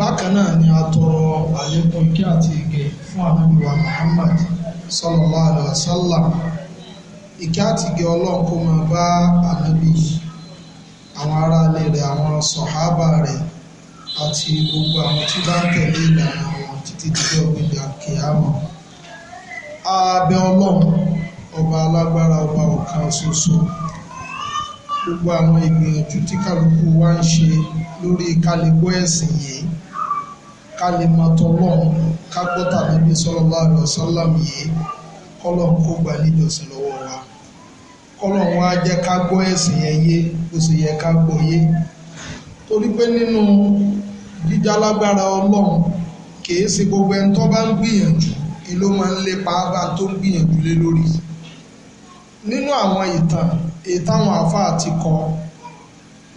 bákan náà ni a àlékún ike àti ige fún ànábì wa Muhammad sallallahu alaihi wasallam ike àti ige ọlọ́run kó máa bá ànábì àwọn aráalé rẹ̀ àwọn sọ̀hábà rẹ̀ àti gbogbo àwọn tí bá ń tẹ̀lé ìlànà wọn títí dídé ọ̀gbìn àkèámọ̀ a bẹ̀ ọlọ́run ọba alágbára ọba ọ̀kan ṣoṣo gbogbo àwọn ìgbìyànjú tí kálukú wa ń ṣe lórí kálígbó ẹ̀sìn yìí ká lè mọ tọlọ́run ká gbọ́ tàbí bí sallallahu alaihi wasallam yìí kọ́lọ́run kó gbà níjọsìn lọ́wọ́ wa kọ́lọ́run wá jẹ́ ká gbọ́ ẹ̀sìn yẹn yé bó sì yẹ ká gbọ́ yé torí pé nínú jíjálágbára ọlọ́run kìí ṣe gbogbo ẹni tó bá ń gbìyànjú ni máa ń lépa bá tó ń gbìyànjú lé lórí nínú àwọn ìtàn èyí táwọn àáfàá ti kọ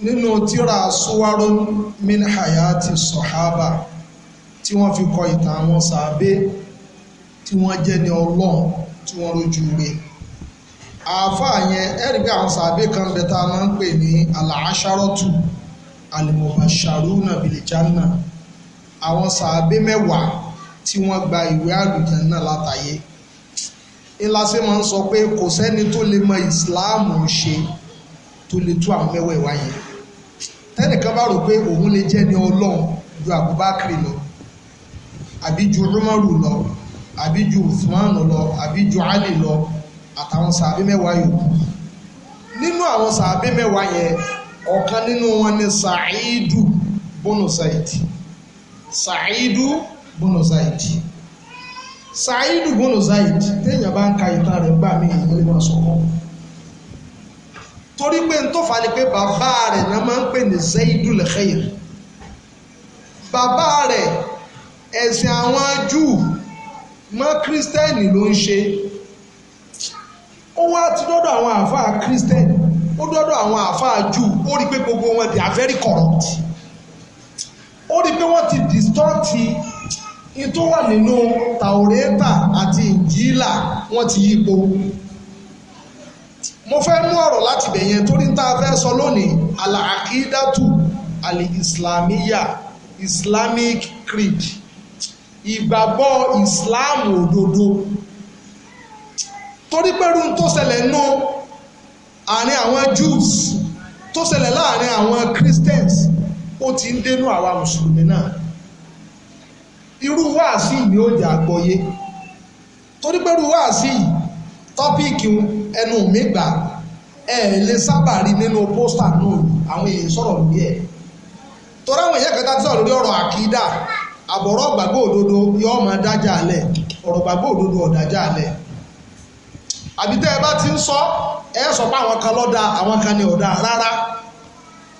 nínú tírà suwarun min hayati sahaba tí wọ́n fi kọ ìtàn àwọn sàábé tí wọ́n jẹ́ ní ọlọ́run tí wọ́n rojú rẹ̀ àáfàá yẹn ẹ̀rí bí àwọn sàábé kan bẹ tá a máa ń pè ní àlàáṣárọ́tù alimobasharuna bilijanna àwọn sàábé mẹ́wàá tí wọ́n gba ìwé àlùjẹ́ náà látàyè ńláṣẹ́ máa ń sọ pé kò sẹ́ni tó lè mọ ìsìláàmù ṣe tó lè tú àwọn mẹ́wẹ̀ẹ̀wá yẹn tẹ́nìkan bá rò pé òun lè jẹ́ ní ọlọ́run ju Abubakar lọ àbí ju Umaru lọ àbí ju Usman lọ àbí ju Ali lọ àtàwọn sàbí mẹ́wàá yòókù nínú àwọn sàbí mẹ́wàá yẹn ọ̀kan nínú wọn ni Sa'idu bùnú Zaidi Sa'idu bùnú Zaidi Sa'idu bùnú Zaidi téèyàn bá ń ka ìtàn rẹ̀ gbà mí èyí lè máa sọ̀rọ̀ torí pé n tó fà pé bàbá rẹ̀ náà máa ń pè ní Zaidul Khair bàbá rẹ̀ ẹ̀sìn àwọn Júù mọ́ kírísítẹ́nì ló ń ṣe ó wá ti dọ́dọ̀ àwọn àáfàá kírísítẹ́nì ó dọ́dọ̀ àwọn àáfàá Júù ó rí i pé gbogbo wọn they are very corrupt ó rí i pé wọ́n ti distort in tó wà nínú tàwórẹ́tà àti ìjìlá wọ́n ti yípo mo fẹ́ mú ọ̀rọ̀ láti bẹ̀yẹn torí tá a fẹ́ sọ lónìí alaakidatu ali islamiyya islamic creed ìgbàgbọ́ Islam òdodo torí pẹ̀lú tó ṣẹlẹ̀ nù àárín àwọn Jews tó ṣẹlẹ̀ láàrin àwọn Christians ó ti ń dénú àwa mùsùlùmí náà irú wáàsí yìí ó jà gbọ́yé torí pẹ̀lú wáàsí yìí tọ́píìkì ẹnu mi gbà ẹ lè sábà rí nínú pósítà náà àwọn èèyàn sọ̀rọ̀ lórí ẹ̀ torí àwọn èèyàn kẹta ti sọ̀rọ̀ lórí ọ̀rọ̀ àkídà àbọ̀rọ̀ gbàgbọ́ òdodo yóò máa dájà alẹ̀ ọ̀rọ̀ gbàgbọ́ òdodo ọ̀dájà alẹ̀ àbí tẹ́ ẹ bá ti ń sọ ẹ sọ pé àwọn kan lọ́dà àwọn kan ní ọ̀dà rárá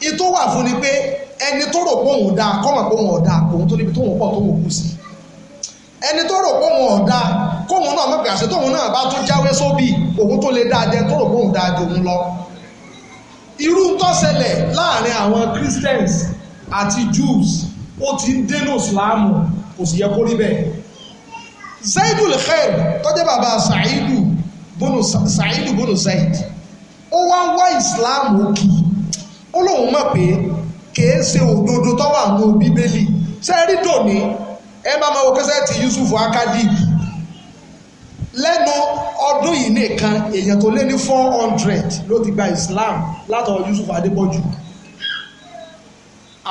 ìtò wà fún ni pé ẹni tó rò póun ọ̀dà kọ́mọ̀ póun ọ̀dà òun tó níbi tóun pọ̀ tóun kù sí ẹni tó rò póun ọ̀dà kóun náà mọ̀ pé àṣẹ tóun náà bá tún jáwé sóbì òun tó lè dáa jẹ tó rò póun dáa jẹ òun lọ irú tó ṣẹlẹ̀ láàrin àwọn Christians àti Jews ó ti ń dénú ìsìláàmù kò sì yẹ kó rí bẹ́ẹ̀ zaidul khair tó jẹ́ bàbá saidu bónú saidu bónú zaid ó wá ń wá ìsìláàmù òkì ó lóun mọ̀ pé kìí ṣe òdodo tó wà ní bíbélì ṣe rí dòní ẹ bá máa wo kẹsẹ́ẹ̀tì yusuf akadi lẹ́nu ọdún yìí nìkan èèyàn tó lé ní four hundred ló ti gba islam látọ̀ yusuf adébọ́jú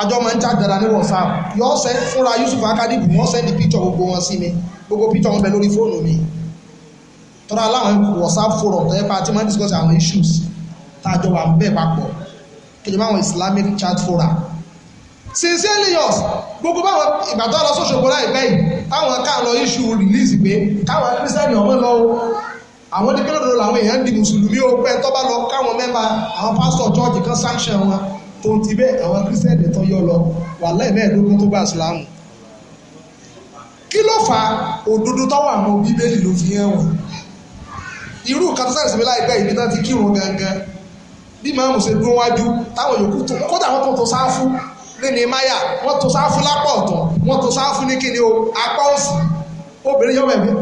àjọ máa ń chat dada ní whatsapp yóò send fúnra Yusuf Akadibu wọ́n send picture gbogbo wọn sí mi gbogbo picture wọn bẹ lórí fóònù mi tọ́ra láwọn whatsapp forum tó yẹ pa tí máa ń discuss àwọn issues tájọ wà ń bẹ̀ papọ̀ kejì máa wọn Islamic chat forum sincerely yours gbogbo báwọn ìgbà tó lọ sọ́sọ́ gbọ́dọ̀ ìpẹ́ yìí táwọn ká lọ issue release pé káwọn Christian ọmọ lọ àwọn ní kílódé làwọn èèyàn di mùsùlùmí ó pẹ́ tó bá lọ káwọn mẹ́mbà àwọn pásítọ̀ church kan sanction wọn tó ń ti bẹ́ẹ̀ àwọn kírísítẹ́nì tó yọ lọ wàhálà ìmẹ́ẹ̀ẹ́dógún tó bá ìsìlámù kí ló fa òdodo tó wà mọ́ bíbélì ló fi hàn wọ́n irú kàtàkì sí láìpẹ́ ibi tán ti kírun gangan bí màmù ṣe dún wájú táwọn yòókù tó kódà wọ́n tó tó sáfù nínú máyà wọ́n tó sáfù lápá ọ̀tọ̀ wọ́n tó sáfù ní kíni o apá òsì obìnrin yọ mẹ́mẹ́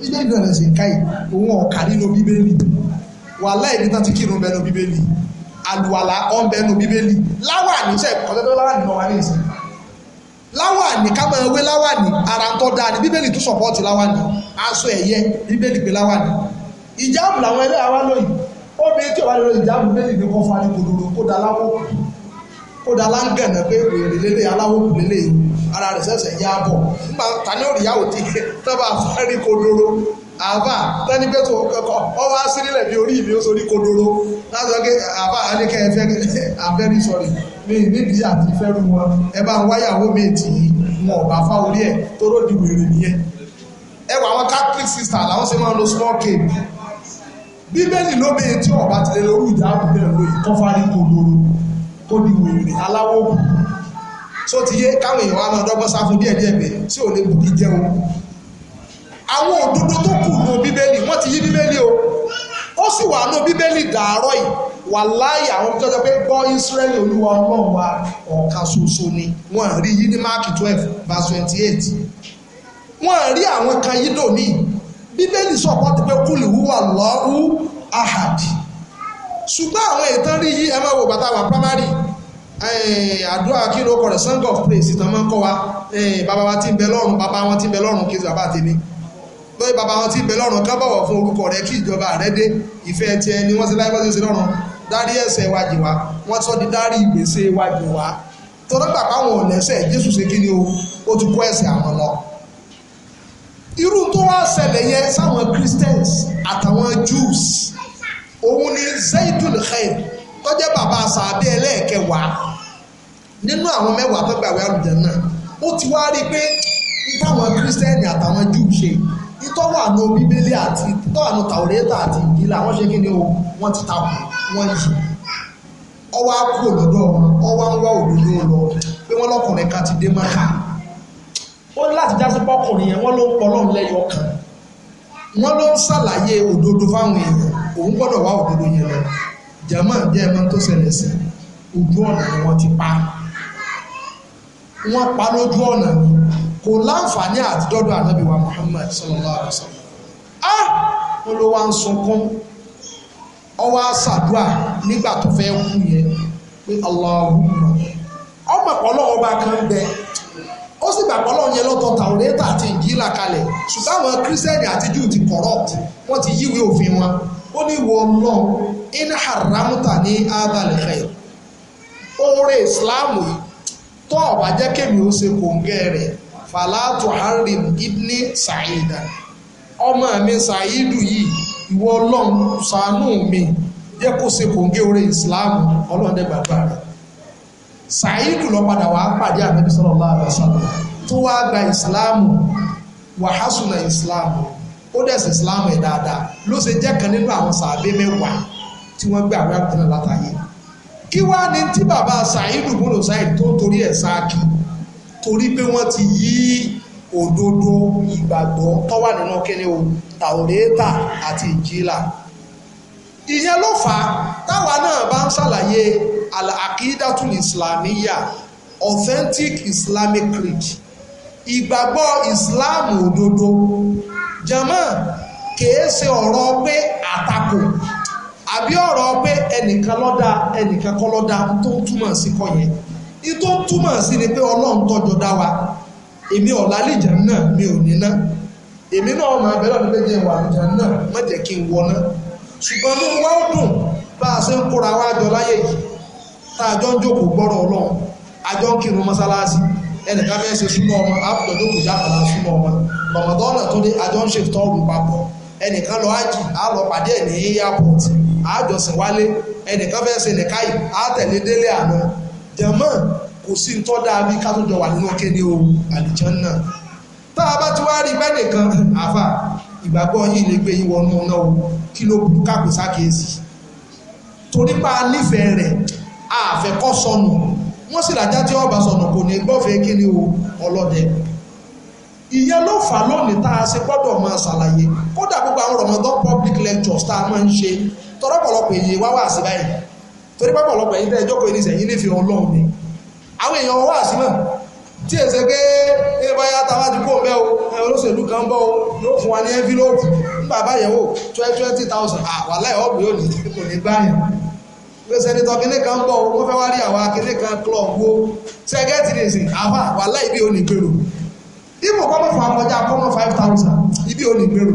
bíbélì náà lè ṣe káyì òun ọ̀kà nínú bíbélì wàhálà ìbí tán ti kírun bẹ́ẹ̀ bíbélì àlùwàlà ọ̀nbẹ́nu bíbélì láwàní ṣe kọ́tẹ́tẹ́ láwàní náà wà ní ìsìn láwàní kámọ ewé láwàní ara tó dáa ní bíbélì tó sọ̀pọ̀tì láwàní aṣọ ẹ̀yẹ bíbélì pé láwàní ìjáàmù làwọn ẹlẹ́yà wá lóyìn obìnrin tí ò bá lè lọ ìjáàmù bíbélì ní kò fani kòdòdò kó da láwọ́ kó da láńgànà pé òyìnbó lélẹ̀ aláwọ̀ kù lélẹ̀ ara rẹ̀ sẹ̀sẹ̀ yá bọ̀ nígbà tani òrìyá àbá tẹ́ni pé tó kọ́kọ́ ọwọ́ asírílẹ̀ bí orí mi ó sorí kodoro lásán pé àbá adékẹ́ ẹ fẹ́ I'm very sorry mi nídìí àti fẹ́rù wọn ẹ bá ń wáyàwó mi tì í wọn ò bá fá orí ẹ̀ tó ló di wèrè nìyẹn ẹ wà àwọn Catholic sister làwọn ṣe máa ń lo small cane bíbélì ló bẹ́ẹ̀ tí ọba ti lè lórí ìjà àbúrò lóyún tó fárí kodoro tó di wèrè aláwọ̀ kù tó ti yé káwọn èèyàn wa máa dọ́gbọ́n sáfún díẹ̀díẹ̀ bẹ̀ tí ò lè bùkí àwọn òdodo tó kù nù bíbélì wọ́n ti yí bíbélì o ó sì wà nù bíbélì dàárọ̀ yìí wà láàyè àwọn tó jẹ́ pé gbọ́ Ísírẹ́lì olúwa ọlọ́run wa ọ̀kan ṣoṣo ni wọ́n rí yí ní máàkì twelve verse twenty eight wọ́n rí àwọn kan yí dòmí bíbélì sọ̀pọ̀ ti pé kúlì wúwà lọ́hùn ahadi ṣùgbọ́n àwọn ìtàn rí yí ẹ máa wò bàtà wà primary àdúrà kí ló kọ̀ rẹ̀ song of praise ìtàn máa ń kọ́ wa bàbá wa ti ń bẹ lọ́run bàbá wọn ti ń bẹ lọ́run kí bàbá tèmi lọ́yìn bàbá wọn ti bẹ̀ lọ́rùn kán bọ̀wọ̀ fún orúkọ rẹ kí ìjọba rẹ dé ìfẹ́ tiẹ̀ ni wọ́n ṣe láyé wọ́n ṣe lọ́rùn dárí ẹ̀ṣẹ̀ wa jì wá wọ́n sọ di dárí ìgbésẹ̀ wa jì wá tọ́lá bàbá wọn ò lẹ́ṣẹ̀ Jésù ṣe kí ni o ó ti kó ẹ̀ṣẹ̀ àwọn lọ. irú tó wá ṣẹlẹ̀ yẹn sáwọn Christians àtàwọn Jews òun ni Zaidul Khair tó jẹ́ bàbá sàbẹ́ ẹlẹ́ẹ̀kẹwàá nínú àwọn mẹ́wàá tó gbàwé àlùjẹ náà ó ti wá rí pé ìtàwọn kírísítẹ́nì àtàwọn júù ṣe ìtọ́wà ní bíbélì àti ìtọ́wà ní tàwọ̀rẹ́tà àti ìdílé àwọn ṣe kí ni o wọ́n ti ta wọ́n yìí ọwọ́ á kúrò lọ́dọ̀ ọwọ́ ń wá òdodo lọ pé wọ́n lọ́kùnrin kan ti dé máka ó ní láti jásí pọ́kùnrin yẹn wọ́n ló ń pọ́ lọ́hùn lẹ́yọ kan wọ́n ló ń ṣàlàyé òdodo fáwọn èèyàn òun gbọ́dọ̀ wá òdodo yẹn lọ jẹ́mọ̀ jẹ́ ẹ̀mọ́ tó ṣẹlẹ̀ sí ojú ọ̀nà ni wọ́n ti pa wọ́n pa lójú ọ̀nà ni kò láǹfààní àti dọ́dọ̀ ànábì wa Muhammad sallallahu alaihi wa sallam ah wọn ló wá ń sunkún ọwọ́ àṣàdúà nígbà tó fẹ́ kú yẹn pé Allahumma ọmọ ọlọ́wọ́ bá kan bẹ ó sì gbàgbọ́ lọ́wọ́ yẹn lọ́tọ̀ tàwọ́rẹ́tà àti ìjìlá kalẹ̀ ṣùgbọ́n àwọn kírísítẹ́nì àti júù ti corrupt wọ́n ti yíwèé òfin wọn ó ní wọ lọ in haramuta ní adalẹ̀ khair oore Islam yìí tó ọ̀bà jẹ́ kémi ó ṣe kòǹgẹ́ rẹ̀ fàlàtò harim ibni sa'ida ọmọ mi sa'idu yìí ìwọ ọlọ́run ṣàánú mi jẹ́ kó ṣe kòǹgé orí islam ọlọ́run dẹ́ gbàgbà rẹ̀ sa'idu lọ padà wàá pàdé àbẹ́bí sallallahu alaihi wasallam tó wá gba islam wàhásùnà islam ó dẹ̀sẹ̀ islam ẹ̀ dáadáa ló ṣe jẹ́ kan nínú àwọn sàbẹ́ mẹ́wàá tí wọ́n gbé àwọn àgbẹ̀ náà látàyè kí wá ní tí bàbá sa'idu bùnú sa'idu tó torí ẹ̀ sáà kìí torí pé wọ́n ti yí òdodo ìgbàgbọ́ tó wà nínú kíni o tàwọ̀rẹ́ta àti ìjìlá ìyẹn ló fà á táwa náà bá ń ṣàlàyé al islamiyya authentic islamic creed ìgbàgbọ́ islam òdodo jama kìí ṣe ọ̀rọ̀ pé àtakò àbí ọ̀rọ̀ pé ẹnìkan ló dá ẹnìkan kọ́ ló tó túmọ̀ sí kọ́ yẹn ìtò túmọ̀ sí ni pé ọlọ́run tọ́jú dá wa èmi ọ̀la lè náà mi ò ní èmi náà máa bẹ̀rẹ̀ ọ̀dọ́ méjì wà ní náà má jẹ́ kí n wọ ṣùgbọ́n ní wọ́n dùn bá a ṣe ń kóra wá jọ láyé yìí tá a jọ ń jókòó gbọ́rọ̀ ọlọ́run a jọ ń ọmọ àpòjọ́ jákàlá súnmọ́ ọmọ tó dé a jọ ń ṣe tọ́ọ̀rù papọ̀ ẹnìkan lọ ájì lọ pàdé ẹ̀ jẹ̀mọ́ kò sí ntọ́ dàbí ká tó jọ wà nínú kéde o àlìjàn náà tá a bá ti wá rí bẹ́ẹ̀ nìkan àfà ìgbàgbọ́ yìí lè gbé yín wọnú ọ̀nà o kí ló burú káàkó sákèésì torí pa nífẹ̀ẹ́ rẹ̀ àfẹ́kọ́ sọnù wọ́n sì rájá tí ọba sọnù kò ní gbọ́fẹ́ kí ni o ọlọ́dẹ ìyẹn ló fà lónìí tá a ṣe gbọ́dọ̀ máa ṣàlàyé kódà gbogbo àwọn Ramadan public lectures tá a máa ń ṣe tọ́rọ́pọ̀lọpọ̀ èyí wá wá sí torí pápọ̀lọpọ̀ ẹ̀yin tẹ́jọ́ kò ní sẹ̀yìn nífẹ̀ẹ́ ọlọ́run ni àwọn èèyàn wá sí náà tí èsè pé ẹ báyà táwa ti kó o bẹ́ẹ̀ o ẹ olóṣèlú kan bọ́ o yóò fún wa ní ẹ́ńfílóòpù nígbà báyẹ̀wò twenty thousand àwàlá ẹ̀ ọ̀pù yóò ní kò ní gbáyàn pé sẹ́nitọ́ kínní kan bọ̀ o wọ́n fẹ́ wá rí àwa kínní kan klọ̀ọ̀bù o sẹ́gẹ́tì lè sìn àfà àwàlá ibi ò ní gbèrò ibùkọ́ mọ̀ fún akọjá kọ́mọ̀ five thousand ibi ò ní gbèrò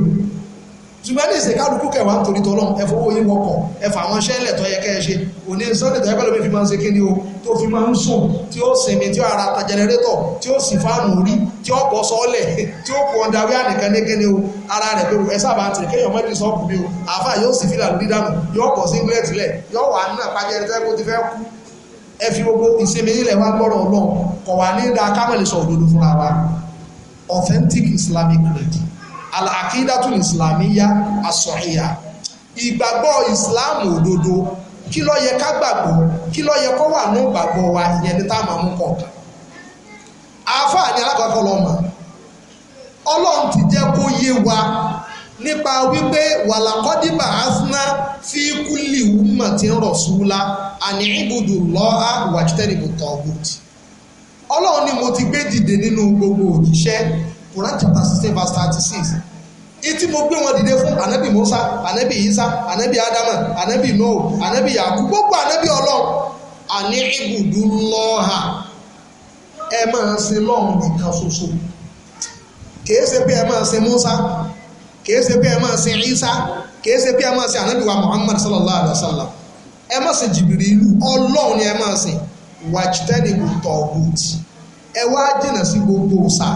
ṣùgbọ́n ní ìsìnká lukú kẹwàá nítorí tọ́lọ́m ẹ fowó yín wọkọ̀ ẹ fà àwọn iṣẹ́ ilẹ̀ tó yẹ kẹ́ ẹ ṣe òní sunday tó yẹ pẹ́lú mi fi máa ń ṣe kí ni o tó fi máa ń sùn tí ó sinmi tí ó ara ta jẹnẹrétọ̀ tí ó sì fáànù orí tí ó bọ́ sọ́ọ̀lẹ̀ tí ó kú ọ̀dà wíwá nìkan ní kí ni o ara rẹ̀ pé ẹ sábà ń tẹ̀ kéèyàn mẹ́rin sọ́ọ̀kù mi o àáfà yóò sì fìlà lórí dànù yóò bọ̀ singlet lẹ̀ yóò wà nínú àpájẹ́ tẹ́ kó ti fẹ́ kú ẹ fi gbogbo ìsinmi ilẹ̀ wa gbọ́dọ̀ ọlọ́run kọ̀ wá ní dáa ká mọ̀ lè fúnra wa authentic Islamic religion al-aqidatul islamiyya ìgbàgbọ́ Islam òdodo kí ló yẹ ká gbàgbọ́ kí ló yẹ kó wà ní ìgbàgbọ́ wa ìyẹn ní táwọn àmú kọ̀ọ̀kan àáfàá ni alákọ̀ọ́kọ́ lọ́mọ ọlọ́run ti jẹ́ kó yé wa nípa wípé wàlàkọ́dìbà fi kúlì wúmọ̀ Quran chapter sixteen verse thirty six ìtí mo gbé wọn dìde fún anabi musa anabi isa anabi adama anabi noah anabi yaku gbogbo anabi ọlọ́run àní ibùdó lọ́ha ẹ máa ṣe lọ́run nìkan ṣoṣo kìí ṣe pé ẹ máa ṣe musa kìí ṣe pé ẹ máa ṣe isa kìí ṣe pé ẹ máa ṣe anabi wa muhammad sallallahu alaihi wa sallam ẹ máa ṣe jìbìrì ìlú ọlọ́run ni ẹ máa ṣe wàjítẹ́nìbù tọ̀ọ̀gùtì ẹ wá jìnnà sí gbogbo sáà.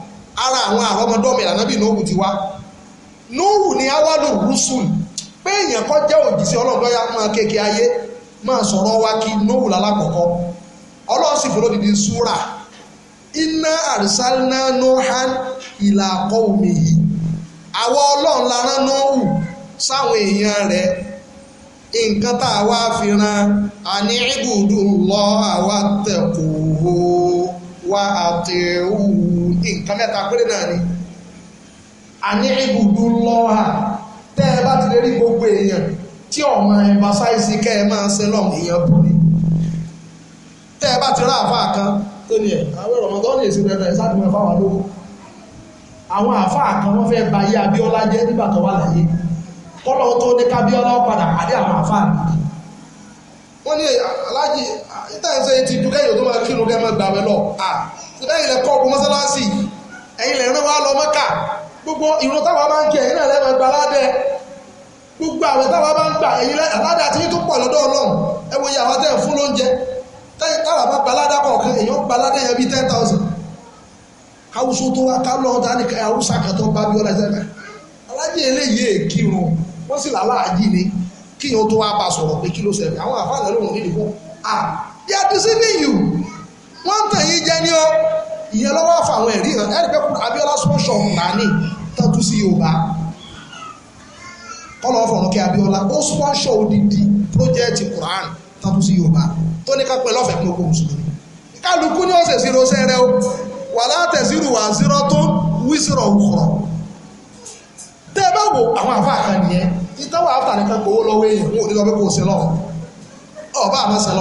ara àwọn àrọ́mọdọ́mọ ànábì nóòwù ti wá nóòwù ni awálò rúṣùl pé èèyàn kọ jẹ́ òjìṣẹ́ ọlọ́run lọ́yà máa kéèké ayé máa sọ̀rọ̀ wá kí nóòwù lálákọ̀ọ́kọ́ sì dìde iná omi yìí àwọn lára sáwọn èèyàn wá àtẹ̀wù nǹkan mẹ́ta péré náà ni àní ibùdó lọ́hà tẹ́ ẹ bá ti lè rí gbogbo èèyàn tí ọmọ ẹ̀mbásáìsì kẹ́ ẹ máa ṣe lọ́mù èèyàn bù ni tẹ́ ẹ bá ti rá àfáà kan tó ní ẹ̀ àwọn ẹ̀rọ ọmọdé ọ̀nà èsì dandan ẹ̀sá àdìmọ̀ fáwọn lówó àwọn àfáà kan wọ́n fẹ́ ba ayé Abíọ́lá jẹ́ nígbà tó wà láyé kọ́lọ́ tó ní kábíọ́lá padà àdé àwọn àfáà nìyí wọ́n ní ah, aláàjì ah, ìtàǹsẹ̀ yìí ti ju kẹ́yìn tó máa kírun kẹ́ máa gbàwẹ̀ lọ à ṣùgbọ́n ilẹ̀ kọ́ ọ̀bù mọ́sálásì ẹ̀yin lè rán wa lọ Mẹ́kà gbogbo ìrun táwa bá ń kí ẹ̀yin náà máa gba aládẹ gbogbo táwa bá ń gbà aládẹ àti tó pọ̀ lọ́dọ̀ Ọlọ́run ẹ àwọn fún lóúnjẹ táwa bá gba aládẹ kọ̀ọ̀kan èèyàn gba aládẹ yẹn ten thousand tó wá ká dání bá kíyàn tó wá bá sọ̀rọ̀ pé kí ló ṣẹlẹ̀ àwọn àfáàlẹ́ lòun nídìí fún à bí a ti sí ní ìyù wọ́n ń tàn yín jẹ ní ọ ìyẹn lọ́wọ́ àfa àwọn ẹ̀rí hàn ẹ̀rí pé Abíọ́lá sponsor nani tọ́jú sí Yorùbá kọ́lọ́ fọ̀rọ̀ kí Abíọ́lá ó sponsor odidi pírójẹ́ẹ̀tì Quran tọ́jú sí Yorùbá tó ní ká pẹ́ lọ́fẹ̀ẹ́ fún ogun mùsùlùmí kálukú ni ó ṣèṣì rọ́ṣẹ́ rẹ o wà látẹ̀síru wà zírọ́ tó wíṣírọ̀ òkùrọ̀ tẹ́ bá wo àwọn àfa àkànìyẹn ìtọ́wà áfà nìkan gbowó lọ́wọ́ èèyàn wọn ò ní lọ kò sí ọba àmọ́ sí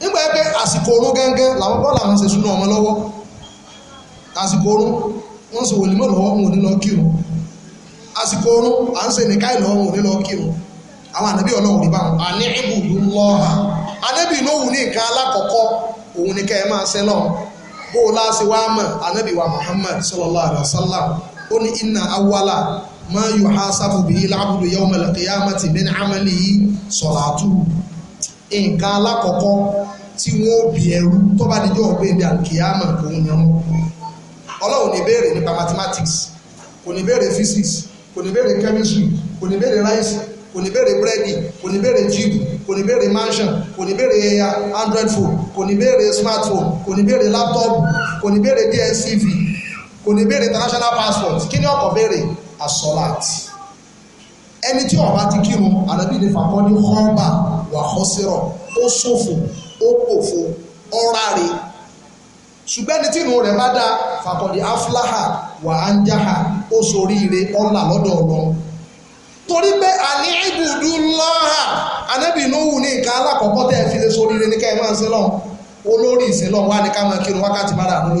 nígbà pé àsìkò orun gángan làwọn bọ́ọ̀lù àwọn ṣe súná ọmọ lọ́wọ́ àsìkò orun wọ́n wọn ò ní lọ kírun àsìkò à ń wọn ò ní lọ kírun àwọn ànábì rí báwọn àní sallallahu alayhi wa sallam ó inna awala. ma yuhasabu bihi al-abdu yawma al-qiyamati min amalihi salatuhu nǹkan alákọ̀ọ́kọ́ tí wọ́n bí ẹrú tó bá dijọ́ ọ̀gbẹ́ ìdí àkíyàmà òun ni wọ́n ọlọ́run ní béèrè nípa mathematics kò ní béèrè physics kò ní béèrè chemistry kò ní béèrè rice kò ní béèrè búrẹ́dì kò ní béèrè jíìpù kò ní béèrè mansion kò ní béèrè android phone kò ní béèrè smartphone kò ní béèrè laptop kò ní béèrè dstv kò ní béèrè international passport kí ni ọkọ̀ béèrè asọ́láàtì ẹni tí ó bá ti kírun ànábì ní fàkọ́ ní họ́ọ̀bà wà họ́sírọ̀ ó ṣòfò ó pòfo ọ̀ráre ṣùgbọ́n ẹni tí inú rẹ̀ bá dáa fàkọ̀dé afláhà wà á ń jáhà ó soríire ọ̀là lọ́dọ̀ ọ̀lọ́ torí pé àní ìbùdó lọ́hà anábì Nuhu ní nǹkan alákọ̀ọ́kọ́ tẹ́ ẹ fi lè soríire ní káyọ̀ máa ń sílọ̀ olórí ìsìnlọ̀ wà ní ká kírun wákàtí mara àánú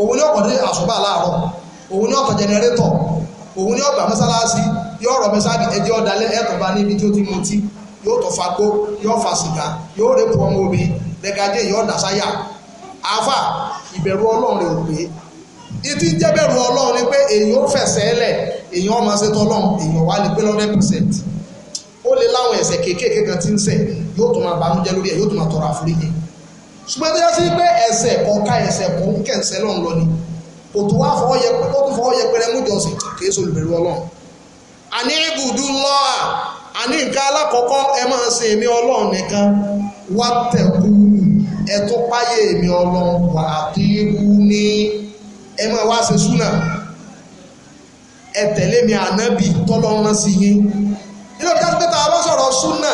òun ní ọkọ̀ dé àṣùbà láàárọ̀ òun ní ọkọ̀ jẹnẹrétọ̀ òun ní ọgbà mọ́sálásí yóò rọ̀ mẹ́sáàgì ẹjẹ́ ọ̀dàlẹ̀ ẹ̀tọ́ bá níbi tí ó ti mutí yóò tọ́ fagbó yóò fa sìgá yóò rẹ́pù ọmọ omi lẹ́gàdé yóò dàsáyà àáfà ìbẹ̀rù ọlọ́run rẹ̀ ò pé ìtí jẹ́bẹ̀rù ọlọ́run ni pé èèyàn fẹ̀sẹ̀ lẹ̀ èèyàn ọmọ ṣètò ọlọ́run èèyàn wá ní pé lọ́dẹ̀ percent ó lè láwọn ẹ̀ṣẹ̀ kéékèèké kan ti ń ṣẹ̀ yóò tún máa banújẹ́ lórí ẹ̀ yóò tún máa tọrọ àforíjì ṣùgbọ́n tó yá sí pé ẹsẹ̀ ọ̀ka ẹsẹ̀ kò ń kẹ̀sẹ̀ lọ́n lọ ni kò tó wá fọwọ́ yẹ pé kókó fọwọ́ yẹ pẹrẹ mú jọsìn kìí ṣe olùbẹ̀rù ọlọ́run àní ibùdó lọ́à àní nǹkan alákọ̀ọ́kọ́ ẹ máa sin èmi ọlọ́run nìkan wá tẹ̀kú ẹ tó páyé èmi ọlọ́run wà á tó ewu ní ẹ máa wá ṣe súnà ẹ tẹ̀lé mi ànábì tọ́lọ́run sí yín nínú ìdásí pé tá a bá sọ̀rọ̀ súnà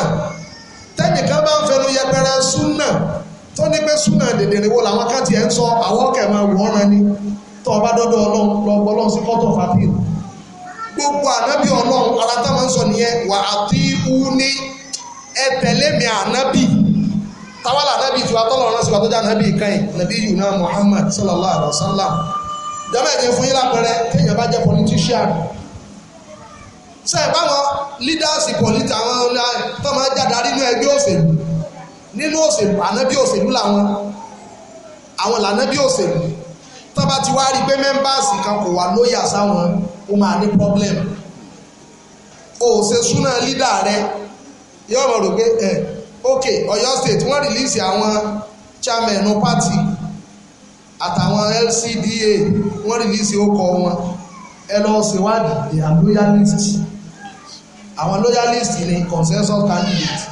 tẹ́nìkan bá ń fẹnu yẹpẹrẹ súnà tó ní pé súnà dèdèrè wo làwọn káàtì ẹ̀ ń sọ àwọn ọkẹ̀ máa wù ọ́nà ni tó ọba dọ́dọ̀ ọlọ́run lọ́gbọ́ ọlọ́run sí kọ́tọ̀ fàfíìlì gbogbo ànábì ọlọ́run ara tá máa ń sọ nìyẹn wà á tí ú ní ẹ tẹ̀lé mi ànábì táwọn ànábì tí wàá tọ́lọ̀ ránṣẹ́ wàá tó jẹ́ ànábì kan nàbí yìí náà Muhammad sallallahu alayhi wa sallam jọba ẹ̀jẹ̀ fún yín lápẹẹrẹ kéèyàn bá jẹ́ politician sẹ́ẹ̀ báwọn leaders ìpọ̀lítà àwọn ọlọ́run eh, tó máa jáde àrínú ẹgbẹ́ òṣèlú nínú òṣèlú ànábí òṣèlú làwọn àwọn lànábí òṣèlú tó bá ti wá rí pé mẹ́mbàsì kan kò wà lóyà sáwọn ó máa ní problem o ò ṣe súná lídà rẹ yóò mọ̀ rò pé ẹ̀ ok Ọ̀yọ́ state wọ́n rìlíìsì àwọn chairman party àtàwọn LCDA wọ́n rìlíìsì ọkọ̀ wọn ẹ lọ ṣèwádìí they are loyalists àwọn loyalists ni consensus candidate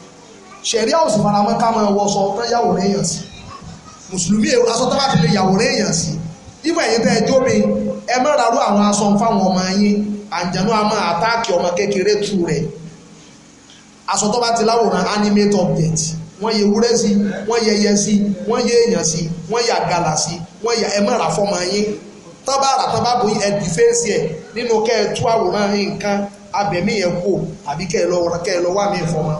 ṣẹ̀rí àwọn òsìn faramọ́ ká máa wọ sọ tán yàwòrán èèyàn sí mùsùlùmí aṣọ tó bá ti lè yàwòrán èèyàn sí ibà yìí tẹ́ ẹ jó mi ẹ má rárú àwọn aṣọ fáwọn ọmọ yín àǹjẹ̀nú a àtáàkì ọmọ kékeré tù rẹ̀ aṣọ tó bá ti láwòrán animate object wọ́n yẹ ewúrẹ́ sí wọ́n yẹ ẹyẹ sí wọ́n yẹ èèyàn sí wọ́n yẹ àgàlà sí wọ́n yẹ ẹ má rà fọmọ yín tọ́ba àrà tọ́ba bò ẹ dìfẹ́ǹsì ẹ̀ nínú kẹ́ ẹ tú àwòrán nǹkan abẹ̀mí yẹn kú àbí kẹ́ ẹ lọ wá mi fọmọ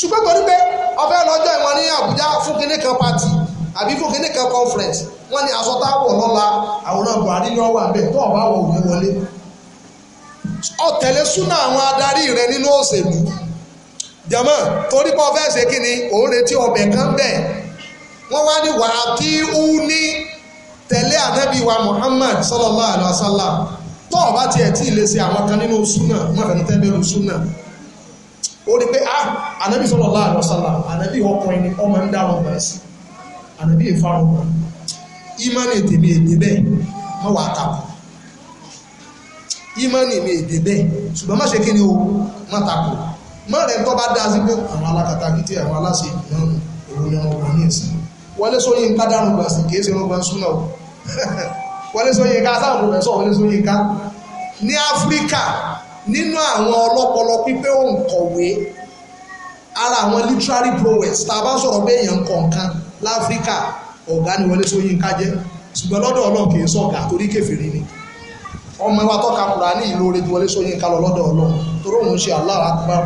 ṣùgbọ́n torí pé ọ̀fẹ́ lọ́jọ́ ìwọ̀n ní Àbújá fún kan party àbí fún kinní kan conference wọ́n ní aṣọ lọ́la àwòrán Buhari ni wọ́n wà tó ọ̀bá wọlé ọ̀tẹ̀lẹ̀ àwọn adarí rẹ nínú òṣèlú jàmọ́ torí pé ọ̀fẹ́ ṣe kí ni òórè ọbẹ̀ kan bẹ̀ wọ́n wá ní wàá kí ú ní tẹ̀lé ànábì wa Muhammad sallallahu alaihi wasallam tó ọ̀bá tiẹ̀ tí ì ó rí pé ah ànábì sallallahu alaihi wasallam ànábì ọkùnrin ni ọmọ ń dáhùn gbà sí ànábì ìfarun gbà imani tèmi èdè bẹ́ẹ̀ mọ́ wàá tàkù ìmánì mi èdè bẹ́ẹ̀ ṣùgbọ́n má ṣe kí ni o má tàkù má rẹ̀ tó bá dá sí pé àwọn alákatakítí àwọn aláṣẹ ìgbọ̀nù òun ni wọn kò ní ìsìn wọlé sóyìn ká dáhùn gbà sí kì í ṣe wọn gbà ń súnà o wọlé sóyìn ká sáà nínú àwọn ọlọ́pọlọ pípé òǹkọ̀wé ara àwọn literary prowess tá a bá sọ̀rọ̀ pé èèyàn kọ̀ọ̀kan láfíríkà ọ̀gá ni Wọlé Ṣóyínká jẹ́ ṣùgbọ́n lọ́dọ̀ Ọlọ́run kì í sọ̀gá torí kèfèrí ni ọmọ wa tọ́ka Kùránì ìlú orí Wọlé Ṣóyínká lọ lọ́dọ̀ Ọlọ́run torí òun ṣe Allahu Akbar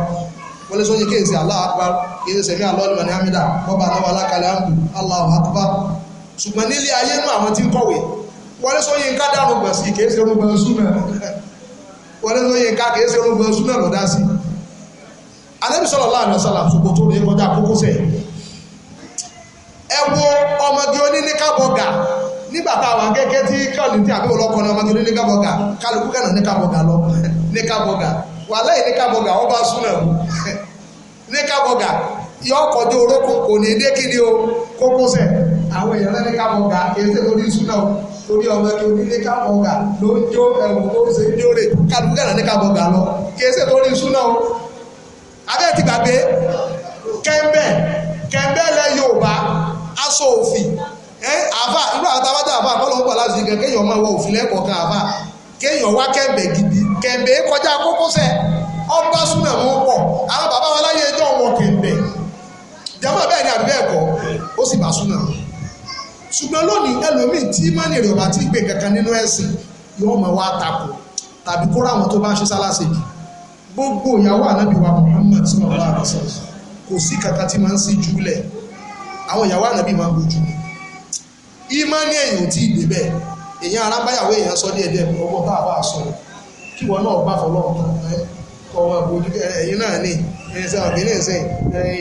Wọlé Ṣóyínká èsì Allahu Akbar èsì sẹ̀mí alọ́ọ̀lùmọ̀ ní amida bọ́ba aláwa alákàlẹ̀ àmì Allahu Akbar ṣùgbọ́n nílé ayé nú àwọn tí ń kọ̀wé Wọlé Ṣóyínká dárúgbọ̀n sí kì í ṣe orúgbọ̀n súnmọ́ wọlé Ṣóyínká kìí ṣe orúgbìn oṣù náà lọ́dá sí Ànábì sallallahu alaihi wasallam ṣùgbọ́n tó lè kọjá kókósẹ̀ ẹ wo ọmọge nígbà táwọn akẹ́kẹ́ tí tí àbí olóko ni ọmọge lọ wọ́n bá sún náà yọ ọkọ̀ dé orókùn kò ní o àwọn èèyàn lẹ́ni ká mọ̀ gà kí ẹsẹ̀ lórí iṣu náà lórí ọmọ ẹni onílé ká mọ̀ gà ló ń jó ẹ̀wọ̀n tó ń ṣe ń jóre kálukú gà lẹ́ni ká mọ̀ gà lọ kí ẹsẹ̀ lórí iṣu náà abẹ́ ti gbàgbé kẹ́ńbẹ́ kẹ́ńbẹ́ lẹ́ Yorùbá aṣọ òfì ẹ àfà irú àwọn tábàtà àfà kọ́lọ́ ń pọ̀ láti ṣe kéèyàn máa wọ òfì lẹ́kọ̀ọ́kan àfà kéèyàn wá kẹ́ńbẹ́ gidi kẹ́ńbẹ́ kọjá kókósẹ̀ ọgbà súnà mọ́ pọ̀ àwọn bàbá wa láyé ẹjọ́ wọn kẹ́ńbẹ́ jàmọ́ bẹ́ẹ̀ ni àbí bẹ́ẹ̀ kọ́ ó ṣùgbọ́n lónìí ẹlòmíì tí mọ́nì rẹ̀ ọba ti gbé kankan nínú ẹ̀sìn yóò máa wá takò tàbí kó ráwọn tó bá ṣe sálásè jù gbogbo ìyàwó ànábì wa Muhammad sallallahu alaihi wasallam kò sí kankan tí máa ń sí jùlẹ̀ àwọn ìyàwó ànábì máa ń bójú ìmọ̀ni èèyàn tí ì débẹ̀ èèyàn arábáyàwó èèyàn sọ díẹ̀ díẹ̀ ọgbọ́n bá a bá a sọ̀rọ̀ kí wọn náà bá fọlọ́ọ̀ kọ́ ọ ẹ̀sẹ̀ ọ̀gbìn ní ẹ̀sẹ̀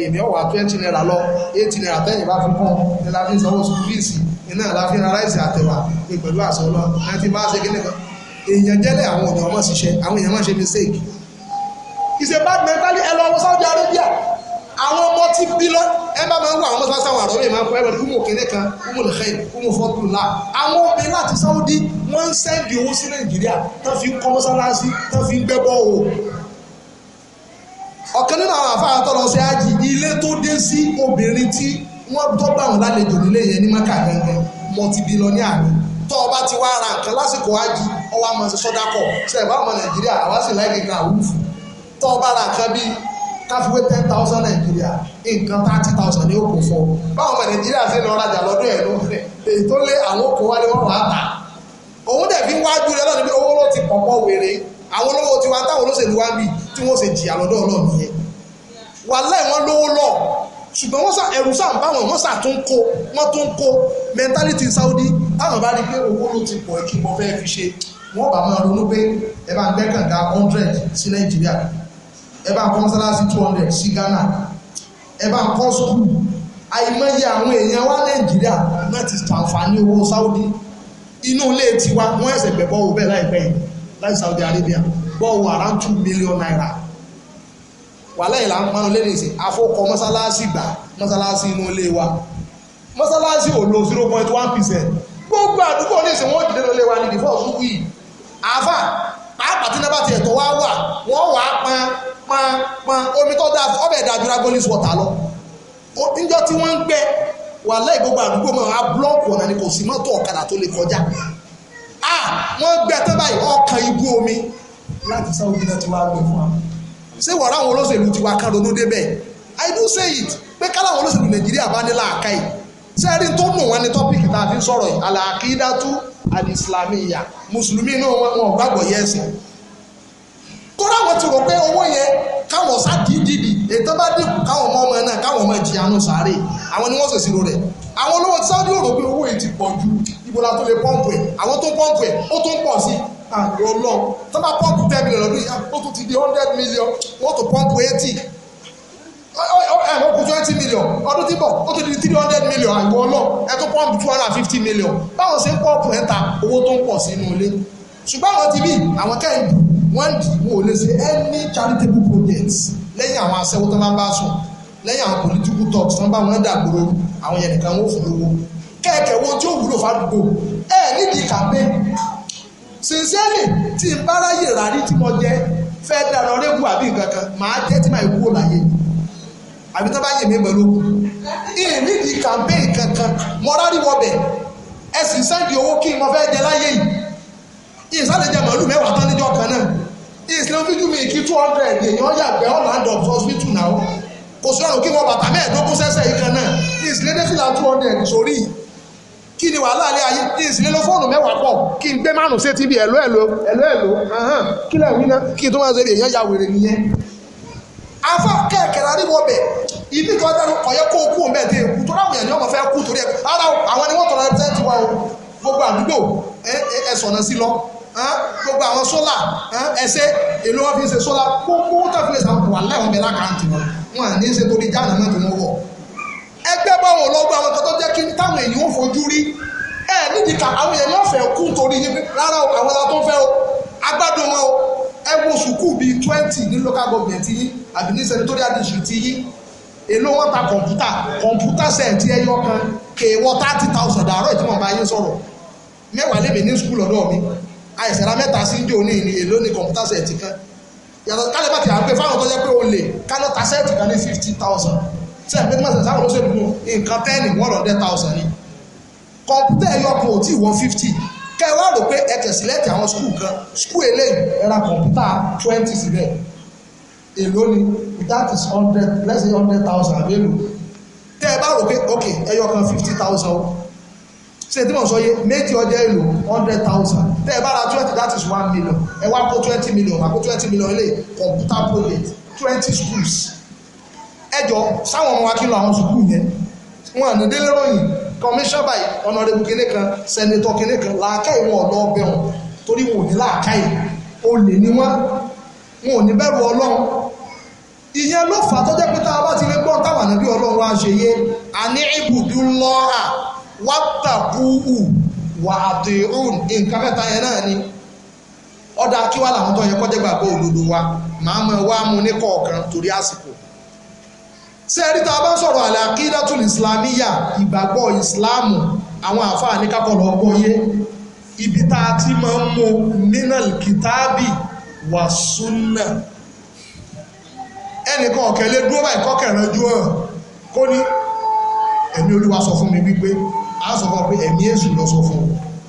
èmi ọ̀wà twenty naira lọ eighty naira tẹ́yìn bá fi kún ní la fi ń sanwó sùkúl fíìsì iná la fi ń ra ráìsì àtẹ̀wà pé pẹ̀lú àṣọ lọ ninety bá ṣe kíní kan èèyàn jẹ́lẹ̀ àwọn èèyàn ọmọ ṣiṣẹ́ àwọn èèyàn máa ṣe mistake ìṣe bad mentally ẹ lọ wọ Saudi Arabia àwọn ọmọ ti bí lọ ẹ bá máa ń wọ àwọn mọ́sán sáwọn àrọ́ mi máa ń kọ́ ẹ̀rọ kúmù kínní kan kúmù lẹ́yìn kúmù fọ́tùlá àwọn obìnrin láti Saudi wọ́n ń sẹ́ndì owó sí Nàìjíríà tó fi ń kọ́ mọ́sálásí tó fi ń gbẹ́bọ́ òwò ọ̀kan nínú àwọn àfáà tó lọ sí ájì ilé tó dé sí obìnrin tí wọ́n tó bá wọn lálejò nílé yẹn ní maka gangan mọtìbílọ́ní àná tó ọba ti wá ara nǹkan lásìkò ájì ọwọ́ àmọ́ ṣe sọ́dá kọ̀ ṣe ìbá ọmọ nàìjíríà àwa sì láì kíkà wúfù tó ọba ra nǹkan bíi káfíwé ten thousand nàìjíríà nǹkan thirty thousand ní òkò fọ báwọn ọmọ nàìjíríà ṣe lọ rajà lọ́dún ẹ̀ lọ́fẹ̀ẹ́ èyí tó lé àwọn òkò wálé wọn wà á ta òun dẹ̀ àwọn olówó tiwa táwọn olóṣèlú wa bí tí wọ́n ṣe jìyà lọ́dọ̀ ọlọ́ọ̀ nìyẹn wàláì wọ́n lówó lọ ṣùgbọ́n wọ́n sà ẹ̀rù sà ń bá wọn wọ́n sà tó ń kó wọ́n tó ń kó mentality Saudi táwọn bá rí pé owó ló ti pọ̀ kí wọ́n fẹ́ fi ṣe wọ́n bá máa ronú pé ẹ bá ń gbẹ́ kànga hundred sí Nàìjíríà ẹ bá ń kọ́ mọ́sálásí two hundred sí Ghana ẹ bá ń kọ́ school àìmọye àwọn èèyàn wa Nàìjíríà náà ti tàǹfààní owó Saudi inú ilé tiwa wọ́n ẹ̀sẹ̀ gbẹ̀bọ́ wo bẹ́ẹ̀ láìpẹ́ yìí láti Saudi Arabia bọ́ọ̀wù around two million naira wàhálà ìlà ń panu lẹ́nu ìsìn àfọkọ mọ́sálásí gbà mọ́sálásí inú ilé wa mọ́sálásí ò lo zero point one percent gbogbo àdúgbò ní ìsìn wọ́n dìde lọ́lé wa ní ìdìfọ́ òṣùkú yìí àáfà pàápàá tí nábàtì ẹ̀tọ́ wa wà wọ́n wà á pọn pọn pọn omi tó dáa ọbẹ̀ dáa ju water lọ níjọ́ tí wọ́n ń gbẹ wàhálà ìgbogbo àdúgbò mọ́ ọ̀nà ni kò sí mọ́tò ọ̀kadà ah wọ́n gbẹ tán báyìí ọkàn ibú omi láti sáwọ́dí náà ti wá gbé fún wa ṣé wọ̀rọ̀ àwọn olóṣèlú ti wá kan ronú débẹ̀ i do say it pé kálá àwọn olóṣèlú nàìjíríà bá ní làákà yìí sẹ́ẹ̀rí tó mú wọn ní tọ́pìkì tá a fi ń sọ̀rọ̀ yìí àlàkídátú àdìsílámìyà mùsùlùmí náà wọn gbàgbọ́ yẹ ẹ̀sìn tọ́lá wọn ti rò pé owó yẹn káwọn sá dídìdì ètò bá dínkù káwọn ọmọ ọmọ náà káwọn ọmọ ìjìyà náà sáré àwọn ni wọ́n ṣèṣirò rẹ̀ àwọn olówó ti sáwọ́dí òrò pé owó yìí ti pọ̀ ju ibo la tó lè pọ́ǹpù ẹ̀ àwọn tó pọ́ǹpù ẹ̀ ó tó ń pọ̀ sí àrùn ọlọ́run tó pọ́ǹpù ten million lọ́dún yìí ó tún ti di hundred million wọ́n tó pọ́ǹpù eighty ẹ̀ ó kù twenty million ọdún tí bọ̀ ó tún di three hundred million àrùn ọlọ́run ẹ tó pọ́ǹpù two hundred and fifty million báwọn ṣe ń pọ́ǹpù ẹ̀ ta owó tó ń pọ̀ sínú ilé ṣùgbọ́n àwọn ti bí àwọn kẹ́hìn wọ́n any charitable projects lẹ́yìn àwọn aṣẹ́wó tó máa ń bá sùn lẹ́yìn àwọn political talks tó ń bá wọn dàgbòrò àwọn yẹn nìkan wọ́n fún lówó kẹ̀kẹ́ wo tí ó wúlò fàdúgbò ẹ nídìí kàmpé sincerely tí n bá ráyè rárí tí mo jẹ fẹ́ dáná rẹ́gù àbí nǹkan kan màá jẹ́ tí màá wúwo láyé ni àbí tó bá yè mí pẹ̀lú ìní di campaign kankan mọ́rárì wọbẹ̀ ẹ sì sẹ́ndì owó kí n mọ fẹ́ jẹ láyé yìí ìsàlẹ̀ jẹ màálù mẹ́wàá tán níjọ́ kan náà ìsìlẹ̀ fíjú mi kí two hundred èèyàn yàgbẹ́ ọ̀làǹdọ̀ hospital náà kò sọ̀rọ̀ kí wọ́n bàtà mẹ́ẹ̀ẹ́dógún sẹ́sẹ̀ yìí kan náà ìsìlẹ̀ dẹ́fìlà two hundred sórí yìí kí ni wàhálà alẹ́ ayé kí n sì lé lọ fóònù mẹ́wàá pọ̀ kí n gbé márùn sí tv ẹ̀lọ́ ẹ̀lọ́ ẹ̀lọ́ ẹ̀lọ́ kí lẹ́wìn náà kí n tó máa ṣe èèyàn ya wèrè nìyẹn. afa kẹ̀kẹ́ra ní wọ́n bẹ̀ ibi kan dáná kọ̀ yẹ kó kú òmẹ́ dé kú tó láwọn èèyàn ni wọ́n fẹ́ kú torí ẹ̀ ara àwọn ni wọ́n tọ̀rọ̀ ẹ̀ ti wá o gbogbo àdúgbò ẹ̀ sọ̀nà sí lọ gbogbo àwọn sólà ẹsẹ èlò wọn fi ń ṣe sólà kókó tó fi ń ṣe àwọn wàhálà ìwọn bẹ tó ẹgbẹ́ báwo lọ́gbọ́ àwọn kan tó jẹ́ kí táwọn èyí ń fojú rí ẹ nídìí ká àwọn èèyàn náà fẹ́ kú torí yín rárá o àwọn tó fẹ́ o agbádùn wọn o ẹ wo sùkúù bíi twenty ní local government yín àbí ní senatorial district yín èló wọn ta kọ̀ǹpútà kọ̀ǹpútà sẹ́ẹ̀tì ẹyọ kan kèèwọ thirty thousand àárọ̀ ìdí wọn bá yín sọ̀rọ̀ mẹ́wàá lèmi ní sùkúù lọ́dọ̀ mi àìsàn mẹ́ta sí jò ní ìní èló ní kọ̀ǹpútà sẹ́ẹ̀tì kan yàtọ̀ kálíbàtì àgbẹ̀ fáwọn tó jẹ́ pé o lè kálọ́ta sẹ́ẹ̀tì kan ní fifty thousand ṣe àpẹẹrẹ máa ṣàṣàrò ló ṣèlú nǹkan ten one hundred thousand ni kọ̀ǹpútà ẹ̀yọ kan ò tí ì wọ fifty rò pé ẹ tẹ̀sílẹ̀tì àwọn skul kan skul eléyìí ẹ ra twenty síbẹ̀ èló ni that is hundred let's say hundred thousand àbẹ́lò tẹ́ ẹ bá rò pé ok ẹ̀yọ kan fifty thousand ṣe tí mo sọ yé méjì ọjọ́ èlò hundred thousand tẹ́ ẹ bá ra twenty that is one million ẹ wá kó twenty million àkó twenty million ilé kọ̀ǹpútà project twenty schools ẹjọ́ sáwọn ọmọ wa kí lọ àwọn sùkúù yẹn wọn àná délé ròyìn commission by honorable kínní kan senator kínní kan làákàyè wọn ọ̀dọ́ ọbẹ̀ wọn torí wọn ò ní làákàyè olè ni wọn wọn ò ní bẹ̀rù ọlọ́run ìyẹn ló fà tó jẹ́ pé tá a bá ti lè gbọ́n táwọn ànábì ọlọ́run wa ṣe yé àní ibùdó lọ́ra wátàkùú wà àtìrún nǹkan mẹ́ta yẹn náà ni ọ̀dà kí wà láwọn tó yẹ kọ́jẹ́gbàgbọ́ òdodo wa màá mọ̀ ẹ wá mú ní kọ̀ọ̀kan torí àsìkò ṣé ẹ̀rí tá a bá ń sọ̀rọ̀ àlàkídàtúl ìsìlámíyà ìgbàgbọ́ ìsìláàmù àwọn àfáà ní kákọ̀lọ́ gbọ́yé ibi tá a ti máa ń mú minal kitabi wà súnà ẹnìkan ọ̀kẹ́lẹ́ dúró báyìí kọ́kẹ̀rẹ́ ojú hàn kó ní ẹ̀mí olúwa sọ fún mi wípé a sọ fún ọ pé ẹ̀mí èṣù lọ sọ fún ọ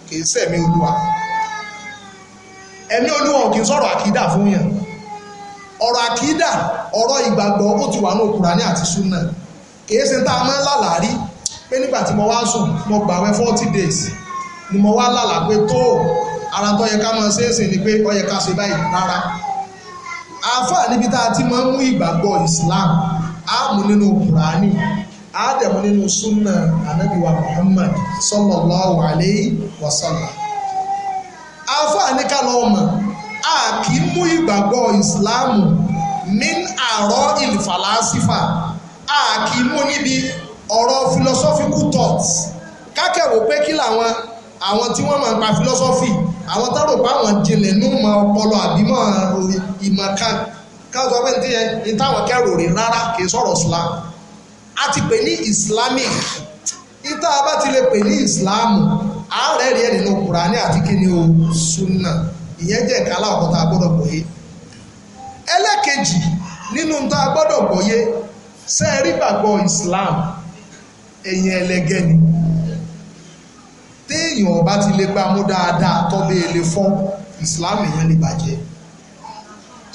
kì í sẹ̀mí olúwa ẹ̀mí olúwa ò kì í sọ̀rọ̀ àkídà fún yàn ọ̀rọ̀ àkídà ọ̀rọ̀ ìgbàgbọ́ ó ti wà ní Kùránì àti súnà kìí ṣe tá a máa ń lálàárí pé nígbà tí mo wá sùn mo gbàwẹ̀ forty days ni mo wá lálàá pé tó ara tó yẹ ká máa ṣe é sìn ni pé ó yẹ ká ṣe báyìí rárá àáfàá níbi tá a ti máa ń mú ìgbàgbọ́ Islam á mú nínú Kùránì á dẹ̀ mú nínú súnà anábìwá Muhammad sallallahu alayhi wa sallam àáfàá ní ká lọ́ọ́ mọ̀ a kì í mú ìgbàgbọ́ ìsìláàmù min àárọ̀ ìlfàlásífà a kì í mú níbi ọ̀rọ̀ philosophical thoughts kákẹ́wò pé kí làwọn àwọn tí wọ́n máa ń pa philosophy àwọn tá rò pé àwọn jinlẹ̀ ní mọ ọpọlọ àbí mọ ìmọ̀ kan káwọn sọ pé ní tiẹ̀ ní táwọn kẹ́rò rí rárá kì í sọ̀rọ̀ islam a ti pè ní islamic ìta bá ti lè pè ní islam àárẹ̀ rí ẹ̀ nínú kùránì àti kíni o sunna ìyẹn jẹ́ ìka aláwọ̀kọ́ tá a gbọ́dọ̀ gbọ́yé ẹlẹ́kejì nínú tá a gbọ́dọ̀ gbọ́yé sẹ́ẹ̀rí gbàgbọ́ Islam ẹ̀yìn ẹlẹ́gẹ́ ni téèyàn ọba ti lè gbá mú dáadáa tọ́bẹ̀ èlé fún Islam èèyàn lè bàjẹ́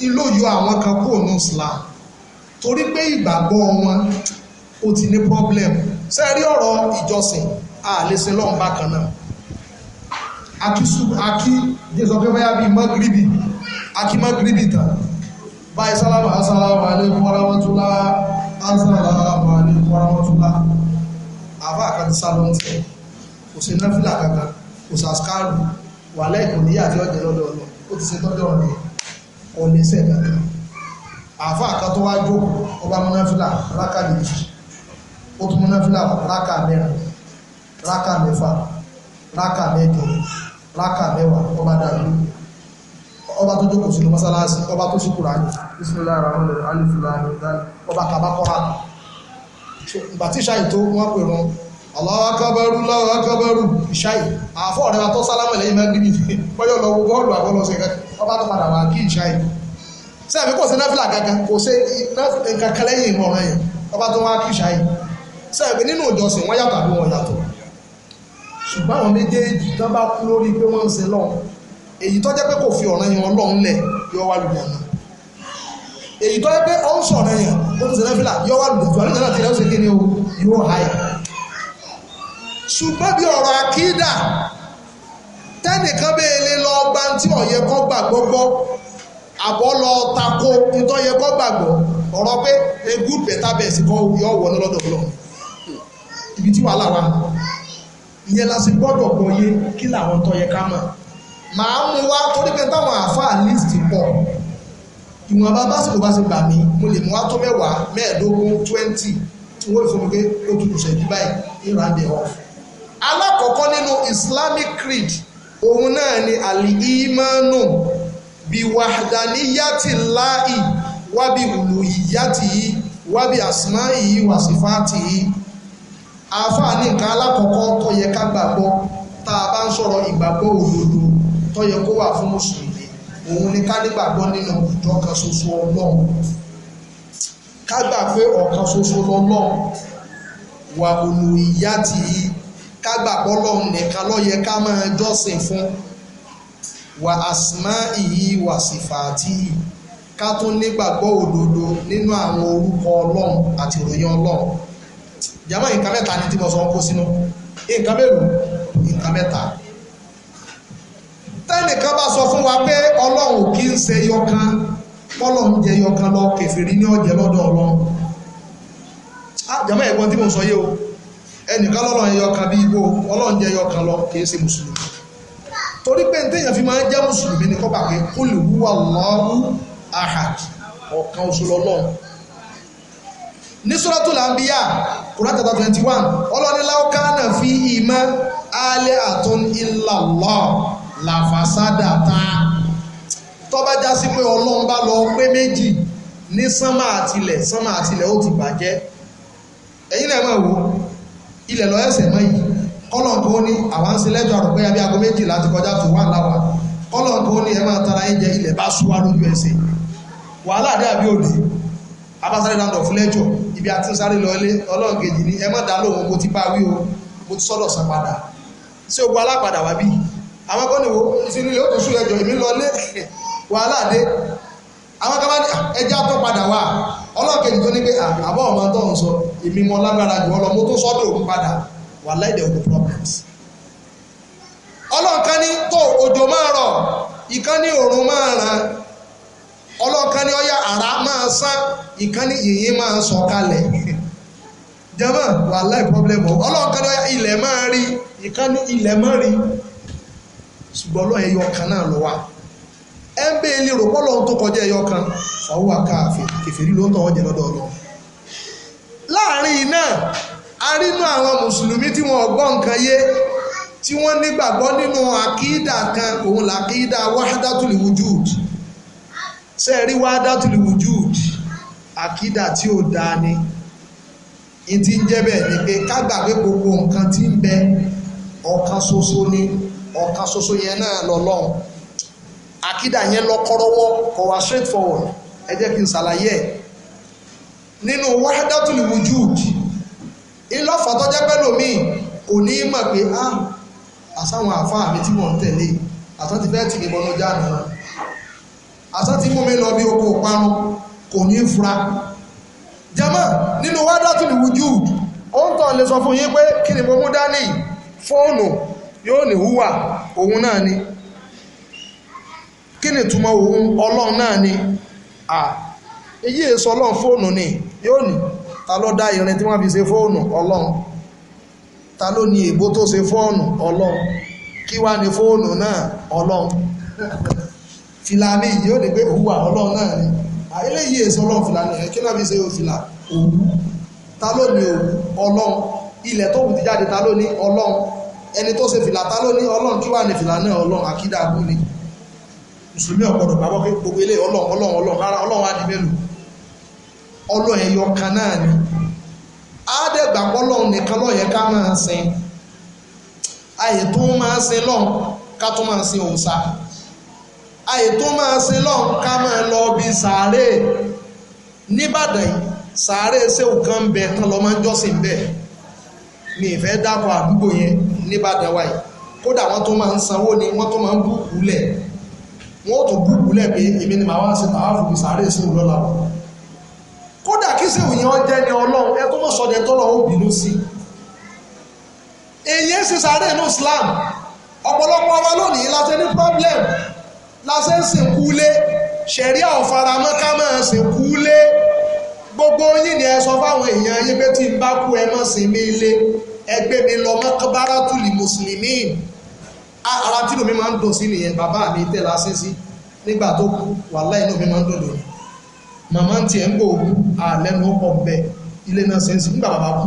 ìlò yọ àwọn kan kúrò ní Islam torí pé ìgbàgbọ́ wọn ó ti ní problem sẹ́ẹ̀rí ọ̀rọ̀ ìjọsìn àlẹ́sẹ̀ lọ́nbàkan náà akí akí jésù ọ̀pẹ́ báyà bíi mọ́gìrìbì akí mọ́gìrìbì tán báyìí sálámù asálámù alaykum warahmatullah asálámù alaykum warahmatullah àbá àkàtì sálọ́n tiẹ̀ kò sí náfìlà kankan kò sí àsìkáàlù wà lẹ́ẹ̀kọ́ níyà tí ọ̀jẹ̀ lọ́dọ̀ ọ̀nà ó ti ṣe tọ́jú ọ̀nà ọ̀nẹ́sẹ̀ kankan àfa àkàtọ́ wá jókòó ọba múnáfìlà rákà méjì ó tún múnáfìlà rákà mẹ́rin rákà mẹ́fà rákà mẹ́jọ láka mẹ́wàá ọba dàgbé ọba tó jókòó sínú mọ́sálásí ọba tó síkùrà ní ìsìnlára ọlẹ̀ alìfúlàní ọba kàbákọ́ra ìgbà tí ìṣáyì tó wọ́n pè rán Allahu akabaru Allahu akabaru ìṣáyì àfọ́ ọ̀rẹ́ra tó sálámọ̀ lẹ́yìn máa níbi pẹ́yọ́ lọ bọ́ọ̀lù àbọ́lọ́sẹ̀ ọba tó padà wà kí ìṣáyì sẹ́ẹ̀mí kò sí náfìlà gangan kò sí nǹkan kan lẹ́yìn ìmọ̀ràn yẹn ọba tó wá kí ìṣáyì sẹ́ẹ̀mí nínú ìjọsìn wọ́n yàtọ̀ àbí wọn yàtọ̀ ṣùgbọ́n àwọn méjèèjì tán bá kú lórí pé wọ́n ń ṣe lọ́hùn èyí tó jẹ́ pé kò fi ọ̀ràn yẹn ọlọ́run lẹ̀ yọ wá lùdà náà èyí tó jẹ́ pé ọ̀ ń sọ̀rọ̀ yẹn ó ti sẹ́lẹ̀ fìlà yọ wá lùdà náà náà ti rẹ̀ ó ṣe kíni o yóò háyà ṣùgbọ́n bí ọ̀rọ̀ akídà tẹ́nìkan bẹ́ẹ̀ lé lọ gba tí ọ̀yẹ gbàgbọ́ gbọ́ àbọ̀ lọ tako ìtọ́yẹ gbàgbọ́ ọ̀rọ̀ pé a good better best kọ́ yọ wọ̀ ní lọ́dọ̀ lọ ibi tí wàhálà wà ìyẹn la sì gbọ́dọ̀ gbọ́yé kí làwọn tó yẹ ká mọ̀ màá mú wá torí pé táwọn àáfàá list pọ̀ ìwọ̀nba básìkò bá ti gbà mí mo lè mú wá tó mẹ́wàá mẹ́ẹ̀ẹ́dógún twenty tí wọ́n fún mi pé ó tún kùsẹ̀ yí báyìí ìrà dẹ̀ ọ́. alákọ̀ọ́kọ́ nínú Islamic creed òun náà ni al-imanu biwahdaniyyatillahi wabiuluhiyyatihi wabiasma'ihi wasifatihi àáfàá ní nǹkan alákọ̀ọ́kọ́ tó yẹ ká gbàgbọ́ tá a bá ń sọ̀rọ̀ ìgbàgbọ́ òdodo tó yẹ kó wà fún mùsùlùmí òun ni ká nígbàgbọ́ nínú ìjọ kan ṣoṣo ọlọ́run ká gbà pé ọ̀kan ṣoṣo lọ́lọ́run wà òlù ìyá tì í ká gbàgbọ́ lọ́run nìkan ló yẹ ká máa jọ́sìn fún wà àsìmá ìyí wà sífàtì ká tún nígbàgbọ́ òdodo nínú àwọn orúkọ ọlọ́run àti ìròyìn jàmọ́ nǹkan mẹ́ta ni tí mo sọ ń kó sínú nǹkan mélòó nǹkan mẹ́ta tẹ́nìkan bá sọ fún wa pé ọlọ́run kì í ṣe yọkan kọ́lọ́run jẹ yọkan lọ kẹfìrí ní ọ̀jẹ̀ lọ́dọ̀ ọlọ́run ah, jàmọ́ ẹ̀gbọ́n tí mo sọ yé o ẹnìkan lọ́lọ́run jẹ yọkan bí igbó ọlọ́run jẹ yọkan lọ kì í ṣe mùsùlùmí torí pé téèyàn fi máa ń jẹ́ mùsùlùmí ni kọ́ bàgbé kó lè wúwà lọ́rùn ahad ní suratul anbiya Quran chapter twenty one ọlọ́ni law kana fihima alihatun illallah lafasadata tọ́ba já sí pé ọlọ́run bá lọ pé méjì ní sánmà àtìlẹ̀ sánmà àtìlẹ̀ ó ti bàjẹ́ ẹ̀yin náà máa wò ilẹ̀ lọ ẹsẹ̀ mọ́ yìí kọ́lọ̀kọ́ ní àwọn ń ṣe lẹ́jọ́ àrùn pé abí aago méjì láti kọjá tó wà láwà kọ́lọ̀kọ́ ní ẹ máa tara ẹ jẹ ilẹ̀ bá súwá lójú ẹsẹ̀ wàhálà dé àbí òde abásáré round of lecture ibi àti ń sáré lọlé ọlọ́run kejì ni ẹ má dá lóhùn mo ti bá wí o mo ti sọ́dọ̀ sàn padà ṣé o gbọ́ alápadà wá bí àwọn kan nìwo ti nílé ó tó sùn ẹjọ́ èmi lọlé wàhálà dé àwọn kan bá ní ẹjẹ́ àtọ́ padà wá ọlọ́run kejì tó ní pé àbọ̀ ọmọ tó ń sọ èmi mọ lágbára jù ọlọ́ mo tó sọ́dọ̀ òun padà wà láì dẹ̀ òun problems ọlọ́run kan ní tó òjò máa rọ̀ ìkan ní òòrùn máa ràn ọlọ́ọ̀kan ní ọyá àrá máa sán ìkan ní yìnyín máa sọ̀kalẹ̀ jẹ́mọ̀ wàláì pọ́blẹ́mù ọlọ́ọ̀kan ní ọyá ilẹ̀ máa rí ìkan ní ilẹ̀ máa rí ṣùgbọ́n ọlọ́ọ̀ ẹyọ kan náà lọ wá ẹ ń bẹ́ẹ̀ lérò pọ́lọ́ tó kọjá ẹyọ kan fàwọn àkàfẹ́ kẹfẹ́rí ló ń tọ́ ọjẹ́ lọ́dọ̀ ọlọ́ láàrin náà a rínú àwọn mùsùlùmí tí wọ́n gbọ́ nǹkan yé tí wọ́n nígbàgbọ́ nínú àkídà kan òun làkídà wahdatul wujud ṣe rí wá dátùlù wujud àkídà tí ò dáa ni n ti ń jẹ́ bẹ́ẹ̀ ni pé ká gbà pé gbogbo nǹkan tí ń bẹ ọ̀kan ṣoṣo ni ọ̀kan ṣoṣo yẹn náà lọ́lọ́run àkídà yẹn lọ kọ́rọ́wọ́ kò wá straight forward ẹ jẹ́ kí n ṣàlàyé ẹ̀ nínú wahdatul wujud ìlọ́fà tó jẹ́ pẹ́lú mi kò ní mọ̀ pé ah àsáwọn àfáà mi tí wọ́n tẹ̀lé àtọ́ ti fẹ́ tì mí bọ́nú jáàmù náà àṣà ti mú mi lọ bí oko parun kò ní fura jama nínú wádàtúlù wujud ó ń tàn lè sọ fún yín pé kí ni mo mú dání fóònù yóò ní hùwà òun náà ni kí ni túmọ̀ òun ọlọ́run náà ni à èyí èso ọlọ́run fóònù ni yóò ní ta ló dá irin tí wọ́n fi ṣe fóònù ọlọ́run ta ló ní èbó tó ṣe fóònù ọlọ́run kí wá ní fóònù náà ọlọ́run fìlàní yìí ó ní pé òwúwà ọlọ́run náà ni eléyìí èso ọlọ́run fìlàní ẹ̀ kí náà fi ṣe òfìlà òwú ta ló ní òwú ọlọ́run ilẹ̀ tó wù ti jáde ta ló ní ọlọ́run ẹni tó ṣe fìlà ta ló ní ọlọ́run kí wà ní fìlà náà ọlọ́run àkídà abú ni mùsùlùmí ọ̀gbọ̀dọ̀ gbàgbọ́ pé gbogbo ilé ọlọ́run ọlọ́run ọlọ́run rárá ọlọ́run á di mélòó ọlọ́run ẹ̀yọ kan náà ni àádẹ́gbàpọ̀ ọlọ́run nìkan lọ́yẹ ká máa sin àyè tó máa sin lọ́run ká tó máa sin òòṣà àìtó máa ṣe lọ́n ká máa lọ bí sàárè nìbàdàn yìí sàárè ṣéwù kan ń bẹ tán lọ máa ń jọ́sìn bẹ́ẹ̀ mi ìfẹ́ dákọ̀ àdúgbò yẹn nìbàdàn wa yìí kódà wọ́n tó máa ń sanwó ni wọ́n tó máa ń búkú lẹ̀ wọ́n tó búkú lẹ̀ pé èmi ni màá wá ṣe tàwa fòbí sàárè ṣéwù lọ́la kódà kí ṣéwù yẹn jẹ́ ni ọlọ́run ẹ tó mọ̀ sọ́dẹ̀ tọ́lọ́ ó bínú sí èyí ṣe sàárè ní Islam ọ̀pọ̀lọpọ̀ ọmọ lónìí láti ní problem lásán ń sìnkú lé ṣẹ̀ríà ọ̀faramọ́ ká máa sìnkú lé gbogbo yín ni ẹ sọ fáwọn èèyàn yín pé tí n bá kú ẹ mọ́ sí mi lé ẹgbẹ́ mi lọ mọ́kábárà tùlì mùsùlùmí ara tí lómi máa ń dùn sí nìyẹn bàbá mi tẹ̀ lásán sí nígbà tó kú wàhálà inú mi máa ń dùn lónìí màmá ń tiẹ̀ ń gbò òkú àlẹ́nu ọkọ̀ bẹ ilé náà ṣe ń sìn nígbà bàbá kú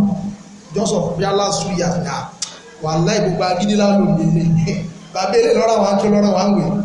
jọ́sọ̀ yálà súyà náà wàhálà ìgbogbo agídílá lòdì ilé bàbá ilé lọ́ra wa ń tó lọ́ra wa ń wèé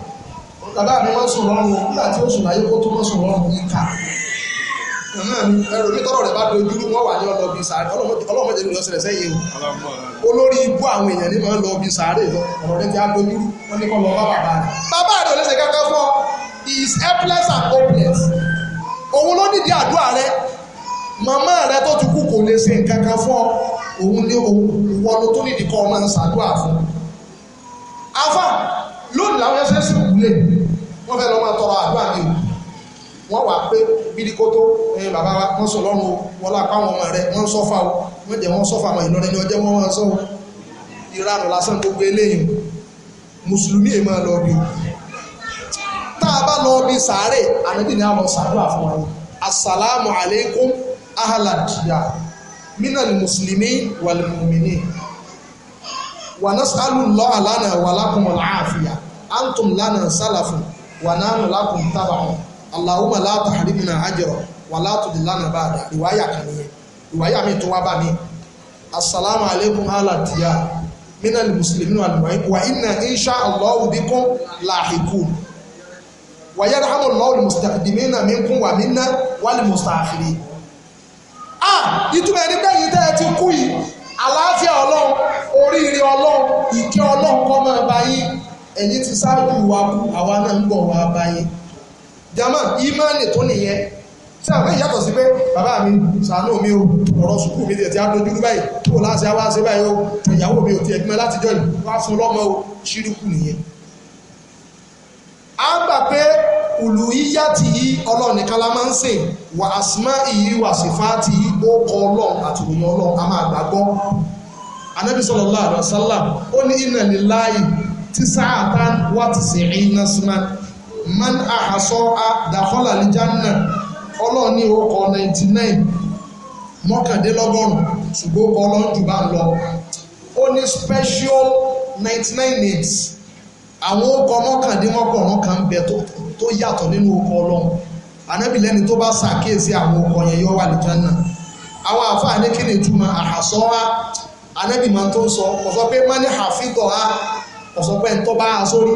bàbá mi wọ́n sùn lọ́rùn nígbà tí ó sùn láyé kó tó mọ́ sùn lọ́rùn ní ká ẹ̀rọ mi tọ́rọ̀ rẹ̀ bá dojú rú wọ́n wà ní ọlọ́bí sáré ọlọ́mọdé ló ṣẹlẹ̀ sẹ́yìn o olórí ibú àwọn èèyàn ní máa ń lọ bí sáré lọ ọ̀rọ̀ rẹ̀ ti á dojú rú wọ́n ní kọ́ lọ bá bàbá rẹ̀ bàbá rẹ̀ lọ́sẹ̀ kankan fún ọ he is helpless and hopeless òun ló nídìí àdúrà rẹ̀ màmá rẹ̀ tó ti kú kò lè ṣe nǹkan kan fún ọ òun ní ìwọ ló tó nídìí kọ́ ọ máa ń ṣàdúrà fún afa lónìí làwọn ẹsẹ̀ sì wúlẹ̀ wọ́n fẹ́ lọ máa tọrọ àdúrà mi o wọ́n wà pé bídíkótó ẹ bàbá wa wọ́n sọ lọ́rùn o wọ́n lápá wọn ọmọ rẹ wọ́n sọ́fà o wọ́n jẹ́ wọ́n sọ́fà àwọn ìlọrin ní ọjọ́ wọn wọ́n sọ́wọ́ ìranù lásán gbogbo eléyìí mùsùlùmí ẹ̀ máa lọ bí o tá a bá lọ bí sàárè ànábì ni wa asalaamu aleykum ahaladiya wa nasalu lọ́ọ̀lánà wàlákùnmọ̀láàfíà antum lánà sálàfún wà nánú lákùn tábà wọn Allahumma la tahrimna ajra wà látòdì lánàá bá dà ìwáyà kan nìyẹn ìwáyà mi tó wá bá mi assalamu alaikum ala diya minal muslimin wal mu'min wa inna insha Allah bikum lahiqun wa yarhamu Allahu al-mustaqdimina minkum wa minna wal mustaakhirin ah ìtumọ̀ ẹni bẹ́ẹ̀ tẹ́ ti kú yìí àlàáfíà ọlọ́run oríire ọlọ́run ìkẹ́ ọlọ́run kọ́ máa bá ẹ̀yin ti ṣáájú wa kú àwa náà ń bọ̀ wá báyìí jama ìmánì tó nìyẹn tí àwọn èèyàn yàtọ̀ sí pé bàbá mi sàánú mi ò ọ̀rọ̀ sùkúù mi ti adójúrú báyìí tó láti wá sí báyìí o ìyàwó mi ò tiẹ̀ gbọ́n láti jọ yìí wá fún lọ́mọ o ṣírùkù nìyẹn. a gbà pé òlù yíyá ti yí ọlọ́run nìkan la ń sìn wà á sì má ìyí wà sí fa ti yí ó kọ ọlọ́run àti òyìn ọlọ́run a máa gbàgbọ́. anábì sallallahu alaihi ó ní inna lillahi tisa'atan wa tis'ina isma man ahsaha dakhala al-janna ọlọ́run ní orúkọ ninety nine mọ́kàndínlọ́gọ́rùn ṣùgbọ́n orúkọ ọlọ́run ń lọ ó ní special 99 nine names àwọn orúkọ mọ́kàndínlọ́gọ́rùn kan bẹ tó yàtọ̀ nínú orúkọ ọlọ́run ànábì lẹ́ni tó bá ṣàkíyèsí àwọn orúkọ yẹn yọ wà lìjánà àwọn àfáà ní kí ni ìtumọ̀ àhàsọ́ wa ànábì tó ń sọ ọ̀sọ́ pé má ní àfihàn ha ọ̀sọ̀pẹ́ tó bá asórí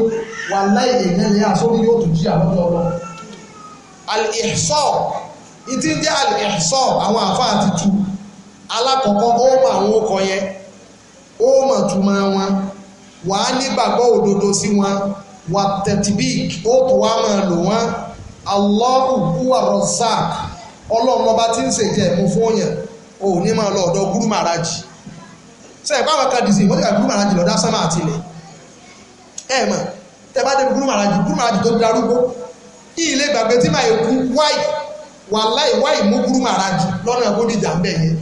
wà láì èèyàn ní asórí yóò tún jí àlọ́jọ́ lọ. al-ihsọ́ ìtí ń jẹ́ al-ihsọ́ àwọn àfáà ti tu alákọ̀ọ́kọ́ ó mọ àwọn okọ̀ yẹn ó mọ̀ túmọ̀ wọn wà á nígbàgbọ́ òdodo sí wọn wà tẹ̀tìbík ó tó wá máa lò wọ́n Allahu huwa razzaq ọlọ́run ọba tí ń ṣèjẹ́ mú fún òyìn òun ní máa lọ ọ̀dọ̀ gúrú màrájì sẹ́yìn pàwọn kan dì sí ìmọ̀tíkà gúrú màrájì lọ́dá sánmà àtìlẹ̀ ẹ mọ̀ tẹ bá débi gúrú màrájì gúrú màrájì tó darúgbó kí ilé ìgbàgbé tí màá kú wáì wàláì wáì mú gúrú màrájì lọ́nà gómìnà ń bẹ̀ yẹn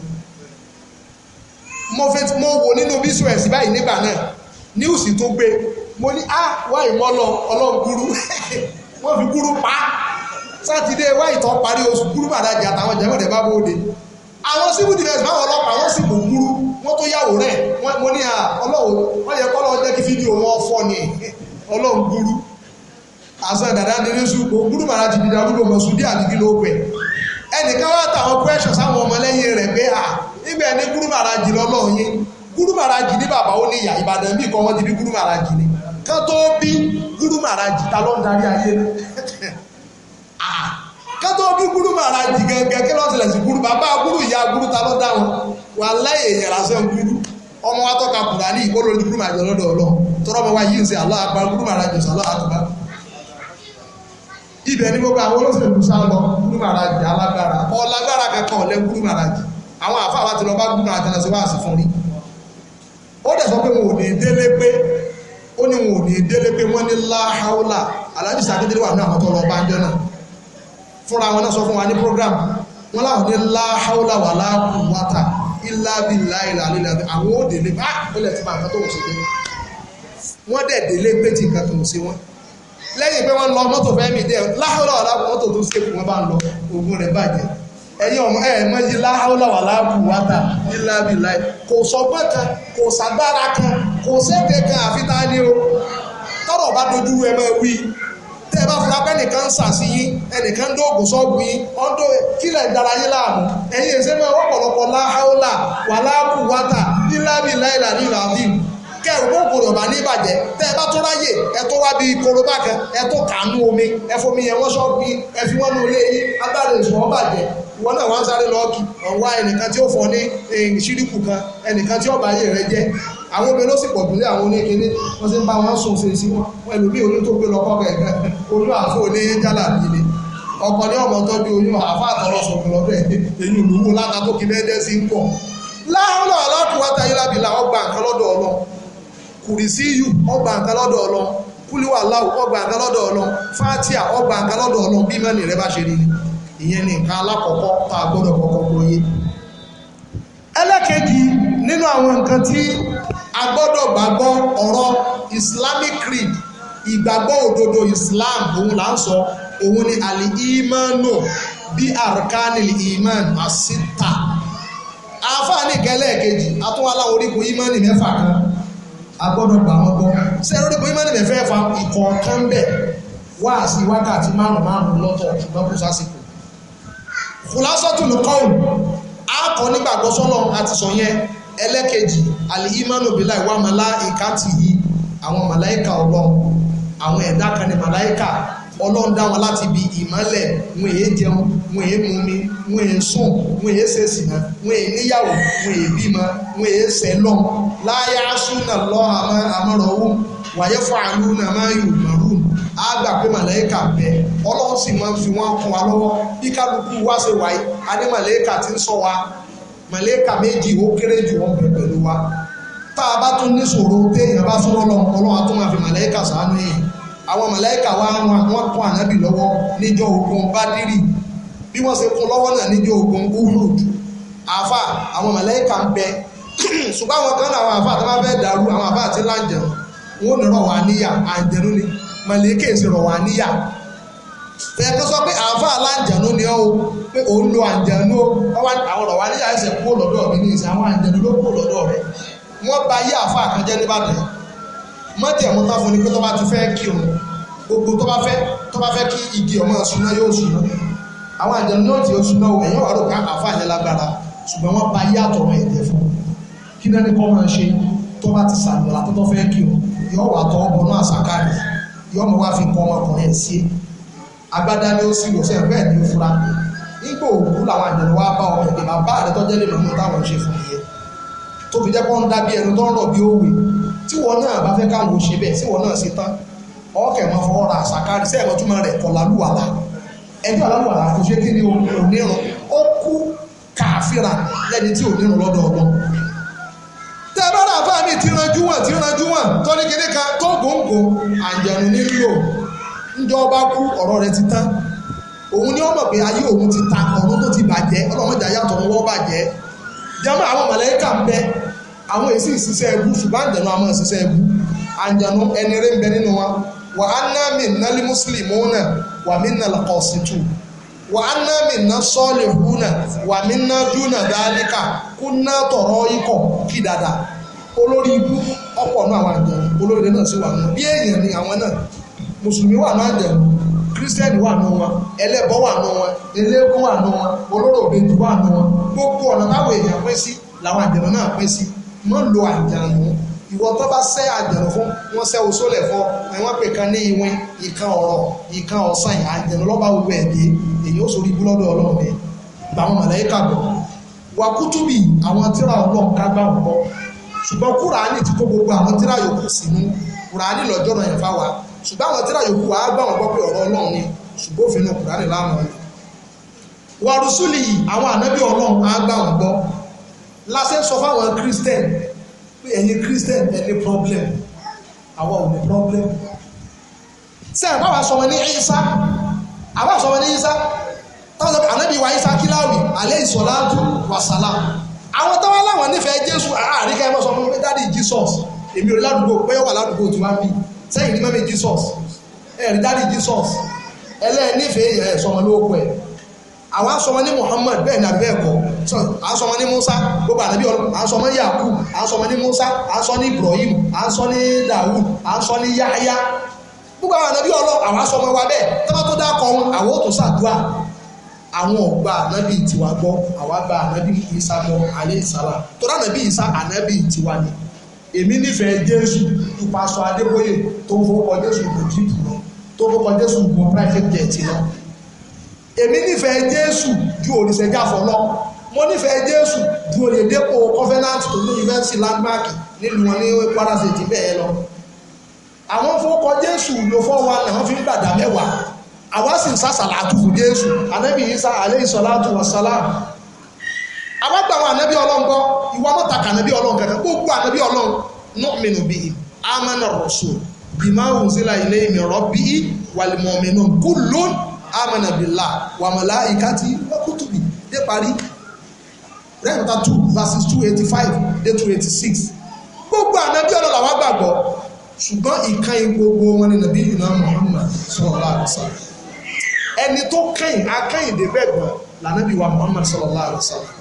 mo fẹ́ mo wò nínú bísúwẹ̀sì báyìí nígbà náà níwùsì tó gbé mo ní á ah, wáì mọ́ lọ ọlọ́run gúrú wọ́n fi gúrú pa sátidé wáì tó parí oṣù gúrú màrájì àtàwọn jẹ́mọ̀dẹ̀ bá bóde àwọn civil defence báwọn ọlọ́pàá wọ́n sì bò gúrú wọ́n tó yàwó rẹ̀ wọ́n mo ní à ọlọ́run wọ́n yẹ kọ́lọ́ jẹ́ kí fídíò wọn fọ́ ni ọlọ́run burú àṣà dàda ní ní sùkò burú màrà ti dìda rúgbò mọ̀ sùdí àdìgí ló pẹ̀ ẹnìkan wá tàwọn pẹ́ṣọ̀ sáwọn ọmọlẹ́yìn rẹ̀ pé à nígbà ẹni burú màrà jì lọ́lọ́run yín burú màrà jì ní bàbá ó ní ìyá Ìbàdàn bí kan wọ́n ti bí burú màrà jì ni kán tó bí burú màrà jì ta ló ayé náà tó bí gúrú màrà jì gẹ́gẹ́ kí lọ́ọ́ tilẹ̀ sí gúrú bàbá gúrú ìyá gúrú ta ló dáhùn wà láyé èèyàn lásán gúrú ọmọ wa tọ́ka kùrà ní ìkó lórí gúrú màrà jọ lọ́dọ̀ ọlọ́ tọ́rọ ọmọ wa yìí ń ṣe àlọ́ àgbà gúrú màrà jọ sàlọ́ àtùbá ibẹ̀ ni gbogbo àwọn olóṣèlú sá lọ gúrú màrà jì alágbára ọlágbára kankan ọ̀lẹ́ gúrú màrà jì àwọn àfáà láti lọ bá gúrú màrà jì lọ sí wáàsí fún mi ó dẹ̀ sọ pé wọn ò ní délé pé fúnra wọn náà sọ fún wa ní program wọn láwọn ní láhàúlà wà láàkú wátà ìlàbí láìlà lílà àwọn òde ah, lè bá ìpínlẹ̀ tí bàbá tó wọ́n ṣe dé wọ́n dẹ̀ délé pé tí nǹkan kan ò ṣe wọ́n lẹ́yìn pé wọ́n lọ mọ́tò fẹ́mi dẹ̀ láhàúlà wà láàkú mọ́tò tó ṣe fún wọn bá ń lọ ogun rẹ̀ bàjẹ́ ẹ̀yin ọmọ ẹ̀ mọ́ yí láhàúlà wà láàkú wátà ìlàbí láì kò sọgbọ́n kan kò sàgbára kan kò sẹ́kẹ̀ẹ́ kan àfi tẹ́ ẹ bá fura pé ẹnìkan ń sàṣì yín ẹnìkan ń dóògùn sọ́ọ̀bù yín ọ̀dọ́ kílẹ̀ dára láàmú ẹ̀yin ẹ̀sẹ̀ ọ̀pọ̀lọpọ̀ láháólà wàláàkú wátà níláàbí kẹrùbó kòròbà ní ìbàjẹ́ tẹ́ ẹ bá tó ráyè ẹ tó wá bíi korobá kan ẹ tó kàánú omi ẹ fomi yẹn wọ́n ṣọ́ọ̀bì ẹ fi náà sáré fọ ní kan ẹnìkan tí ayé rẹ àwọn obìnrin ló sì pọ̀ àwọn ń bá wọn sùn fèsì wọn oyún tó gbé kẹ̀kẹ́ oyún àfọ jálà nílé ọkọ ní ọmọ tọ́jú oyún àfọ àtọ̀rọ̀ sọ̀rọ̀ lọ́dọ̀ lábìlà kùrìsíyù ọgbà nǹkan lọ́dọ̀ ọlọ́run kúlíwà láwù ọgbà nǹkan lọ́dọ̀ ọlọ́run fátíà ọgbà nǹkan lọ́dọ̀ ọlọ́run bí mẹ́rin rẹ bá ṣe rí ìyẹn ni nǹkan alákọ̀ọ́kọ́ tá a gbọ́dọ̀ kọ́kọ́ gbọ́yé ẹlẹ́kẹ̀ẹ́jì nínú àwọn nǹkan tí a gbọ́dọ̀ gbàgbọ́ ọ̀rọ̀ islamic creed ìgbàgbọ́ òdodo islam òun là ń sọ òun ni al-imanu bí arkanil iman asita àfáà nìkan ẹlẹ́ẹ̀kejì àtúwálá orígun imani mẹ́fà kan agbọ́dọ̀ gbà wọn gbọ́ sẹ́yìn lórí bóyá nílẹ̀ fẹ́ fa ìkọ̀ọ̀kan bẹ̀ wá sí wákàtí márùn márùn lọ́tọ̀ ṣùgbọ́n kò sásìkò kùlásọ́tù ló kọ́ òun akọ nígbàgbọ́ sọ́nà àti sọ yẹn ẹlẹ́kejì alìyímánù bílà ìwà màláìka tì yí àwọn màláìka ọlọ́run àwọn ẹ̀dá kan ní màláìka ọlọ́run dá wọn láti bi ìmọ́lẹ̀ wọn èé jẹun wọn èé mumi wọn è sùn wọn è ṣe sìnà wọn è níyàwó wọn è bímọ wọn è ṣe lọ láyé lọ ama wàyẹ fún àlù náà máa yù màrún á pé màlẹ́kà bẹ ọlọ́run sì máa fi wọ́n kún wa lọ́wọ́ bí kálukú wá ṣe wáyé a ní màlẹ́kà ti ń sọ wa màlẹ́kà méjì ó kéré jù wọ́n bẹ̀ pẹ̀lú wa tá a bá tún ní sòro téèyàn bá súnmọ́ ọlọ́run máa fi wa wọn kún ànábì lọ́wọ́ níjọ́ ogun bí wọ́n ṣe kọ́ lọ́wọ́ náà níjọ́ ogun uhud àáfà àwọn màláíkà ń bẹ ṣùgbọ́n àwọn kan náà àwọn àáfà tó bá fẹ́ dàrú àwọn àáfà àti láǹjẹ̀nu wọn ò ní rọ̀wà níyà àǹjẹ̀nu ni màláíkà èsì rọ̀wà níyà fẹ́ẹ́kọ́ sọ pé àáfà aláǹjẹ̀nu ni ó pé ò ń lo àǹjẹ̀nu àwọn rọ̀wà níyà ẹsẹ̀ kúrò lọ́dọ̀ mi ní ìsìn àwọn àǹjẹ̀nu ló kúrò lọ́dọ̀ rẹ̀ wọ́n ba yé àáfà kan jẹ́ mọ́tì àwọn àjẹnú ní ọ̀tí oṣù náà ẹ̀yìn wà rò ká ah, àfa yẹn lágbára ṣùgbọ́n wọ́n pa yé àtọ̀rọ̀ ẹ̀jẹ̀ fún kí náà ní kọ́ máa ṣe tó bá ti sàlùwàlà tó tó fẹ́ kí o yọ wà tọ́ ọ̀bọ̀ náà sàkárì yọ mọ̀ wá fi kọ́ ọmọkùnrin ẹ̀ sí agbádá ni ó sì rò sẹ́ bẹ́ẹ̀ ni ó fura nígbà òkú làwọn àjẹnú wa bá ọmọ ìdè bàbá rẹ tọ́jẹ́ lè lọ́mú táwọn ṣe fún yẹ tó fi jẹ́ pọ́n ń dábí ẹnu tó ń rọ̀ bí òwe tí wọn náà bá fẹ́ káwọn ò ṣe bẹ́ẹ̀ tí wọn náà ṣe tán ọ̀kẹ́ mọ́ fọwọ́ ra àṣàkárì sẹ́ẹ̀ mọ́túmọ́ rẹ̀ kọ̀ lálùwàlà ẹjọ́ aláwàlá kò ṣe kí ni onírun ó kú kàáfíra lẹ́ni tí onírun lọ́dọ̀ ọ̀dọ́ tẹ́ bá rà bá mi tíranjú wọn tíranjú wọn tọ́ni kíní kan tó bá kú ọ̀rọ̀ rẹ ti tán òun ni wọ́n mọ̀ pé ayé òun ti ta ọ̀run tó ti bàjẹ́ ọlọ́mọdé ayàtọ̀ bàjẹ́ jẹ́mọ́ àwọn mọ̀lẹ́kà ń bẹ àwọn èsì ìṣiṣẹ́ ẹbú ṣùgbọ́n àmọ́ ìṣiṣẹ́ ẹbú ẹni rẹ̀ ń bẹ nínú wa mi nálí mùsùlùmí wàmínà kọ̀ọ̀sìtù wàhánà mìíràn sọ́ọ̀lì húnà wàmínà dúnà dálíkà kúnà tọ̀rọ̀ ikọ̀ kí dada olórí ibú ọ̀pọ̀ náà àwọn àjẹ̀rù olórí náà sì wà nù bí èèyàn ni àwọn náà mùsùlùmí wà náà àjẹ̀rù kírísítẹ́nì wà nù wọn ẹlẹ́bọ wà nù wọn wà nù wọn wà nù wọn gbogbo ọ̀nà táwọn èèyàn pín sí làwọn náà pín sí ìwọ tó bá sẹ́ àjẹ̀rọ̀ fún wọ́n sẹ́ òṣòlẹ̀ fún ẹ̀wọ̀n pè kan ní ìwìn ìkan ọ̀rọ̀ ìkan ọ̀sán àjẹ̀rọ̀ lọ́ba gbogbo ẹ̀dẹ́ èyí ó sori búlọ́dọ̀ ọlọ́run ẹ̀ gbà wọn màláíkà gbọ́ wà kútùbì àwọn tíra ọlọ́run ká gbà wọn bọ́ ṣùgbọ́n kúránì ti kó gbogbo àwọn tíra yòókù sínú kúránì lọ́jọ́ náà yẹn fá wa ṣùgbọ́n àwọn tíra yòókù wàá gbà wọn bọ́ pé ọ̀rọ̀ ọlọ́run ni ṣùgbọ́n òfin náà kúránì pé christian ẹ problem àwa ò ní problem ṣé ẹ̀ báwa sọ wọn ní ìsá àbá sọ wọn ní ìsá táwọn ọ̀dọ́ ànábì wa ìsá kíláwì alẹ́ ìsọ̀láàtù wàsálà àwọn táwọn aláwọ̀ nífẹ̀ẹ́ jésù àárín ká ẹ mọ̀ sọ fún mi dáàdi jesus èmi ò ládùúgbò pé ó wà ládùúgbò tí wọ́n á bí sẹ́yìn ní mẹ́mí jesus ẹ̀rí dáàdi jesus ẹlẹ́ẹ̀ nífẹ̀ẹ́ yẹn sọmọ lóko ẹ̀ àwọn sọmọ ní muhammad bẹ́ẹ̀ ni àbẹ́ẹ̀kọ́ a ń sọ ọmọ ní Musa gbogbo ànábì ọlọ́ à ń sọ ọmọ ní Yaku à sọ ọmọ ní Musa à sọ ní Ibrahim à sọ ní Dawud à ń sọ ní Yahya gbogbo àwọn ànábì ọlọ́ àwọn aṣọ ọmọ wa bẹ́ẹ̀ tọ́ba tó dákọ̀ wọn àwọn ò tó ṣàdúrà àwọn ọgbà ànábì tiwa gbọ́ àwa gba ànábì Isa gbọ́ alẹ́ ìsàlá tó dá ànábì Isa ànábì tiwa ni èmi nífẹ̀ẹ́ Jésù ju pásọ Adébóyè tó fowópọ̀ Jésù kò jíìpù lọ tó fowópọ̀ Jésù kò private jet lọ èmi nífẹ̀ẹ́ Jésù ju òrìṣẹ́jáfọ́ lọ mo nífẹ̀ẹ́ jésù ju òye dépò covenant tó ní yunifásitì landmark nílùú wọn ní kwara state bẹ́ẹ̀ lọ àwọn fọkọ jésù ló fọ́ wa làwọn fi ń gbàdá mẹ́wàá àwa sì ń sàṣàlà àtúfù jésù ànábì isa aleyhi salatu wa salam àwa gba àwọn ànábì ọlọ́run gbọ́ ìwà mọ́tàkà ànábì ọlọ́run kankan gbogbo ànábì ọlọ́run nọ́ọ̀mìnù bíi amánà rọ̀ṣùn bima unzila ilé mi rabbi wal mu'minun kullun amana billah wa malaikati wa kutubi dé parí Read chapter two verses two eighty five dé eighty six gbogbo ànábí ọlọ́lá wa gbàgbọ́ ṣùgbọ́n ìkànnì gbogbo wọn ni nàbí yìí náà Muhammad sallallahu alaihi wasallam ẹni tó kẹ́yìn akẹ́yìndé bẹ́ẹ̀ gbọ́n lànàbí wa Muhammad sallallahu alaihi wasallam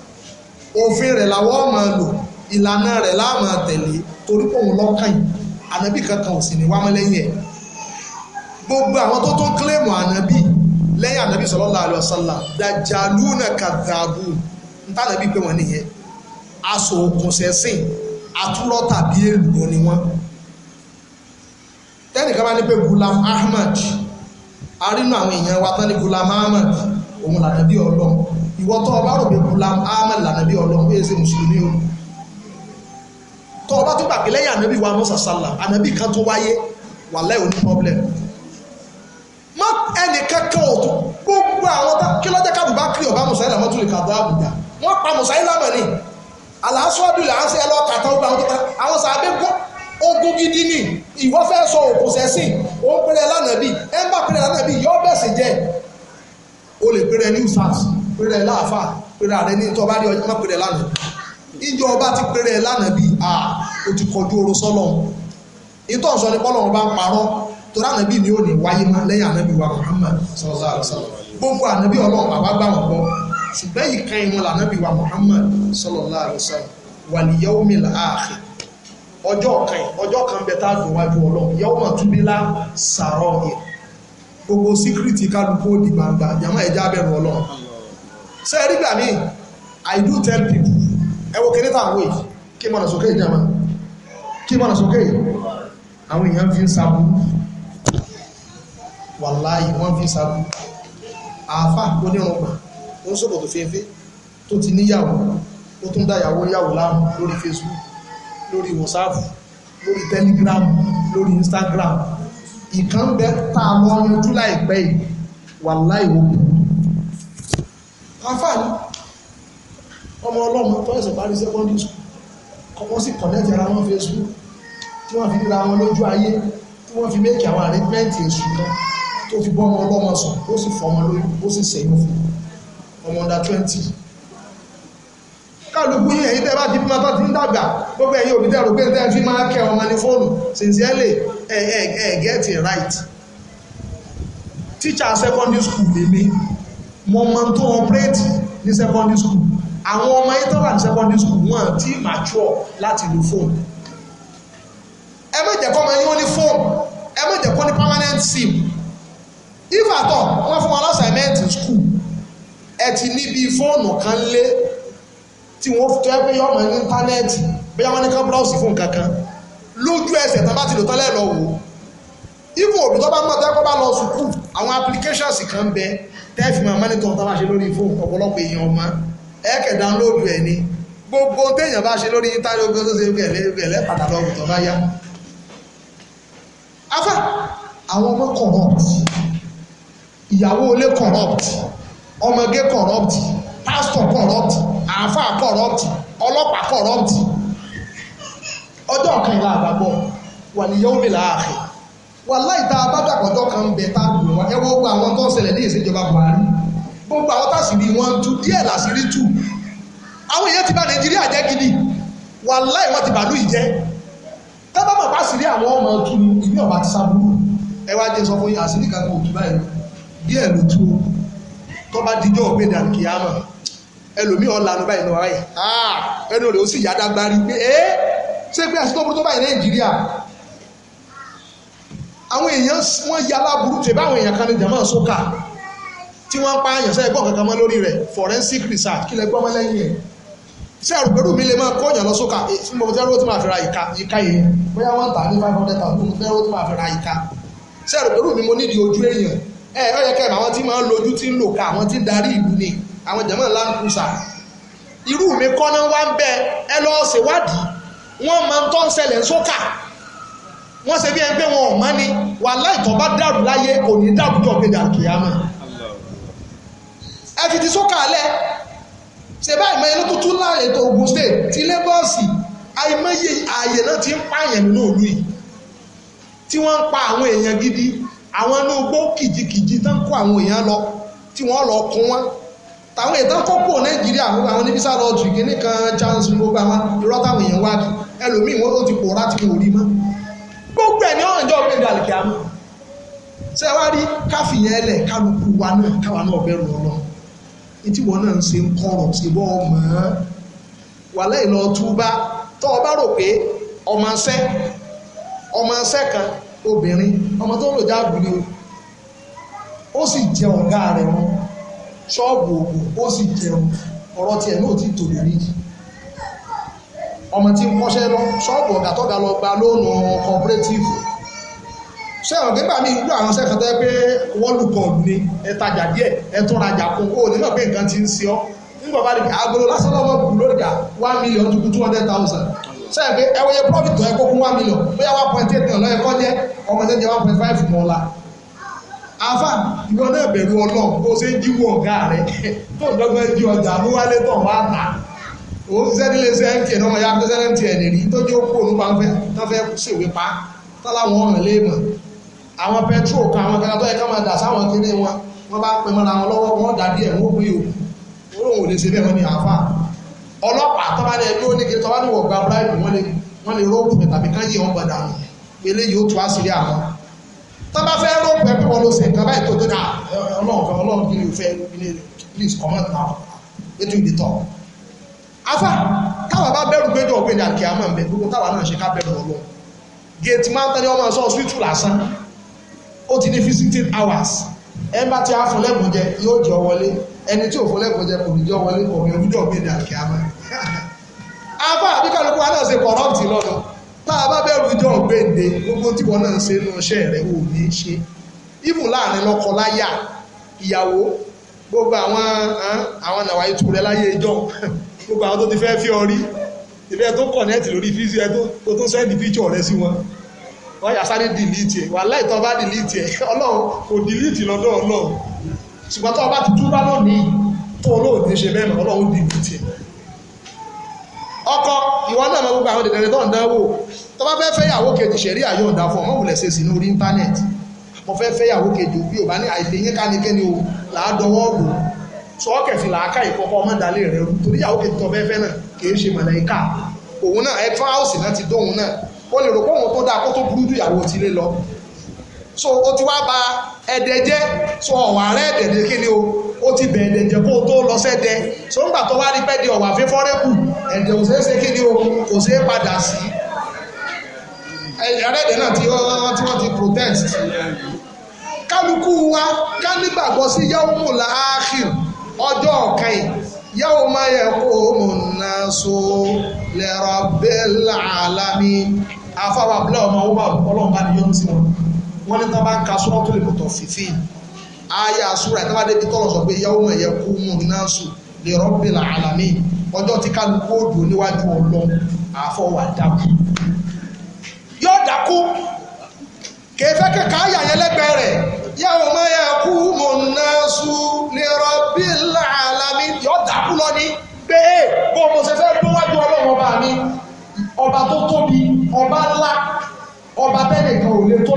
òfin rẹ̀ làwọn máa lò ìlànà rẹ̀ la máa tẹ̀lé torí pé òun lọ́kàn ànábì kankan ò sì ní wámọ́ lẹ́yìn ẹ̀ gbogbo àwọn tó tún kílèmù ànábì lẹ́yìn ànábì sallallahu alaihi wasallam dàjàlú náà kàdàbù ntànà bíi pé wọ́n nìyẹn aṣọ òkùnṣẹ́sìn àtúrọ̀ tàbí èlùbọ́ ni wọ́n tẹ́nìkan bá ní pé Gulam Ahmad arínú àwọn èèyàn wa tán ní Gulam Ahmad òun lànà bí ọlọ́run ìwọ tó o bá rò pé Gulam Ahmad lànà bí ọlọ́run pé èsè mùsùlùmí o tó o bá tún gbàgbé lẹ́yìn ànábì wa Musa sálà ànábì kan tó wáyé wàláhì ò ní problem má ẹnì kankan ò tó gbogbo àwọn kí lọ́jọ́ kábùbá kiri ọ̀bá Musa ẹ̀ làmọ́tò lè kàdó àbùdá wọ́n pa musa ilama ni aláṣọ́dún là ń ṣe ẹlọ́ kàtà ó gba àwọn tó ta àwọn sàbẹ̀ gbọ́ ogun gidi ni ìwọ fẹ́ sọ òkú sẹ́sìn ó ń pèrè lánàbí ẹ ń bá pèrè lánàbí yọ bẹ̀sẹ̀ jẹ́ o lè pèrè new sars pèrè láàfà pèrè àrẹ ní tọ́ba rí ọjọ́ má pèrè lánàá ìjọ ọba ti pèrè lánàbí à o ti kọjú oró sọ́lọ̀ ìtọ́ sọ ni pọ́lọ́ ọba ń parọ́ torí ànàbí ni ó ní wáyé má lẹ́yìn ànàbí wa Muhammad sallallahu alaihi wasallam gbogbo ànàbí ọlọ́run àwa gbà wọ́n gbọ́ ṣùgbẹ́ yìí kan ìmọ̀ lànàbí wa Muhammad sallallahu alaihi wasallam wal yawmil akhir ọjọ́ kan ọjọ́ kan bẹ tá a dùn wájú ọlọ́run yawma tubila sarair gbogbo síkírìtì kálukú òdì gbangba jàmọ́ ẹ̀já bẹ̀rù ọlọ́run I do tell people ẹ wo kéré tàwọn èyí kí mọ̀nà sókè jàmọ́ kí mọ̀nà sókè àwọn èèyàn fi ń sabu wàláyé wọ́n fi ń sabu àáfà onírùngbà ó ń ṣòkòtò fẹ́fẹ́ tó ti níyàwó ó tún dáyàwó yàwó láàmú lórí Facebook lórí WhatsApp lórí Telegram lórí Instagram ìkan bẹ tá a lọ yanjú láìpẹ́ yìí wà láìwó afáàní ọmọ ọlọ́mọ tó ẹ̀sẹ̀ parí secondary school kọ́kọ́ sí connect ara wọn Facebook tí wọ́n fi ríra wọn lójú ayé tí wọ́n fi méjì àwọn arrangement èṣù kan tó fi bọ́ ọmọ ọlọ́mọ sùn ó sì fọmọ lóyún ó sì sẹ́yìn fún ọmọ ọ̀dà twenty kálukú yín ẹ̀yin tẹ́ bá ti bímọ tó ti ń dàgbà gbogbo ẹ̀yin òbí tẹ́ pé tẹ́ fi máa kẹ́ ọmọ ní fóònù sincerely ẹ ẹ ẹ get it right teacher secondary school lèmi mo mọ tó operate ní secondary school àwọn ọmọ yìí tó wà ní secondary school wọn ti mature láti lo fóònù ẹ má jẹ́ kó ọmọ yín ó ní fóònù ẹ má jẹ́ kó ní permanent sim if at all wọ́n fún wọn lọ́sàmẹ́ǹtì school ẹ ti níbi fóònù kan lé tí wọ́n tó ẹ pé yọmọ ní íńtánẹ́ẹ̀tì bí wọ́n ní ká búrọ́ọ̀sì fún nǹkan kan lójú ẹsẹ̀ tán bá ti lò tán lẹ́ẹ̀ lọ wò ó ibo òbí tó bá mọ̀ tẹ́kọ́ bá lọ sùkúù àwọn applications kan bẹ tẹ́ẹ̀fì máa mọ́nítọ̀ tó bá ṣe lórí fóònù ọ̀pọ̀lọpọ̀ èèyàn ọmọ ẹ̀ẹ́kẹ̀ dáńlóòdù ẹ̀ ni gbogbo téèyàn bá ṣe lórí íńtánẹ́ẹ̀tì ogun tó ṣe gẹ̀lẹ́ gẹ̀lẹ́ padà lọ tó bá yá. afa àwọn ọmọge corrupt pastor corrupt àáfàá corrupt ọlọ́pàá corrupt ọjọ́ kan ìlà àbábọ̀ wà ní yẹ́wò mi láàáfẹ́ wà láì tá a bá dàpọ̀jọ́ kan bẹ̀ tá a gbò wá ẹ wọ́n gba àwọn tó ń ṣẹlẹ̀ ní ìṣèjọba Buhari gbogbo àwọn tásìrí wọn tú díẹ̀ làṣírí tú àwọn èèyàn ti bà Nàìjíríà jẹ́ gidi wà láì wọ́n ti bàlú ìjẹ́ tábà bàbá sírí àwọn ọmọ túnú ìlú ọba ti sábúrú ẹ wá jẹ́ sọ fún yín àṣírí kan kò tú báyìí díẹ̀ ló tú o tó bá dijọ́ ògbé dàn kí á mọ̀ ẹlòmíì ọ̀lànà báyìí lọ́wọ́ ayé ah, ẹnu rẹ̀ ó sì yá dágbárí pé ẹ́ ṣé pé àti tó burú tó báyìí nàìjíríà àwọn èèyàn wọ́n ya aláburú tẹ̀ bá èèyàn kan ní jàmáà sókà tí wọ́n pa àyàn sẹ́yìn gbọ́n kankan mọ́ lórí rẹ̀ forensic research kí lẹ gbọ́n mọ́ lẹ́yìn ẹ̀ ṣé àrùbẹ́rù mi lè máa kó ọ̀yàn lọ sókà fún mo fẹ́ rówó five hundred thousand mo fẹ́ rówó tí màá fi ra ìka ẹ ọ yẹ kẹrin àwọn tí máa ń lójú tí ń lò ká àwọn tí ń darí ìlú ni àwọn jẹ̀mọ́ ńlá ń kú sà irú mi kọ́ná wá ń bẹ ẹ lọ́ọ́ ṣèwádìí wọ́n máa ń tọ́ ń ṣẹlẹ̀ ń sókà wọ́n ṣe bí ẹni pé wọn ò mọ́ ni wàláhì tó bá dàrú láyé kò ní dàrú jọ gbé dàrú kìyàmà ẹ fi ti sókà lẹ ṣe báyìí mọ ẹni tó tún lá ètò Ògùn state ti lẹ́bọ̀ọ̀sì àìmọye ààyè náà ti ń pààyàn nínú ìlú yìí tí wọ́n ń pa àwọn èèyàn gidi àwọn inú igbó kìjikìji tán kó àwọn èèyàn lọ tí wọ́n lọ kó wọn tàwọn èèyàn kó pò nàìjíríà gbogbo àwọn oníbísà lọ jù kíní kan chance gbogbo àwọn irọ́ táwọn èèyàn wá kí ẹlòmíì wọn ó ti pòórá tí kò rí mọ́ gbogbo ẹ̀ ní ọ̀rọ̀ ìjọ òpin ìdàlùkì àmọ́ ṣé wá rí káfíyàn ẹlẹ̀ kálukú wa náà káwa náà bẹ̀rù ọlọ́ etí wọn náà ń ṣe ń kọrọ̀ ṣe bọ́ ọmọ wà lẹ́yìn obìnrin ọmọ tó ń lò jáàbù ni ó sì jẹ ọ̀gá rẹ̀ wọn ṣọ́ọ̀bù ògùn ó sì jẹun ọ̀rọ̀ tiẹ̀ náà ti tò lórí ọmọ tí ń kọ́ṣẹ́ lọ ṣọ́ọ̀bù ọ̀gá tọ́gá lọ gba lóònù cooperative ṣé ọ̀gá gbà mí àwọn ṣẹ́kàn tẹ́ pé wọ́lùkọ̀ ni ẹ tajà díẹ̀ ẹ tún rajà kún ó nínú pé nǹkan ti ń ṣe ọ́ nígbà bá rí agolo lásán lọ́wọ́ kù lórí one million two hundred thousand sẹ́yìn pé ẹwọ́ yẹ profit tó ẹgbẹ́ kún one million bóyá one point eight million lọ́yẹ̀kọ́ jẹ́ ọmọ jẹ́jẹ́ one point five mọ́ la afa ìwọ náà bẹ̀rù ọlọ́ọ̀ kó o ṣe ń jíwọ́ ọ̀gá rẹ tó ń dọ́gbọ́n jí ọjà mú wálé tó ń wá ta o ń ṣiṣẹ́ nílé iṣẹ́ mtn ọmọ ya ń ṣiṣẹ́ mtn rí tọ́jú òkú òun bá ń fẹ́ tán fẹ́ ṣèwé pa táláwọn ọ̀ràn léèmọ̀ àwọn petrol kan àwọn kankan tó yẹ ká máa dà sáwọn kéré wọn wọn bá pẹ́ mọ́ra wọn lọ́wọ́ wọn dà díẹ̀ wọn ó pé ọlọ́pàá tọ́ba lẹ ló ní kí tọ́ba ní wọ̀gbà bíráìbù wọ́n lè wọ́n lè róòpù rẹ̀ tàbí káyé wọn gbọ̀dà nù eléyìí ó tú àṣírí àwọn tọ́ba fẹ́ róòpù ẹ̀ pípọ̀ ló ṣe nǹkan báyìí tó tó dà ọlọ́run kan ọlọ́run kí ni o fẹ́ ilé rẹ̀ please comment now wetin you dey talk. afa táwa bá bẹ̀rù gbẹ́jọ́ ògbé ní àkè àmọ́ ẹ̀ gbogbo táwa náà ṣe ká bẹ̀rù ọlọ́ gate máa ń tẹ́lẹ̀ ọmọ sọ hospital lásán ó ti ní visiting hours ẹ̀ ń bá ti á fún lẹ́gbọ̀n jẹ yóò jẹ́ wọlé ẹni tí òfò lẹ́kọ̀ọ́ jẹ kò ní jọ wọlé kọ̀ ọ̀rẹ́ ojú ọ̀gbìn ìdàkẹ́ àmọ́ afá àbíkàlùkù wa náà ṣe kọ̀rọ́ọ̀tì lọ́dọ̀ tá a bá bẹ̀rù ìjọ ọ̀gbẹ́ǹde gbogbo tí wọn náà ṣe nù iṣẹ́ rẹ̀ wò ní í ṣe ìmù láàrin lọ́kọ láyà ìyàwó gbogbo àwọn àwọn nàwa ètò rẹ̀ láyé ìjọ gbogbo àwọn tó ti fẹ́ fi ọ rí ìfẹ́ tó kọ̀nẹ́ẹ̀tì lórí fíìsì ẹ tó tó sẹ́ndì píṣọ̀ rẹ sí wọn wọ́n yà sáré dìlítì ẹ̀ wàhálà ìtọ́ bá dìlítì ẹ̀ ọlọ́run kò dìlítì lọ́dọ̀ ọlọ́run ṣùgbọ́n tó o bá ti túbá lónìí tó o lóò ní ṣe bẹ́ẹ̀ mọ́ ọlọ́run dì ní tiẹ̀ ọkọ ìwọ náà mọ gbogbo àwọn dẹ̀dẹ̀rẹ̀ tó ń dánwò tó bá fẹ́ fẹ́ yàwó kejì ṣẹ̀rí àyọ̀ǹda fún ọmọ òwúlẹ̀ ṣe sí lórí íńtánẹ́ẹ̀tì mo fẹ́ fẹ́ yàwó kejì bí o bá ní àìpé yín kánikẹ́ni o làádọ́wọ́ ògùn sọ ọ́kẹ̀fì làákà ìkọ́kọ́ ọmọ ìdálé rẹ̀ torí yàwó kejì tó fẹ́ fẹ́ náà kìí ṣe màláíkà òun náà ẹ fún áùsì náà ti dóhun náà ó lè rò pé òun tó dáa kó tó burú ju ìyàwó tilé lọ so o ti wá ba ẹ̀dẹ̀ jẹ́ so ọ̀wà rẹ̀ ẹ̀dẹ̀ kí ni o ó ti bẹ̀ ẹ̀dẹ̀ jẹ́ kó o tó lọ sẹ́dẹ̀ so ńgbà tó wá rí pẹ́ di ọ̀wà fífọ́rẹ́kù ẹ̀dẹ̀ ò ṣeéṣe kí ni o kò ṣeé padà sí ẹ̀rẹ́dẹ̀ náà tí wọ́n ti wọ́n ti protest kálukú wa ká nígbàgbọ́ sí yawmu laakhir ọjọ́ ọ̀kan yìí yawma yaqumu nnasu li rabbil alamin afáwà bílẹ̀ ọmọ ọmọ ọlọ́run bá ní yọ́nù wọn wọ́n ní tán bá ń ka sọ́rọ́ tó lè mọ̀tọ̀ fífín aya asúra ìtàn bá débi tọ́lọ̀ sọ pé yàwó mọ̀ ẹ̀yẹ kú mú náà sùn lè rọ́bì làálàmì ọjọ́ tí kálukú òdò níwájú ọlọ́run àfọwà dákú yóò dákú kèéfẹ́ kẹ̀kẹ́ aya yẹn lẹ́gbẹ̀ẹ́ rẹ̀ yàwó mọ̀ ẹ̀yẹ kú mú náà sùn lè rọ́bì làálàmì yóò dákú lọ ní pé bó mo ṣe fẹ́ níwájú ọlọ́run ọba mi ọba tó tóbi ọba ńlá ọba tẹ́lẹ̀ kan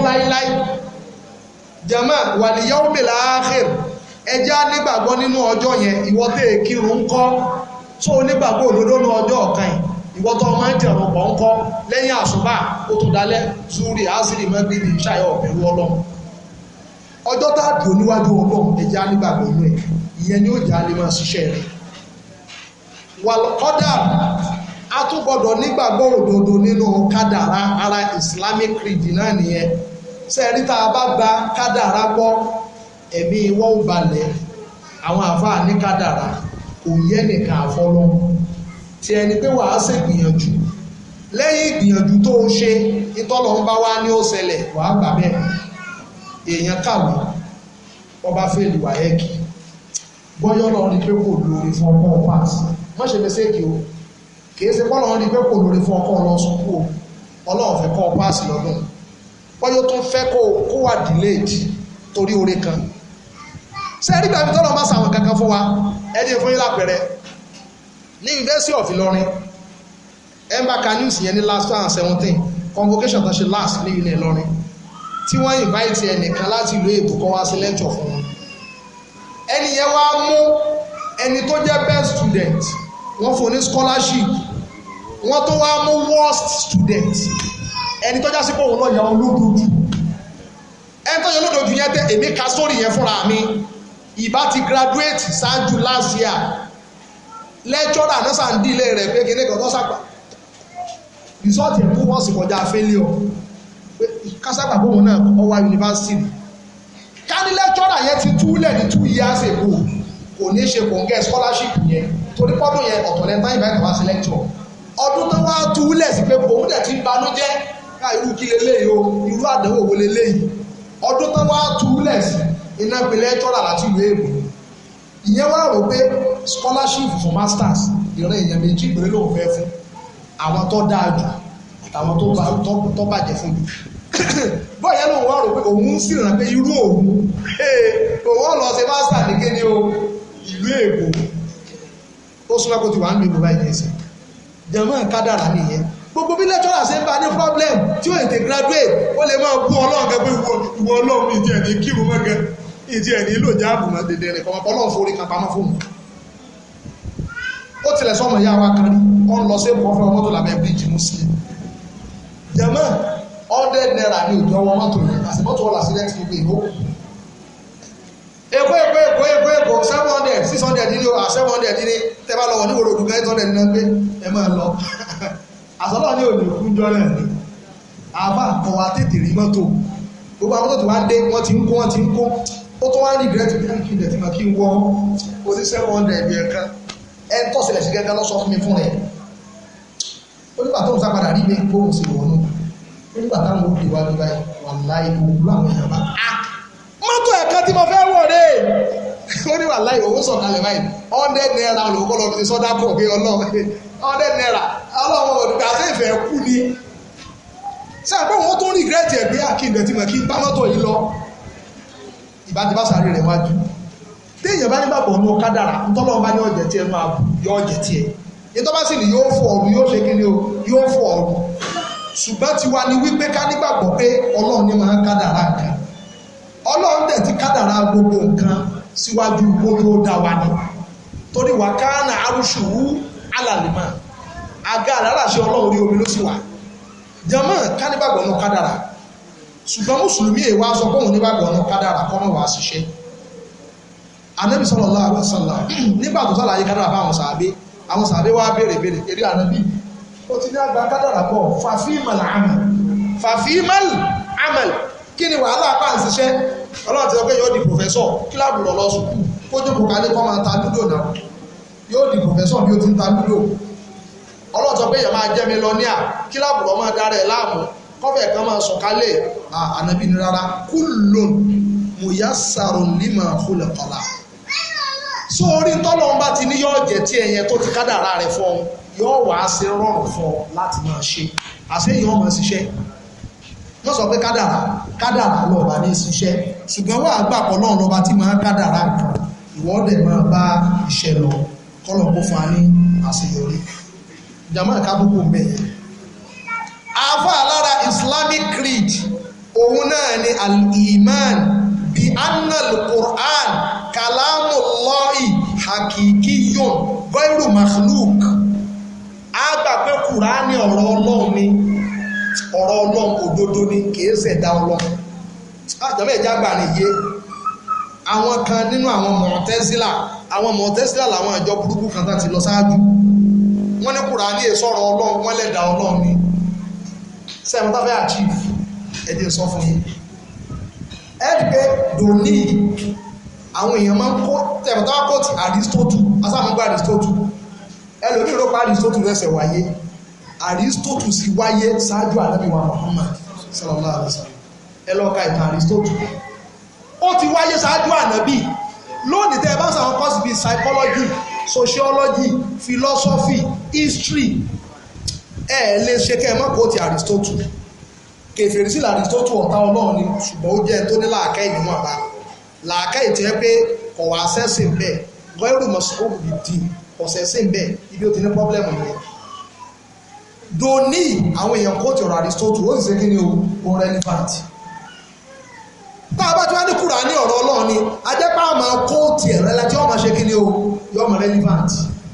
láíláí jama wàlíyá ó bèèrè àáxìr ẹjẹ́ nígbàgbọ́ nínú ọjọ́ yẹn ìwọ tẹ́ kírun ń tó onígbàgbọ́ òdodo ní ọjọ́ ọ̀kan yìí ìwọ tó máa ń jẹ̀rùn ń lẹ́yìn àṣùbà ó tún zuri asiri mẹ́gbìlì ṣayọ̀ ọ̀bẹ̀rù ọlọ́run ọjọ́ tá a dùn níwájú inú ìyẹn ni ó jà lè máa islamic creed sẹ́ẹ̀rí tá a bá gba kádàrá gbọ́ ẹ̀mí wọ́n ò balẹ̀ àwọn àfáà ní kádàrá kò yẹ nìkan àfọlọ́ tí ẹni pé wàá ṣègbìyànjú lẹ́yìn ìgbìyànjú tó o ṣe ìtọ́lọ̀ ń bá wá ní ó ṣẹlẹ̀ wàá gbà bẹ́ẹ̀ èèyàn kàwé ọba fèlè wàhẹ́kì bọ́yọ́ lọ rí pé kò lórí fún ọkọ̀ pass wọ́n ṣe mẹ́sẹ́ẹ̀kì o kì í ṣe bọ́lọ̀ rí pé kò lórí fún ọkọ̀ lọ sùn kú o ọlọ́run fẹ́ kọ́ pass lọ́dún bọ́yọ́ tó ń fẹ́ kó kó wà delayed torí oore kan ṣé ẹ tọ́lọ̀ máa ṣàwọn kankan fún wa ẹ fún yín lápẹ̀rẹ̀ ní University of Ìlọrin embaka news yẹn ní last two thousand seventeen convocation tó ṣe last ní ilẹ̀ Ìlọrin tí wọ́n invite ẹnìkan láti ìlú èbó kọ́ wá sí lecture fún wọn ẹni yẹn wá mú ẹni tó jẹ́ best student wọ́n fún ní scholarship wọ́n tó wá mú worst student ẹni tọ́já sí pọ̀ lọ́yà olódojù ẹni tọ́já olódojù yẹn tẹ èmi ka sórí yẹn fúnra mi ìbá ti graduate ṣáájú last year lẹ́jọ́rà náà sàn dí ilé rẹ̀ pé kíní kan tó sàgbà result yẹn tó wọ́n sì kọjá failure pé káságbà bóun náà ọwá university ká ní lẹ́jọ́rà yẹn ti túlẹ̀ ní two years ago kò ní ṣe kò ń gẹ́ scholarship yẹn torí pọ́dún yẹn ọ̀tọ̀lẹ́ntàn ìbáyìí kàwá sí lẹ́jọ́ ọdún tó wá túlẹ̀ sí pé òun dẹ̀ ti banújẹ́ ká irú kí leléyìí o irú àdánwò wo leléyìí ọdún tán wá túlẹ̀ sí iná ìpínlẹ̀ ẹ̀tọ́rà láti ìlú èbò ìyẹn wá rò pé scholarship for masters ìran èèyàn méjì péré lòun fẹ́ fún àwọn tó dáa jù àtàwọn tó bàjẹ́ fún jù bọ́ọ̀yẹ́ lòun wá rò pé òun sì ràn pé irú òun òun lọ ṣe master ní kéde o ìlú èbò ó súnmọ́ kó ti wà ń lo ìbò báyìí ẹ̀sìn jẹ̀mọ́ kádàrá nìyẹn gbogbo bí lẹ́tọ́rà ṣe ń bá ní problem tí ó ètè graduate ó lè máa bú ọlọ́run gẹ́gẹ́ ìwọ ọlọ́run ìdí ẹ̀ ní kírù mọ́gẹ́ ìdí ẹ̀ ní ìlò jáàbù mọ́ dédé rẹ̀ kọ́mọ́ ọlọ́run forí kan pamọ́ fún mi ó tilẹ̀ sọmọ ìyá wa kan rí ó ń lọ sí ẹ̀kọ́ fún ọmọ tó làbẹ́ bíríjì muslim jẹ́mọ́ hundred naira ní òjò ọwọ́ mọ́tò rẹ̀ àti mọ́tò ọ̀là sí next week ìhó èkó èkó èkó èkó èkó seven hundred six hundred nílé o seven hundred nílé tẹ́ bá lọ wọ̀ ní wòlò òdùnkẹ́ eight hundred nílé ẹ máa lọ àsọlọ́ ní òní kúnjọ́ náà ni àbá kan wa tètè rí mọ́tò gbogbo àwọn tó ti wá dé wọ́n ti ń kó wọ́n ti ń kó ó tó wá ní ìrẹ́tì bí kí n dẹ̀ ti mọ̀ kí n wọ́ ó ti seven hundred ẹ̀bí ẹ̀ka ẹ̀ ń tọ̀sílẹ̀ sí gẹ́gẹ́ lọ́sọ̀ fún mi fún rẹ̀ ó nígbà tó ń sápadà rí mi kó o sì wọ̀nù ó nígbà táwọn ó di wájú báyìí wà láì òwúrọ̀ àwọn èèyàn bá a ah! mọ́tò ẹ̀ka tí mo fẹ́ wọ̀ dé ó ní wà láì òwúrọ̀ sọ̀kalẹ̀ báyìí hundred naira lòókọ́ lọ́ọ́ fi sọ́dá pọ̀ bí ọlọ́ọ̀ hundred naira ọlọ́run òdùgbà ṣe kú ni ṣe wọn tó ń rìgírẹ́tì ẹ̀gbẹ́ àkíndẹ̀ tí ah, mo kí bá yìí lọ wájú téèyàn bá kádàrà bá ní máa yọ ètò bá sì ní yóò fọ yóò o yóò fọ ṣùgbọ́n tiwa ni wípé ká pé ọlọ́run máa ń kádàrà nǹkan ọlọ́run dẹ̀ gbogbo nǹkan síwájú gbogbo ni torí wà alàlùmá àga àlàlàṣẹ ọlọ́run orí omi ló sì wà jẹ́mọ́ kánígbàgbọ́ ọ̀nà kádàrà ṣùgbọ́n mùsùlùmí èyí wá sọ fóun nígbàgbọ́ ọ̀nà kádàrà kọ́mọ̀ wá ṣiṣẹ́ anabi sallallahu alaihi wasallam nígbà tó sàlàyé kádàrà bá àwọn sàbẹ àwọn sàbẹ wá béèrè béèrè eré anabi ó ti ní àgbà kádàrà bọ̀ fàfíìmàl àmàl fàfíìmàl àmàl kí ni wàhálà bá ń ṣiṣẹ́ ọlọ́run ti sọ pé yóò di pòfẹ́sọ̀ kíláàbù lọ lọ sùkúù kójú kò kọ́ máa ta dúdò náà yóò di pòfẹ́sọ̀ bí ó ti ń ta lúdò ọlọ́tọ̀ pé èèyàn máa jẹ́ mílíọ̀nìà kíláàbù lọ́ máa darẹ̀ láàmú kọ́fẹ̀ kan máa sọ̀kálẹ̀ ànábì ní rárá kullun muyassarun lima khuliqa lah so orí tọ́lọ́ bá ti ní yóò jẹ́ tí ẹ̀yẹn tó ti kádàrá rẹ̀ fún ọ yóò wá ṣe rọrùn fún ọ láti máa ṣe àṣẹ yìí wọ́n máa ṣiṣẹ́ wọ́n sọ pé kádàrá kádàrá lọ́ọ̀bà ní ṣiṣẹ́ ṣùgbọ́n wàá gbàpọ̀ náà lọ́ba tí máa kádàrá nǹkan ìwọ́dẹ̀ máa bá iṣẹ́ lọ kọ́lọ̀ kó fún wa ní àṣeyọrí jama kábùkù mẹ́yẹ. afa alára islamic creed òun náà ni al-iman bi annal quran kalamullahi hakikiyun gairu makhluk a gbà pé kùránì ọ̀rọ̀ ọlọ́run ni ọ̀rọ̀ ọlọ́run òdodo ni kìí ṣẹ̀dá ọlọ́run àjọmọ́ ìjà gbà nìyé àwọn kan nínú àwọn mọ̀tẹ́sílà àwọn mọ̀tẹ́sílà làwọn àjọ burúkú kan tán ti lọ ṣáájú wọ́n ní Kùránì sọ̀rọ̀ ọlọ́run wọ́n lẹ̀dá ọlọ́run ni sẹ́yìn tó fẹ́ achieve ẹ̀dẹ̀ sọ fún yín ẹ̀rí pé dòní àwọn èèyàn máa ń kó tẹ̀mọ̀tá kóòtù Aristotle asámúgbà Aristotle ẹlòmí ìrópa Aristotle lẹ́sẹ̀ wáyé Aristotle sì wáyé ṣáájú ànábì wa Muhammad sallallahu alaihi wasallam ẹ lọ ka ìtàn Aristotle ti wáyé ṣáájú ànábì lónìí tẹ́ ẹ bá sàwọn course bíi psychology sociology philosophy history ẹ ẹ lè ṣe kẹ́ ẹ mọ́ kóòtù Aristotle kèfèrí sí Aristotle ọ̀tá ọlọ́run ni ṣùgbọ́n ó jẹ́ tó ní làákẹ́ ìdíwọ̀n àbá làákẹ́ ìtẹ́ pé kò wá sẹ́sìn bẹ́ẹ̀ gọ́ìrù mọ̀sọ́ọ̀bù bíi dì kò sẹ́sìn bẹ́ẹ̀ ibi ó ti ní pọ́blẹ́mù yẹn doni àwọn èèyàn kóòtù ọ̀rọ̀ Aristotle ó sì ṣe kí ni o relevant. tá a bá ti wá ní ọ̀rọ̀ Ọlọ́run ni ajẹ́pá máa kó tiẹ̀ rẹ láti ọmọ ṣe kíni o yọmọ relevant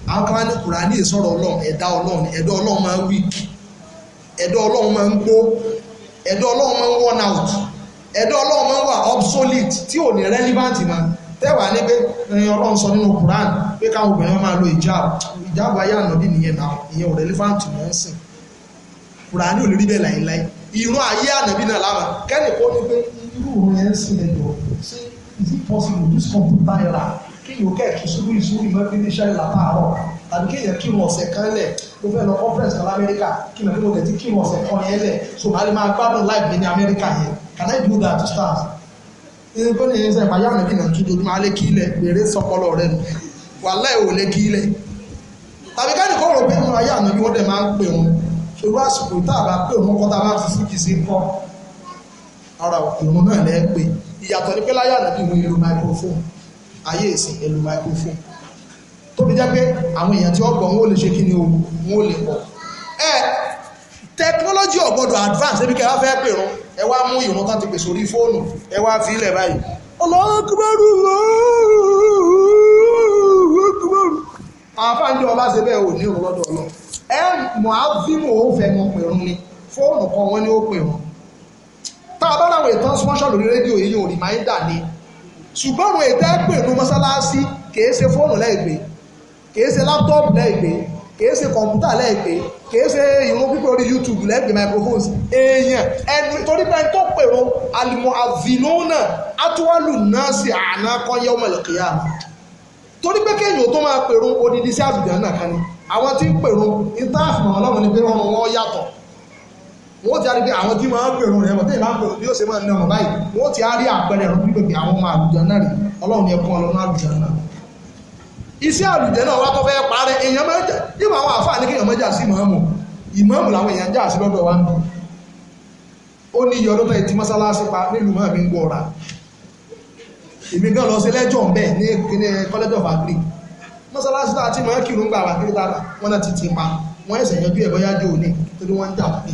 àwọn kan wá ní Kùránì ìsọ̀rọ̀ Ọlọ́run ẹ̀dá Ọlọ́run ẹ̀dá Ọlọ́run máa ń weak ẹ̀dá Ọlọ́run máa ń gbó ẹ̀dá Ọlọ́run máa ń out ẹ̀dá Ọlọ́run máa ń wà obsolete tí ò ní relevant máa tẹ́wàá ní pé eh, ọlọ́run sọ nínú Quran pé káwọn obìnrin lo ìjáàbù ìjáàbù irú òun yẹn sì lè jọ ṣé is it possible this computer era kéèyàn kẹ́ẹ̀kì sórí ìsúrí mẹ́fínísà ìlàtàárọ̀ tàbí kéèyàn kí wọn ọ̀sẹ̀ kan lẹ̀ mo fẹ́ lọ conference kan lamẹ́ríkà kí lọ́ọ́ lọ́ọ́ tẹ̀tí kí wọn ọ̀sẹ̀ kan yẹn lẹ̀ so màá lè máa gbádùn life mi ní amẹ́ríkà yẹn can I do that to start? ẹni tó ní ẹni sẹ́yìn báyà mi kìnnà tó dojúmọ́ alẹ́ kí ilẹ̀ bèrè sọpọlọ rẹ nù wàláhì ò lè kí ilẹ̀ tàbí káàdì kọ́ rò pé mo ayé àná bí wọ́n máa ń pè wọn ṣòro àsìkò tá ara ìrun náà lẹ́ pé ìyàtọ̀ ní pé láyé ànábì wọn èlò microphone ayé ìsìn èlò microphone tó fi jẹ́ pé àwọn èèyàn tí ọgbọ̀n wọn ò lè ṣe kí ni o wọn ò lè pọ̀ ẹ tẹkinọ́lọ́jì ọ̀gbọ́dọ̀ advance ebi kẹwàá fẹ́ pè rún ẹ wá mú ìrun tán ti pè sórí fóònù ẹ wá fi ilẹ̀ báyìí ọlọ́ọ̀kúbárù ọlọ́ọ̀kúbárù àfáàndé ọba ṣe bẹ́ẹ̀ ò ní ìrun lọ́dọ̀ ọlọ́ ẹ mọ̀ á fíìmù òun fẹ́ mọ̀ pè rún ni fóònù kan wọn ni ó pè rún tá a bá ra àwọn ìtàn sponsor lórí rédíò yìí yóò rìmáìndà ni ṣùgbọ́n àwọn ètò ẹgbẹ́ ìlú mọ́sálásí kìí ṣe fóònù lẹ́ẹ̀gbẹ́ kìí ṣe láptọ́ọ̀pù lẹ́ẹ̀gbẹ́ kìí ṣe kọ̀ǹpútà lẹ́ẹ̀gbẹ́ kìí ṣe ìrún pípé orí YouTube lẹ́ẹ̀gbẹ́ microphones èèyàn ẹnu torí bẹ́ẹ̀ tó pèrò alimọ̀ àvinúnà atuwalu nọ́ọ̀sì àná kọ́yẹ́ ọmọ ìlẹ̀kẹ́yà torí pé kéèyàn tó máa pèrò odidi sí àbùdá náà kan ni àwọn tí ń pèrò ní táàfù àwọn ọlọ́run ni pé wọ́n ti á rí pé àwọn tí máa ń pèrò rẹ̀ bọ̀tẹ́ ìmáà pèrò yóò ṣe máa ń nà ọ̀nà báyìí wọ́n ti á rí àpẹẹrẹ ẹ̀rọ pípé pé àwọn ọmọ àlùjọ náà rí ọlọ́run ni ẹkún ọlọ́run àlùjọ náà iṣẹ́ àlùjẹ náà wá tó fẹ́ parẹ́ èèyàn mẹ́jà nígbà àwọn àfáà ní kéèyàn mẹ́jà sí ìmáàmù ìmáàmù làwọn èèyàn jà sí lọ́dọ̀ wa ó ní iye ọdún tó ti mọ́sálásí pa nílùú mọ́ mi ń gbọ́ ọ̀rà èmi gan lọ sí lẹ́jọ́ ńbẹ̀ ní kíní college of agri mọ́sálásí tá a ti máa ń kírun gbà wá kí wọ́n náà ti ti pa wọ́n ẹ̀sẹ̀ yanjú ẹ̀ bọ́yá jò ní torí wọ́n ń jà pé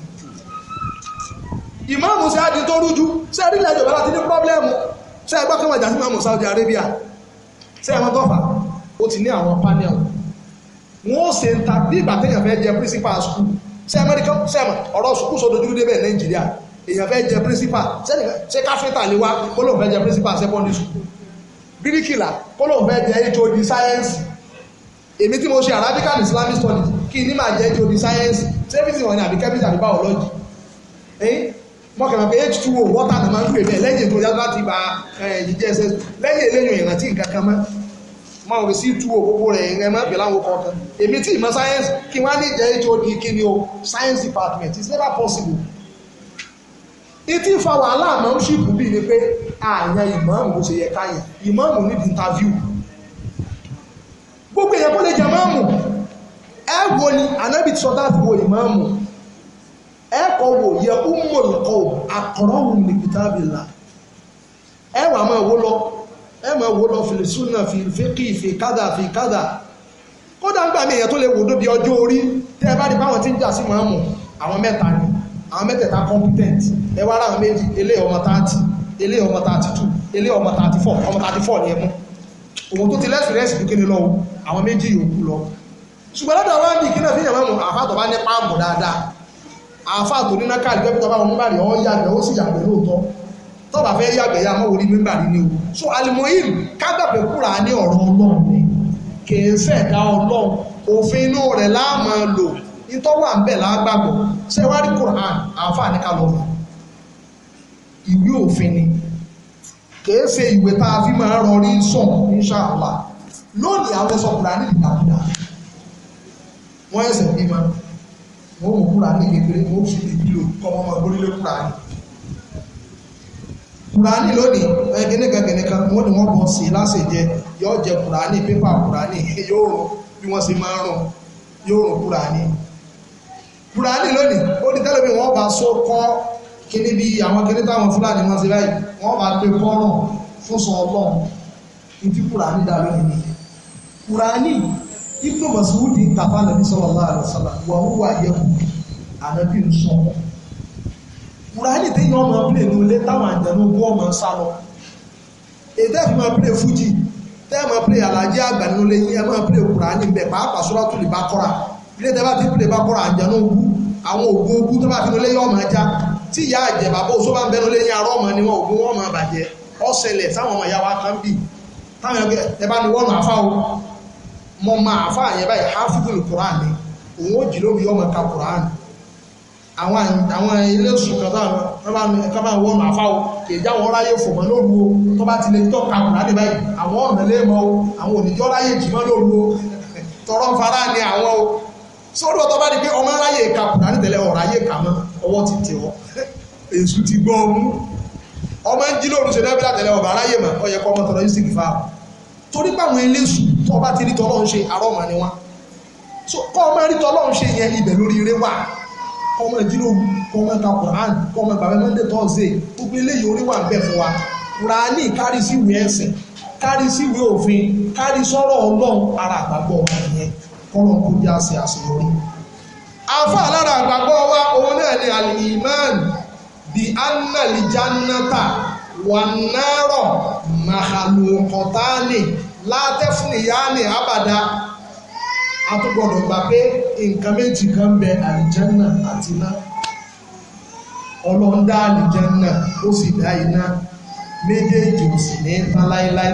ìmáàmù sáàdì tó rújú ṣe rí ilẹ̀ ìjọba láti ní pọ́blẹ́mù ṣe ẹgbẹ́ kan wàjà sí ìmáàmù Saudi Arabia ṣe ẹ̀wọ̀n tọ́fà ó ti ní àwọn panel wọn ó ṣe ń ta bí ìgbà téèyàn fẹ́ jẹ principal school ṣe Amẹ́ríkà ṣe ẹ̀mọ̀ ọ̀rọ̀ sùkúù sọ dojú dé bẹ́ẹ̀ Nàìjíríà èèyàn fẹ́ jẹ principal ṣe káfíńtà lè wá kó lóun fẹ́ jẹ principal secondary school bíríkìlà kó lóun fẹ́ jẹ HOD science èmi tí mo ṣe Arabic and Islamic studies kí ni máa jẹ HOD science ṣé fíìsì wọn ni àbí chemistry àbí biology mọ́kànlá pé H2O water ni máa ń pè bẹ́ẹ̀ lẹ́yìn tó yàtọ̀ láti ba jíjẹ́ ẹsẹ̀ lẹ́yìn eléyìn ìrántí nǹkan kan mọ́ máa wọ̀ sí c gbogbo rẹ̀ ìrìn mọ́ pẹ̀lú àwọn ọkọ̀ kan èmi tí ìmọ̀ science kí wọ́n á ní ìjẹ́ HOD kí ni o science department it's never possible ìtí fa wàhálà àmọ́ṣìpù bíi ni pé àyàn ìmáàmù bó ṣe yẹ káyàn ìmáàmù níbi interview gbogbo èèyàn kó lè jẹ máàmù ẹ wo ni ànábì sọdá fi wo ẹ kọ wò yẹ kó mọ ìkọ àkọrọ wù ní kìtàbìlà ẹ wà máa wó lọ ẹ máa wó lọ fìlẹsùn náà fi fíkì fi kádà fi kádà kódà ńgbà mi èèyàn tó lè wò dóbi ọjọ́ orí tẹ́ ẹ bá rí báwọn tí ń jà sí màámù àwọn mẹ́ta ni àwọn mẹ́tẹ̀ẹ̀ta competent ẹ wá ráhùn méjì ilé ọmọ tààtì ilé ọmọ tààtì tù ilé ọmọ tààtì fọ ọmọ tààtì fọ ni ẹ mú òun tó ti lẹ́sùn lẹ́sùn tó kéde lọ́wọ́ àwọn méjì yòókù lọ ṣùgbọ́n lọ́dọ̀ wá bí kí náà fi yàn àfàtọ̀ bá ní páàmù dáadáa àáfà tó ní nákàlì pẹ́pẹ́ tọ́ba wọn bàrí ọ́ yàgbẹ́ ó sì yàgbẹ́ lóòótọ́ tọ́ba fẹ́ yàgbẹ́ yà mọ́ orí mímbà ní o so alimoyim kágbàgbẹ́ kúrà ní ọ̀rọ̀ ọlọ́run ni kìí ṣẹ̀dá ọlọ́run òfin inú rẹ̀ láàmú lò ìtọ́wà ń bẹ̀ lágbàgbọ́ ṣé wàá rí Quran àáfà ní ká lọ mọ́ ìwé òfin ni kìí ṣe ìwé tá a fi máa rọrí sàn inṣàlá lónìí àwọn ẹ̀sọ́ Quran nìdàkúdà wọ́n ẹ̀sẹ̀ bí máa wọ́n mú kúránì kékeré wọ́n fi lè bílò kọ́mọ ọmọ gbórílé kúránì kúránì lónìí ẹgẹ́nìkan gẹ̀nìkan wọ́n ni wọ́n bọ̀ sí lásìjẹ yóò jẹ kúránì pépà kúránì yóò rùn bí wọ́n sì máa rùn yóò rùn kúránì kúránì lónìí ó ní tẹ́lẹ̀ bí wọ́n bá so kọ́ kíní bí àwọn kíní táwọn fúlàní wọn sí báyìí wọ́n bá pe kọ́rùn fún sọ ọlọ́run ní ti kúránì dá lónìí kúránì ibnu masudi tàbá nàbí sallallahu alaihi wasallam wà wúwà yẹ̀kù ànábì ń sọ kùránì téèyàn ọmọ abúlé ní ilé táwọn àjànú ogún ọmọ ń sá lọ èdè fi máa play fújì tẹ́ ẹ máa play alájí àgbà nínú ilé yín ẹ máa play kùránì bẹ̀ pàápàá sọ́dọ̀ tó lè bá kọ́ra ilé tẹ́ bá ti play bá kọ́ra àjànú ogún àwọn ògùn ogún tó bá fi nílé yọ̀ máa já tí ìyá àjẹ́ bàbá oṣù bá ń bẹnu lẹ́yìn arọ́ ọmọ ni wọn ògùn wọn máa bàjẹ́ ọ̀sẹ̀lẹ̀ sáwọn ọmọ ìyá wa kan bì táwọn ẹ mo ma àfa a báyìí hafidul quran ni òun ó jì lórí ọmọ ẹ̀ka quran àwọn àwọn eléṣù kan táwọn bá wọnà o kì wọn ráyè fòmọ lóru o ti lè ka quran báyìí àwọn o àwọn ráyè o tọrọ ń fara àwọn o sọ́dọ̀ tọba di pé ọmọ ráyè ka ọ yẹ ọmọ tọrọ yìí sì torí pé àwọn eléṣù tó bá ti rí tọ́lọ́run ṣe àrọ́mà ni wọ́n so kọ́ ọmọ rí tọ́lọ́run ṣe yẹn ibẹ̀ lórí eré wà kọ́ ọmọ ìdílógún kọ́ ọmọ ìta quran kọ́ ọmọ ìgbàgbẹ́ monday thursday gbogbo eléyìí orí wà ń fún wa rani kárí sí ìwé ẹ̀sìn kárí sí ìwé òfin kárí sọ́rọ̀ ọlọ́run ara àgbàgbọ́ wa nìyẹn kọ́lọ́n kó bí àgbàgbọ́ wa òun náà ni al bi anna li wànárọ̀ màhàlùkọ̀tánì látẹ́fúnìyáni àbàdá àtúgbọ̀dọ̀ gbà pé nǹkan méjì kan bẹ àlìjẹ́nà àti iná ọlọ́ndá àlìjẹ́nà ó sì dá iná méjèèjì ò sì ní tán láéláé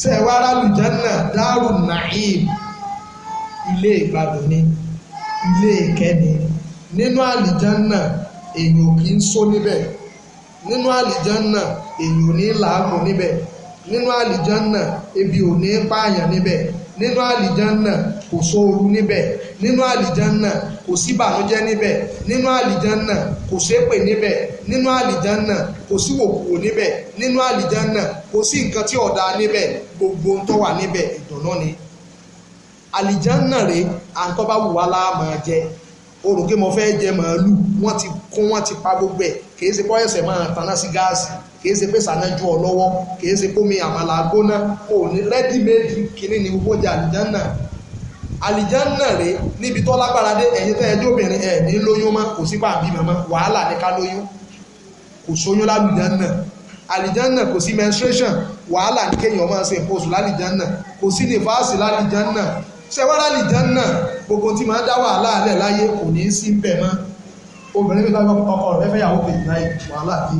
sẹ́wárá àlìjẹ́nà dárù nàìm ilé ìgbàdùn ni ilé ìkẹ́ni nínú àlìjẹ́nà èèyàn kì í só níbẹ̀ nínú àlìjánà èyí ò ní làágùn níbẹ̀ nínú àlìjánà ebi ò ní pààyàn níbẹ̀ nínú àlìjánà kò sóoru níbẹ̀ nínú àlìjánà kò sí bànújẹ́ níbẹ̀ nínú àlìjánà kò ṣépè níbẹ̀ nínú àlìjánà kò sí wòkúwò níbẹ̀ nínú àlìjánà kò sí nǹkan tí ọ̀dà níbẹ̀ gbogbo ń tó wà níbẹ̀ ìdùnnú ni àlìjánà rè à ń tọ́ bá wù wá láàmú jẹ orò kí fẹ́ jẹ màálù wọ́n ti kún wọ́n ti pa gbogbo ẹ̀ kìí ṣe pọ́ẹ̀sẹ̀ máa taná sí gáàsì kìí ṣe pé sànájú ọ lọ́wọ́ kìí ṣe pómi àmàlà gbóná kò ní rẹ́dí méjì kìíní ni gbogbo jẹ àlìjánà àlìjánà rè níbi tó lágbára dé ẹ̀yin tẹ́ ẹjọ́ obìnrin ẹ̀ ní lóyún mọ́ kò sí pàbí mọ́mọ́ wàhálà ní ká lóyún kò sóyún lálùjánà àlìjánà kò sí menstruation wàhálà ní kéèyàn máa ṣe nǹkan oṣù lálìjánà kò sí nífàásì lálìjánà ṣẹwọ́n lálìjánà gbogbo tí máa dá wàhálà alẹ́ láyé kò ní í sí bẹ́ẹ̀ mọ́ obìnrin bí káwọn ọkọ rẹ̀ fẹ́ yàwó kejì náà wàhálà bí.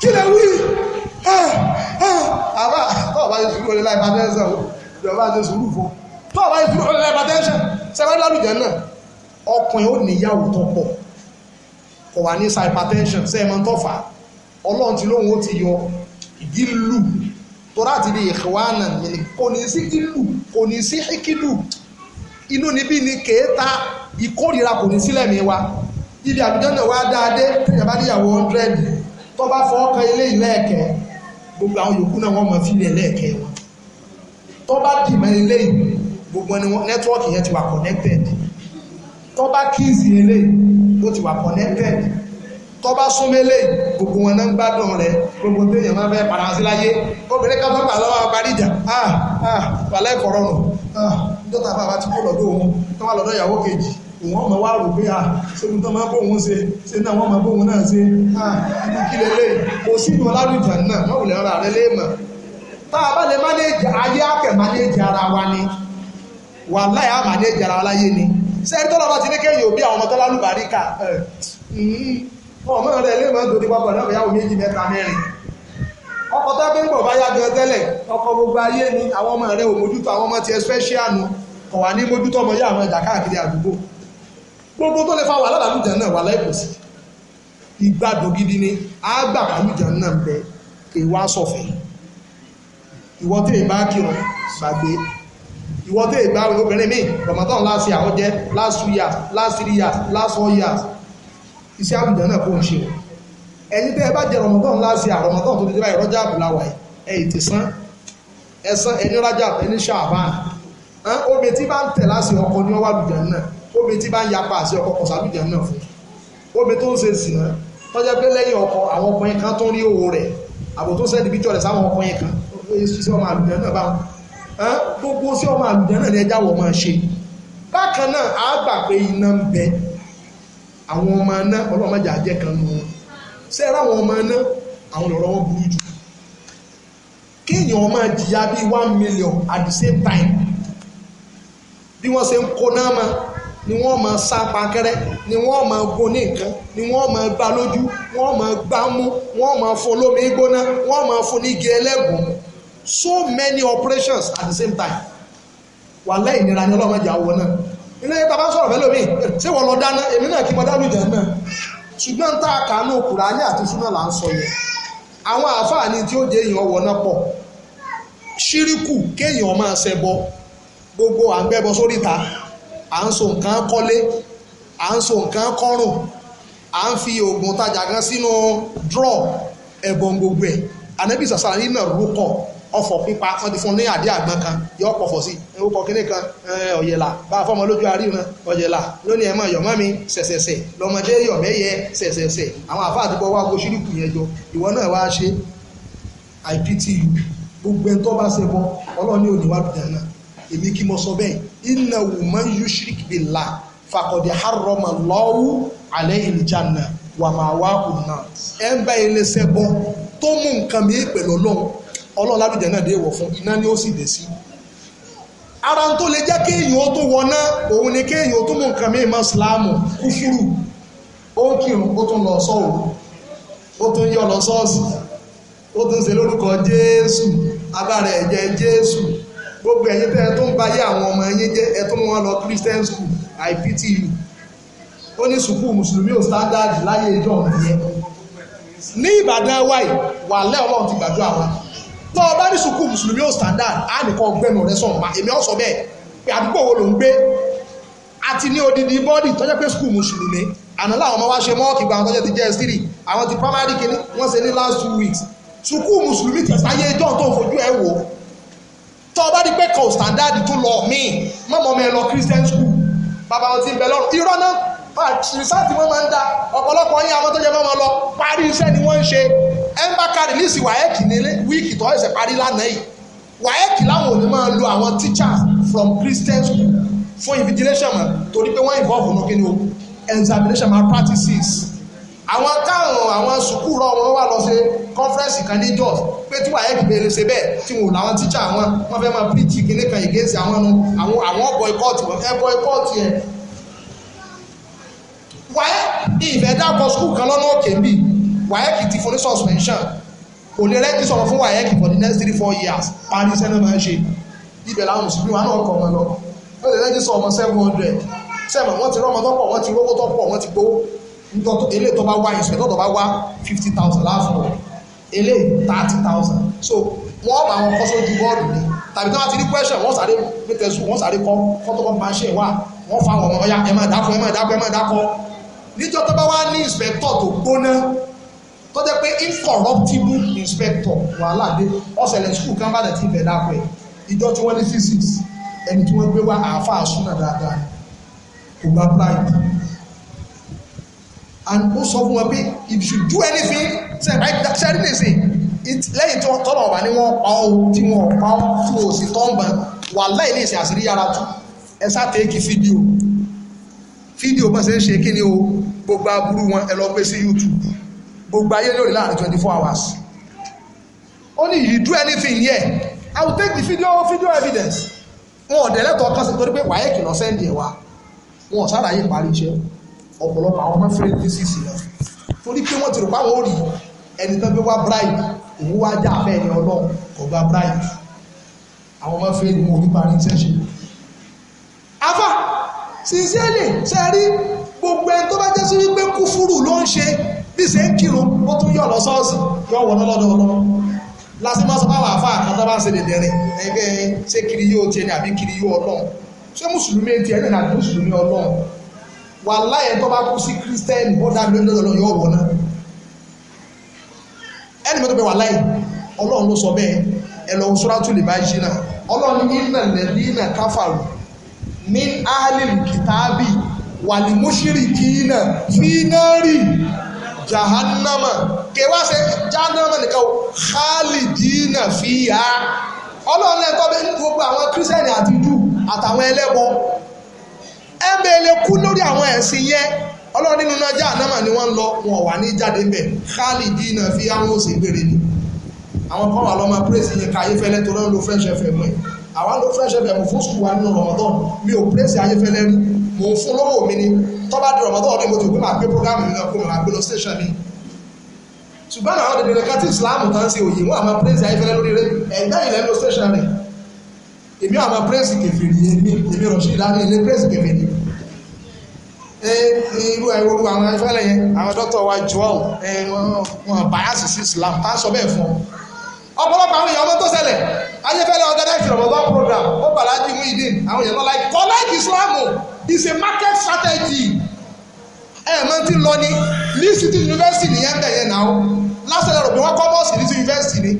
kí lè wí àbá tó o bá ti sùúrù onílà hypertension ìjọba ti sùúrù fún tó o bá ti sùúrù onílà hypertension sẹ́wọ́n lálùjẹ́ náà ọkùnrin ó níyàwó tó pọ̀ kò wà ní hypertension sẹ́ẹ̀mọ́ tó fà á ọlọ́run ti lóhun ó ti yọ ìdílù tó láti di ìhìwánà nìyí kò ní sí ìlù kò ní sí ìkìlù inú níbí ni kèéta ìkórira kò ní sílẹ̀ mi wa ibi àbújá náà wá dáadé tẹ̀yàn bá níyàwó hundred tó bá fọwọ́ kan ilé ìlẹ́ẹ̀kẹ́ gbogbo àwọn yòókù náà wọ́n mọ̀ fílẹ̀ lẹ́ẹ̀kẹ́ wọn tó bá dì mọ́ ilé gbogbo nẹ́tíwọ́ọ̀kì yẹn ti wà connected tó bá kíìsì ilé ó ti wà connected tó bá súnmélé gbogbo wọn náà ń gbádùn rẹ gbogbo téèyàn máa fẹ́ para sí láyé obìnrin kan fún àlọ́ àwọn parí ìjà ah ah wàhálà ìkọ̀rọ̀ nù ah nítorí àbá àbá lọ́dọ̀ òun òun ọmọ wá rò pé à ṣégun tó máa bóun ṣe ṣe náà wọ́n máa bóun náà ṣe à kílẹ̀ lè kò sí ìdùn ọlárùjà náà má wùlẹ̀ ara rẹ léèmọ̀ tá a bá lè mánéèjì ayé àkẹ́ mánéèjì ara wa ni wà láì á mánéèjì ara wa láyé ni sẹ́yìn tó lọ́ba ti ní kéèyàn òbí àwọn ọmọ tó lálùbáríkà hmm, ọmọ rẹ lè máa dòdì papọ̀ náà yàwó méjì mẹ́ta mẹ́rin ọkọ tó bẹ́ ń bọ̀ bá yá special nu kọ̀wá ní mójútó ọmọ yá àwọn ẹ̀dá káàkiri àdúgbò gbogbo tó lè fa wàhálà lálùjẹ náà wà láì pèsè ìgbàdùn gidi ni àgbà lálùjẹ náà bẹ ìwà sọfẹ ìwọ tí èyí bá kírun gbàgbé ìwọ tí èyí bá obìnrin míì ramadan láti àwọn jẹ last two years last three last four years iṣẹ́ àlùjẹ náà kò ń ṣe ẹni tẹ́ ẹ bá jẹ ramadan láti àwọn ramadan tó ti dé báyìí rọjá àbúláwà ẹ ètè san ẹ̀sán ẹni rájà ẹni ṣàbáà omi tí bá ń tẹ̀ láti ọkọ ní ọwọ́ àlùjẹ náà obìnrin tí bá ń yapa àṣẹ ọkọ kọ̀ọ̀sá lùjẹ́ náà fún obìnrin tó ń ṣe sìnà tó jẹ́ pé lẹ́yìn ọkọ àwọn ọkùnrin kan tó ń rí òwò rẹ̀ àbò tó sẹ́ni bíjọ́ rẹ̀ sáwọn ọkùnrin kan sí ọmọ àlùjẹ́ náà báwọn gbogbo sí ọmọ àlùjẹ́ náà ni ẹja wọ̀ máa ṣe bákan náà á gbà pé iná ń bẹ àwọn ọmọ iná ọlọ́mọdé àjẹ́ kan nù wọn sẹ́ẹ̀rẹ́ àwọn ọmọ iná àwọn lọ́rọ̀ wọn burú jù kéèyàn ọmọ jìyà bíi one million at the same time bí wọ́n ṣe ń kó náà máa ni wọ́n máa sá pakẹ́rẹ́ ni wọ́n máa go ní nǹkan ni wọ́n máa gbá lójú wọ́n máa gbá mú wọ́n máa fọ lómi gbóná wọ́n máa fọ nígi ẹlẹ́gùn so many operations at the same time wà lẹ́yìn ìnira ni ọlọ́mọdé àwọ̀ náà ilé yẹn bàbá sọ̀rọ̀ fẹ́lẹ́ mi ṣé wọ́n lọ dáná èmi náà kí n máa dá lùjẹ́ náà ṣùgbọ́n tá a kà á ní òkúra ayé àti súná là ń sọ yẹn àwọn àǹfààní tí ó jẹ́ èèyàn ọwọ́ náà pọ̀ ṣíríkù kéèyàn máa ṣẹbọ gbogbo à sóríta à ń so nǹkan kọ́lé à ń so nǹkan kọ́rùn à ń fi oògùn tajà gan sínú drọ ẹ̀bọ̀n gbogbo ẹ̀ anabi sàṣàlá nínú rúkọ̀ ọ̀fọ̀ pípa wọ́n ti fún ní àdé àgbọn kan yọ pọ̀fọ̀ sí orúkọ kíní kan ọ̀yẹ̀là bá a fọ́mọ lójú àríran ọ̀yẹ̀là lónìí ẹ̀mọ́ ẹ̀yọ̀ mọ́mi sẹ̀sẹ̀sẹ̀ lọ́mọdé ẹ̀yọ̀ mẹ́yẹ sẹ̀sẹ̀sẹ̀ àwọn àfa àdúgbò wa kó ṣírí kùn yẹn jọ ìwọ náà wá ṣe i pity you gbogbo ẹni tó bá ṣe bọ ọlọ́ọ̀ni ò ní wá bìyàn náà èmi kí mo sọ bẹ́ẹ̀ inna man yushrik billah fàkọ̀dé harrama Allahu alayhi al-janna wà máa wá ọ̀nà ẹ̀ ń bá ilé sẹ́bọ̀ tó mú nǹkan mi pẹ̀lú ọlọ́run ọlọ́run ládùjẹ́ náà dé wọ̀ fún iná ni ó sì dé sí. ara tó lè jẹ́ kéèyàn ó tó wọná òun ni kéèyàn ó tó mú nǹkan mi mọ́ síláàmù kúfúrù ó ń kírun ó tún lọ sọ́ọ̀rù ó tún yọ lọ sọ́ọ̀sì ó tún ṣe lórúkọ Jésù agbára ẹ̀jẹ̀ Jésù gbogbo ẹ̀yin tẹ́ ẹ tó ń bayé àwọn ọmọ yín jẹ́ ẹ tó mú wọn lọ Christian school I pity you ó ní sùkúù mùsùlùmí ò standard láyé ìjọ nìyẹn ní Ìbàdàn wáyé wàhálẹ́ Ọlọ́run ti gbàdúrà wa tó o bá ní sùkúù mùsùlùmí ò standard á nìkan gbẹnu rẹ sọ̀rọ̀ pa èmi ọ̀ sọ bẹ́ẹ̀ pé àdúgbò wo ló ń gbé àti ní odidi bọ́ọ̀dì tọ́jọ́ pé sùkúù mùsùlùmí àná láwọn ọmọ wa ṣe mọ́ọ̀kì gba àwọn tọ́jọ́ ti jẹ́ ẹ̀sìrì àwọn ti primary kìíní wọ́n ṣe ní last two weeks sùkúù mùsùlùmí tẹ̀sáyé ìjọ tó fojú ẹ̀ wò tọ́ bá di pé kan standard tún lọ míì mọ́mọ́ mi ẹ lọ christian school bàbá wọn ti ń bẹ lọ́rùn irọ́ náà ah, rìsáàtì wọn máa ń da ọ̀pọ̀lọpọ̀ yín àwọn tó jẹ́ mọ́mọ́ lọ parí iṣẹ́ ni wọ́n ń ṣe ẹ́ńbàkà rìlíìsì wáyẹ́kì ní wíìkì tó ẹ̀sẹ̀ parí lánàá yìí wáyẹ́kì láwọn ò ní máa lo àwọn teachers from christian school fún invigilation mọ̀ torí pé wọ́n involve nù kí ni o examination malpractices àwọn táwọn àwọn sùkúù rọ wọn wà lọ sí conference kan ní Jos pé tí wàá ẹ̀kí bẹ̀rẹ̀ ṣe bẹ́ẹ̀ tí wọn ò láwọn tíṣà wọn wọn fẹ́ máa preach kínní kan against àwọn nu àwọn àwọn boycott wọn ẹ boycott yẹn. wàá ìfẹ́ dákọ̀ sùkúù kan lọ́nà òkè bíi wàá ẹ̀kí ti fún ní suspension kò lè rẹ́kí sọ̀rọ̀ fún wàá ẹ̀kí for the next three four years parí sẹ́nu máa ń ṣe ibẹ̀ làwọn mùsùlùmí wa náà kọ̀ wọn lọ ó lè rẹ́kí sọ ọmọ seven hundred sẹ́wọ̀n wọ́n ti rọ́mọ tọ́pọ̀ wọ́n ti rówó tọ́pọ̀ wọ́n ti gbowó ilé tó bá wá ìṣẹ̀tọ́ tó bá wá fifty thousand láàfin wọn ilé thirty thousand so wọ́n bá wọn kọ́ sójú bọ́ọ̀lù ni tàbí tí wọ́n ti rí question wọ́n sáré pétẹ́sù wọ́n sáré kọ́ photocopy machine wà wọ́n fa àwọn ọmọ ọ̀yà ẹ̀ máa dákọ̀ ẹ̀ máa dákọ̀ ẹ̀ máa dákọ̀ níjọ́ tó bá wá ní inspector tó gbóná tó jẹ́ pé incorruptible inspector wàhálà dé ọ̀sẹ̀lẹ̀ school kan bá dẹ̀ ti bẹ̀ dákọ̀ ẹ̀ ìjọ tí wọ́n ní physics ẹni tí wọ́n gbé wá àáfàá súnà dáadáa kò gba pride and ó sọ fún wọn pé if you do anything ṣe ṣẹ́rí lè ṣe lẹ́yìn tí wọ́n tọ́nà ọ̀bà ni wọ́n pa ọ́ tí wọ́n pa ọ́ tí wọ́n sì tọ́ ń bàn wà láì lè ṣe àṣírí yára tú ẹ sá tẹ́ẹ̀kì fídíò fídíò bá ṣe ń ṣe kí ni o gbogbo aburú wọn ẹ lọ gbé sí YouTube gbogbo ayé lórí láàrin twenty four hours ó ní you do anything here I will take the video video evidence wọn ò dẹ̀ lẹ́tọ̀ọ́ kan sí torí pé wàá yẹ kìlọ̀ sẹ́ndì ẹ̀ wá wọn ò sára yìí parí iṣẹ́ ọ̀pọ̀lọpọ̀ àwọn ọmọ fẹ́rẹ̀ ní sísì lọ torí pé wọ́n ti rò páwọn òrì ẹni tán gbé wá bribe òun wá já abẹ́ ẹni ọlọ́run kò gba bribe àwọn ọmọ fẹ́rẹ̀ mú orí parí sẹ́ṣẹ̀ afa sincerely ṣe rí gbogbo ẹni tó bá jẹ́ sí wípé kúfúrú ló ń ṣe bí ṣe ń kírun ó tún yọ̀ lọ sọ́ọ̀sì yọ̀ wọ́n lọ́dọ̀ ọlọ́run lásìkò máa sọ fáwọn àfa àtàtà bá ń ṣe dèdè rìn ẹgbẹ́ ṣé kiri yóò tiẹ̀ ní àbí kiri yóò ọlọ́run ṣé mùsùlùmí tiẹ̀ ní àbí mùsùlùmí ọlọ́run wàláyé tó bá kú sí kírísítẹ́nì ó dá lórí lọ́dọ̀ náà ẹni mẹ́tọ́ pé wàláyé ọlọ́run ló sọ bẹ́ẹ̀ ẹ lọ lè bá náà ọlọ́run iná lẹ́lẹ́nà káfàrù ní áhàlì kìtàbì wàlìmúṣírì kìínà fínárì jahannama kẹwàá ṣe jahannama nìkan fìyà ọlọ́run bẹ́ẹ̀ gbogbo àwọn àti jù ẹ ń bèèrè kú lórí àwọn ẹ̀sìn yẹn ọlọ́run nínú nájà ànámà ni wọ́n ń lọ wọn wà ní jáde ń bẹ̀ káàlì dí iná fi àwọn òsè gbére ni àwọn kan wà lọ́mọ praise yẹn ká ayéfẹ́lẹ́ tó náà lo fresh fm ẹ̀ àwọn lo fresh fm fún sùkúù wa nínú rọmọdọ́n mi ò praise ayéfẹ́lẹ́ rí mò ń fún lọ́wọ́ mi ni tọ́ba di rọmọdọ́n ọdún mo ti gbé màá gbé program mi náà kó màá gbé lọ station mi ṣùgbọ́n àwọn dèdè kan tí ìsìláàmù tán ṣe òye wọn àwọn praise ayéfẹ́lẹ́ lórí rẹ ẹ̀gbẹ́ ilẹ̀ lọ station rẹ̀ èmi àwọn praise kẹfìrì èmi èmi irú ẹ̀rọ àwọn ẹ̀fẹ́lẹ̀ yẹn àwọn dọ́tọ̀ wa joel wọn bàyàsì sí islam tá a sọ bẹ́ẹ̀ fún ọ ọ̀pọ̀lọpọ̀ àwọn èèyàn ọmọ tó ṣẹlẹ̀ ayéfẹ́lẹ́ organize rọ̀bọ̀bọ̀ program ó bàlájú ìdí àwọn èèyàn lọ́la kọ́ láìkí islam is a market strategy ẹ̀ mọ́ ti lọ ní ní city university nìyẹn bẹ̀ yẹn náà lásìlẹ̀ rò pé wọ́n kọ́ mọ́ọ̀sì ní university ni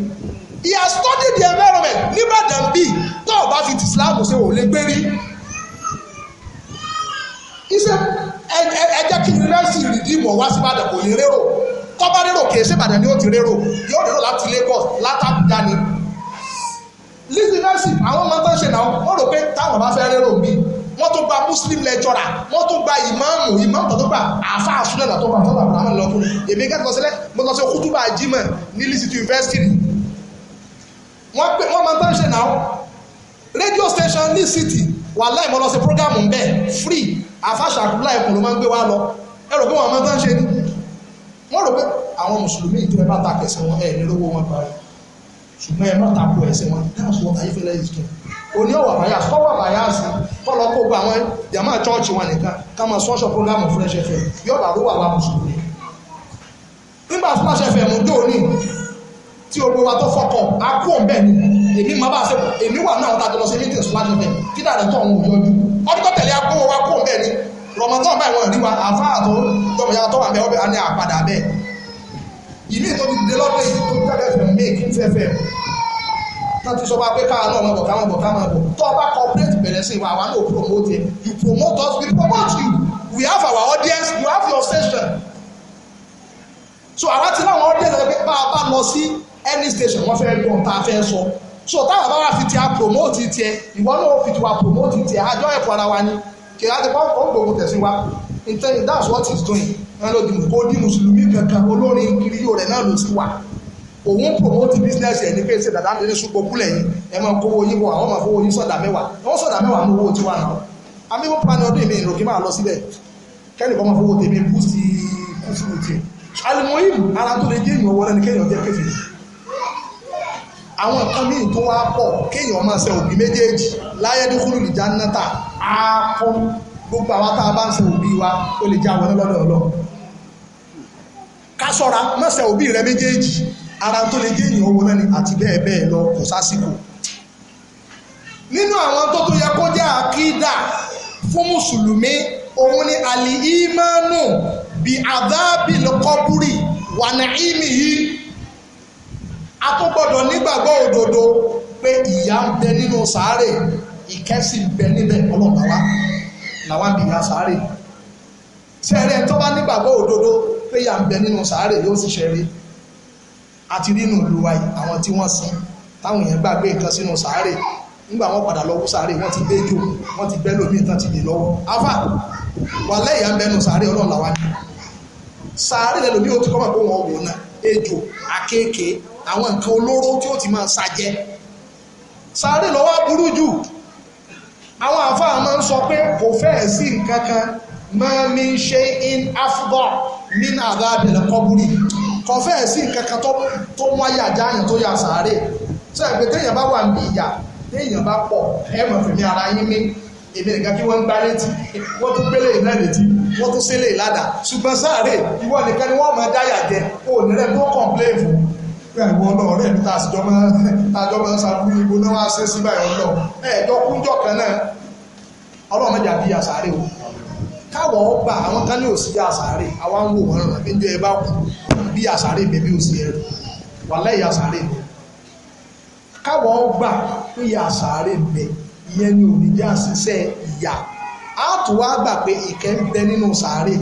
he has studied the environment nígbàdàn bíi tó o bá fi ti islam ṣe wò lè gbérí iṣẹ́ ẹjẹ́ kí yunifásitì rìdíìmù wá sí Ìbàdàn kò lè rérò tọ́ba rérò kì í ṣe Ìbàdàn ni ó ti rérò yóò rérò láti Lagos látàkùdá ni yunifásitì àwọn ọmọ tó ń ṣe náà wọ́n rò pé táwọn bá fẹ́ rérò mi wọ́n tó gba muslim lẹ́jọ́ra wọ́n tó gba ìmáàmù ìmáàmù tó tó gba àfa àsúnlẹ̀ náà tó gba tọ́lá àbúrò àwọn lọ́kùn èmi gẹ́gẹ́ lọ́sẹ̀lẹ̀ mo lọ sí kútúbà jimẹ̀ ní lisitu university wọ́n máa ń tán ṣe náà radio station ní city wàláì mo lọ sí program ń bẹ free afáṣàkúlá ẹkùn ló máa ń gbé wa lọ ẹ rò pé wọn máa ń tán ṣe ni wọn rò pé àwọn mùsùlùmí tó ẹ bá ta kẹsẹ wọn ẹ ní lówó wọn parí ṣùgbọ́n ẹ má ta kó ẹsẹ̀ wọn that's what ayéfẹlẹ is doing òní ọwọ àbáyà sọwọ àbáyà sí kọlọ kó gba àwọn jàmá chọọchì wọn nìkan ká máa sọṣọ programu fresh fm yóò bá rówó àwọn mùsùlùmí nígbà fresh fm dóòní tí o gbé wa tó fọkọ akú òǹbẹ ni èmi máa bá a sẹ́kù èmi wà náà tá a ní tẹ̀sán láti ọ̀fẹ́ kí dàdà tó àwọn òyìnbó ọdún tó tẹ̀lé akó wa kó bẹ́ẹ̀ ni rọmọdún báyìí wọn rí wa àfáà tó tọmọyà tó wà bẹ́ẹ̀ ọbẹ̀ àní bẹ́ẹ̀ ìlú ìtọ́jú dé lọ́dún tó tẹ̀lé fẹ̀ mẹ́ẹ̀kì fẹ́fẹ́ náà ti sọ wá pé káà náà máa bọ̀ káà máa bọ̀ káà máa bọ̀ tó ọba corporate you promote us we promote you station so àwa ti a bá tá a fẹ́ sọ so táwọn bá wà fi tiẹ̀ promote tiẹ̀ ìwọ náà fi tiwa promote tiẹ̀ àjọ ẹ̀kọ́ ara wa ni kì í láti pọ́n kọ́ gbogbo tẹ̀sí wa intanet that's what he's doing wọn lọ dìbò kó di mùsùlùmí kankan olórin kiri yóò rẹ̀ náà ló ti wà òun promote business ẹ̀ ní pé ṣe dàda ní sùpọ̀ kúlẹ̀ yìí ẹ̀ máa kówó yín bọ̀ àwọn máa fowó yín sọ̀dà mẹ́wàá àwọn sọ̀dà mẹ́wàá ní owó tiwa náà amíwọ́ pani ọdún mi ìròkè máa lọ síbẹ̀ kẹ́lì kan máa fowó tèmi bú sí kúfúrú tiẹ̀ alimoyim ara tó lè jẹ́ ìyàn wọlé ní kéèyàn jẹ́ kéfì àwọn nǹkan míì tó wá pọ̀ kéèyàn máa ṣe òbí méjèèjì láyé dúkúrú lè já náà á kọ́ gbogbo àwa tá a bá ń ṣe òbí wa ó lè já wọn lọ́dọ̀ ọlọ́ ká ṣọ́ra má ṣe òbí rẹ méjèèjì ara tó lè jẹ́ èèyàn náà ni àti bẹ́ẹ̀ bẹ́ẹ̀ lọ kò sásìkò nínú àwọn tó tó yẹ kó jẹ́ àkídà fún mùsùlùmí òun ni àlì ìmánu bí adábìlì kọ́búrì wà ní ìmì yìí a tó gbọ́dọ̀ nígbàgbọ́ òdodo pé ìyà ń bẹ nínú sàárè ìkẹ́sì ń bẹ níbẹ̀ ọlọ́pàá làwọn bí ìyà sàárè sẹ́rẹ̀ tó bá nígbàgbọ́ òdodo pé ìyà ń bẹ nínú sàárè yóò sì ṣẹlẹ̀ àti nínú ìlúwa àwọn tí wọ́n sin táwọn èèyàn gbàgbé nǹkan sínú sàárè nígbà wọn padà lọ wú sàárè wọ́n ti gbé jò wọ́n ti bẹ́ lómi ìtàn ti dè lọ́wọ́ afa wà lẹ́yìn abẹnú sàárè ọlọ́run làwọn sàárè lẹ́lòmí ó ti kọ́ mọ̀ pé wọ́n wò náà ejò akéèké àwọn nǹkan olóró tí ó ti máa ṣàjẹ́ sáré lọ́wọ́ burú jù àwọn àfáà máa ń sọ pé kò fẹ́ẹ̀ sí nǹkan kan máa mi ṣe in afdal nínú àbá abẹ̀rẹ̀ kọ́búrì kò fẹ́ẹ̀ sí nǹkan kan tó mú ayé àjá àyàn tó yà sáré sẹ́yìn pé téèyàn bá wà ní ìyà téèyàn bá pọ̀ ẹ mọ̀ fèmí ara yín mí èmi nìkan kí wọ́n ń gbá létí wọ́n tún gbélé ìná létí wọ́n tún sílé ìlàdà ṣùgbọ́n sáré ìwọ nìkan ni wọ́n máa dáyà jẹ òní rẹ̀ ló kọ̀ǹpléèfù ìwọ náà rẹ̀ ní tàṣíjọ́ máa ṣàkúrú ibo náà wá ṣe sí báyọ̀ lọ ẹ̀ẹ́dọ́ kúnjọ́ kan náà ọlọ́mọdé àbí àṣàrẹ́ o káwọ̀ ọgbà àwọn kan ní òsì àṣàrẹ́ àwọn ń wò wọ́n rán níjọ́ ẹ bá kú bí àṣàrẹ́ bẹ̀bí òsì ẹ̀rù wà lẹ́yìn àṣàrẹ́ mi káwọ̀ ọgbà pé àṣàrẹ́ mi ìyẹn ni ò ní jẹ́ àṣìṣe ìyà á tún wá gbà pé ìkẹ́ ń bẹ nínú sàárè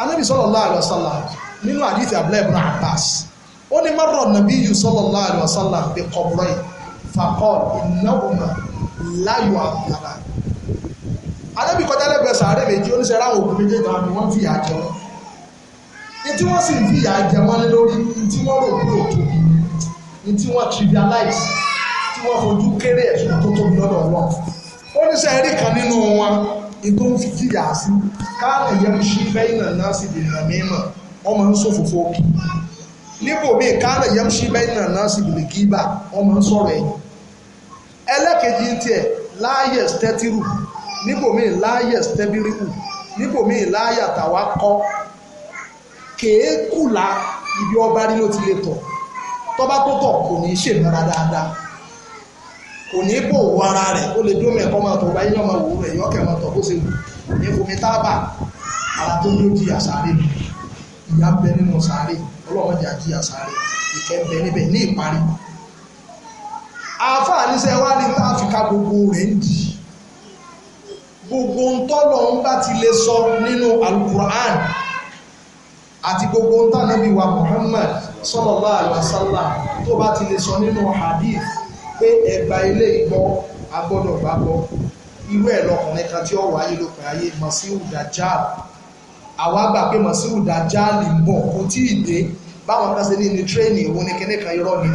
anábì sallallahu alaihi wasallam nínú àdìsí abúlé ibn Abbas ó ní mọ́rọ̀ nàbí yìí sallallahu alaihi wasallam bí kọ̀bùrọ̀ yìí fàkọ́ ìnáwùmá láyọ̀ àgbàrá anábì kọjá lẹ́gbẹ̀ẹ́ sàárè méjì ó ní sẹ́ra àwọn òkú méjèèjì náà ni wọ́n fìyà jẹ wọ́n ní tí wọ́n sì ń fìyà jẹ wọ́n lé lórí ní tí wọ́n rò pé òtò ní tí wọ́n trivialize tí wọ́n fojú kéré ẹ̀sùn tó fi jìyà sí káàlẹ̀ yẹn ń ṣí fẹ́yìn náà sí ìdènà mímọ̀ ọmọ ń sòfòfò kì í níbòmí kánà yẹmúṣí bẹ́yìn náà náà sì bìlì kíbà wọ́n máa ń sọ̀rọ̀ ẹ̀yìn ẹlẹ́kejì tiẹ̀ láàyè stẹ́tìrù níbòmí láàyè stẹ́bírìkù níbòmí láàyè àtàwà kọ́ kéékùlà ibi ọba rí ló ti lè tọ̀ tọ́ba tó tọ̀ kò ní í ṣèmọ́ra dáadáa kò ní í bò wọ ara rẹ̀ ó lè dómi ẹ̀kọ́ máa tọ̀ báyìí lọ́mọ òwú rẹ̀ yọ́kẹ́ máa tọ̀ bó ṣe wù ní omi tábà ara tó dójú àṣàrè ìyá bẹ nínú sàárè yìí ọlọ́run ọjà jí àsáré ìkẹ́ bẹ níbẹ̀ ní ìparí àáfàá níṣẹ́ wá ní táàfíkà gbogbo rẹ̀ ń dì gbogbo ń tọ́lọ̀ ń bá ti lè sọ nínú alukur'an àti gbogbo ń tànàbí wa Muhammad sallallahu alaihi wasallam tó bá ti lè sọ nínú hadith pé ẹgbà ilé ìgbọ́ agbọ́dọ̀ gbàgbọ́ irú ẹ̀ lọkùnrin kan tí ó wáyé lópin ayé masiu dajjal àwa gbà pé mọ̀síwù dàjáàlì ń bọ̀ kò tí ì dé báwọn kan ṣe ní ní tírẹ́ẹ̀nì òun ni kíní kan irọ́ ni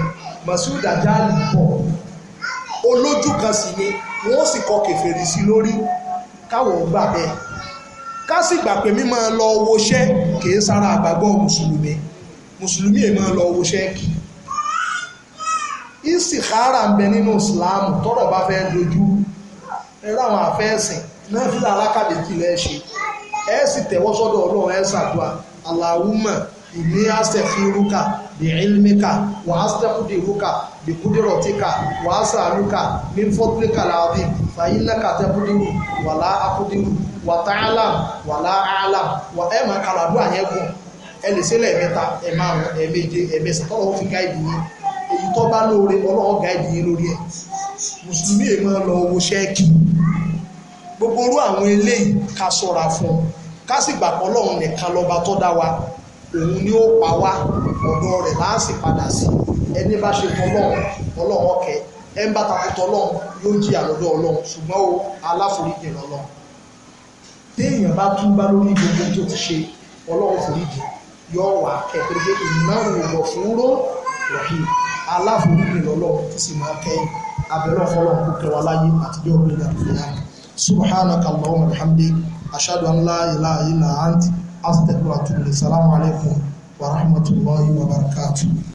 mọ̀síwù dàjáàlì ń bọ̀ olójú kan sì ni wọ́n sì kọ kẹfẹ́rì sí lórí káwọn gbà bẹ́ẹ̀ ká sì gbà pé mímọ́ lọ woṣẹ́ kìí sára àgbàgbọ́ mùsùlùmí mùsùlùmí èèmọ́ lọ woṣẹ́ kì í ìsìkára ń bẹ nínú ìsìláàmù tọ́rọ̀ bá fẹ́ dojú ẹ̀rọ àwọn àfẹ́ẹ̀sìn náà fílà alákàdéjì lẹ́ẹ̀ṣẹ̀ ẹ sì tẹ̀wọ́ sọ́dọ̀ ọlọ́run ẹ ṣàdúrà aláwùmọ̀ ìní àṣẹfìrúkà bí ìlmíkà wà á sẹ́kùdìrúkà bí kúdìrọ̀tíkà wà á sàlùkà bí fọ́tíríkà làbí fàyínlẹ́kà tẹ́kùdìrú wà lá akúdìrú wà táàlà wà lá àlà wà ẹ̀ máa kàlàdúrà yẹn gùn ẹ lè sílẹ̀ ẹ̀mẹ́ta ẹ̀má ẹ̀méje ẹ̀mẹ́sà tọ́lọ́ fi gáìdì yín èyí tó bá lóore ọlọ́ọ̀ gáìdì yín lórí ẹ̀ mùsùlùmí gbogbo orú àwọn eléyìí ká sọ́ra fún ká sì gbà pé Ọlọ́run nìkan lọ́ba tó dá wa òun ni ó pa wá ọ̀dọ̀ rẹ̀ láàsì padà sí ẹni bá ṣe tọ́lọ́run Ọlọ́run ọ̀kẹ́ ẹ̀ ń bá takò tọ́lọ́run yóò jìyà lọ́dọ̀ Ọlọ́run ṣùgbọ́n o aláforíjì lọ́lọ́run téèyàn bá túbá lórí gbogbo tó ti ṣe Ọlọ́run foríjì yóò wà kẹ́kẹ́rẹ́ ìnáwó lọ fún ró rọ̀hì aláforíjì lọ́lọ́run tó sì máa kẹ́yìn abẹ́rẹ́ ọ̀fọ́lọ́run kó kẹwàá láyé àtijọ́ ògbéga subhanaka allahumma bihamdik ashhadu an la ilaha illa ant astaghfiruka wa atubu ilayk assalamu alaykum wa rahmatullahi wa barakatuh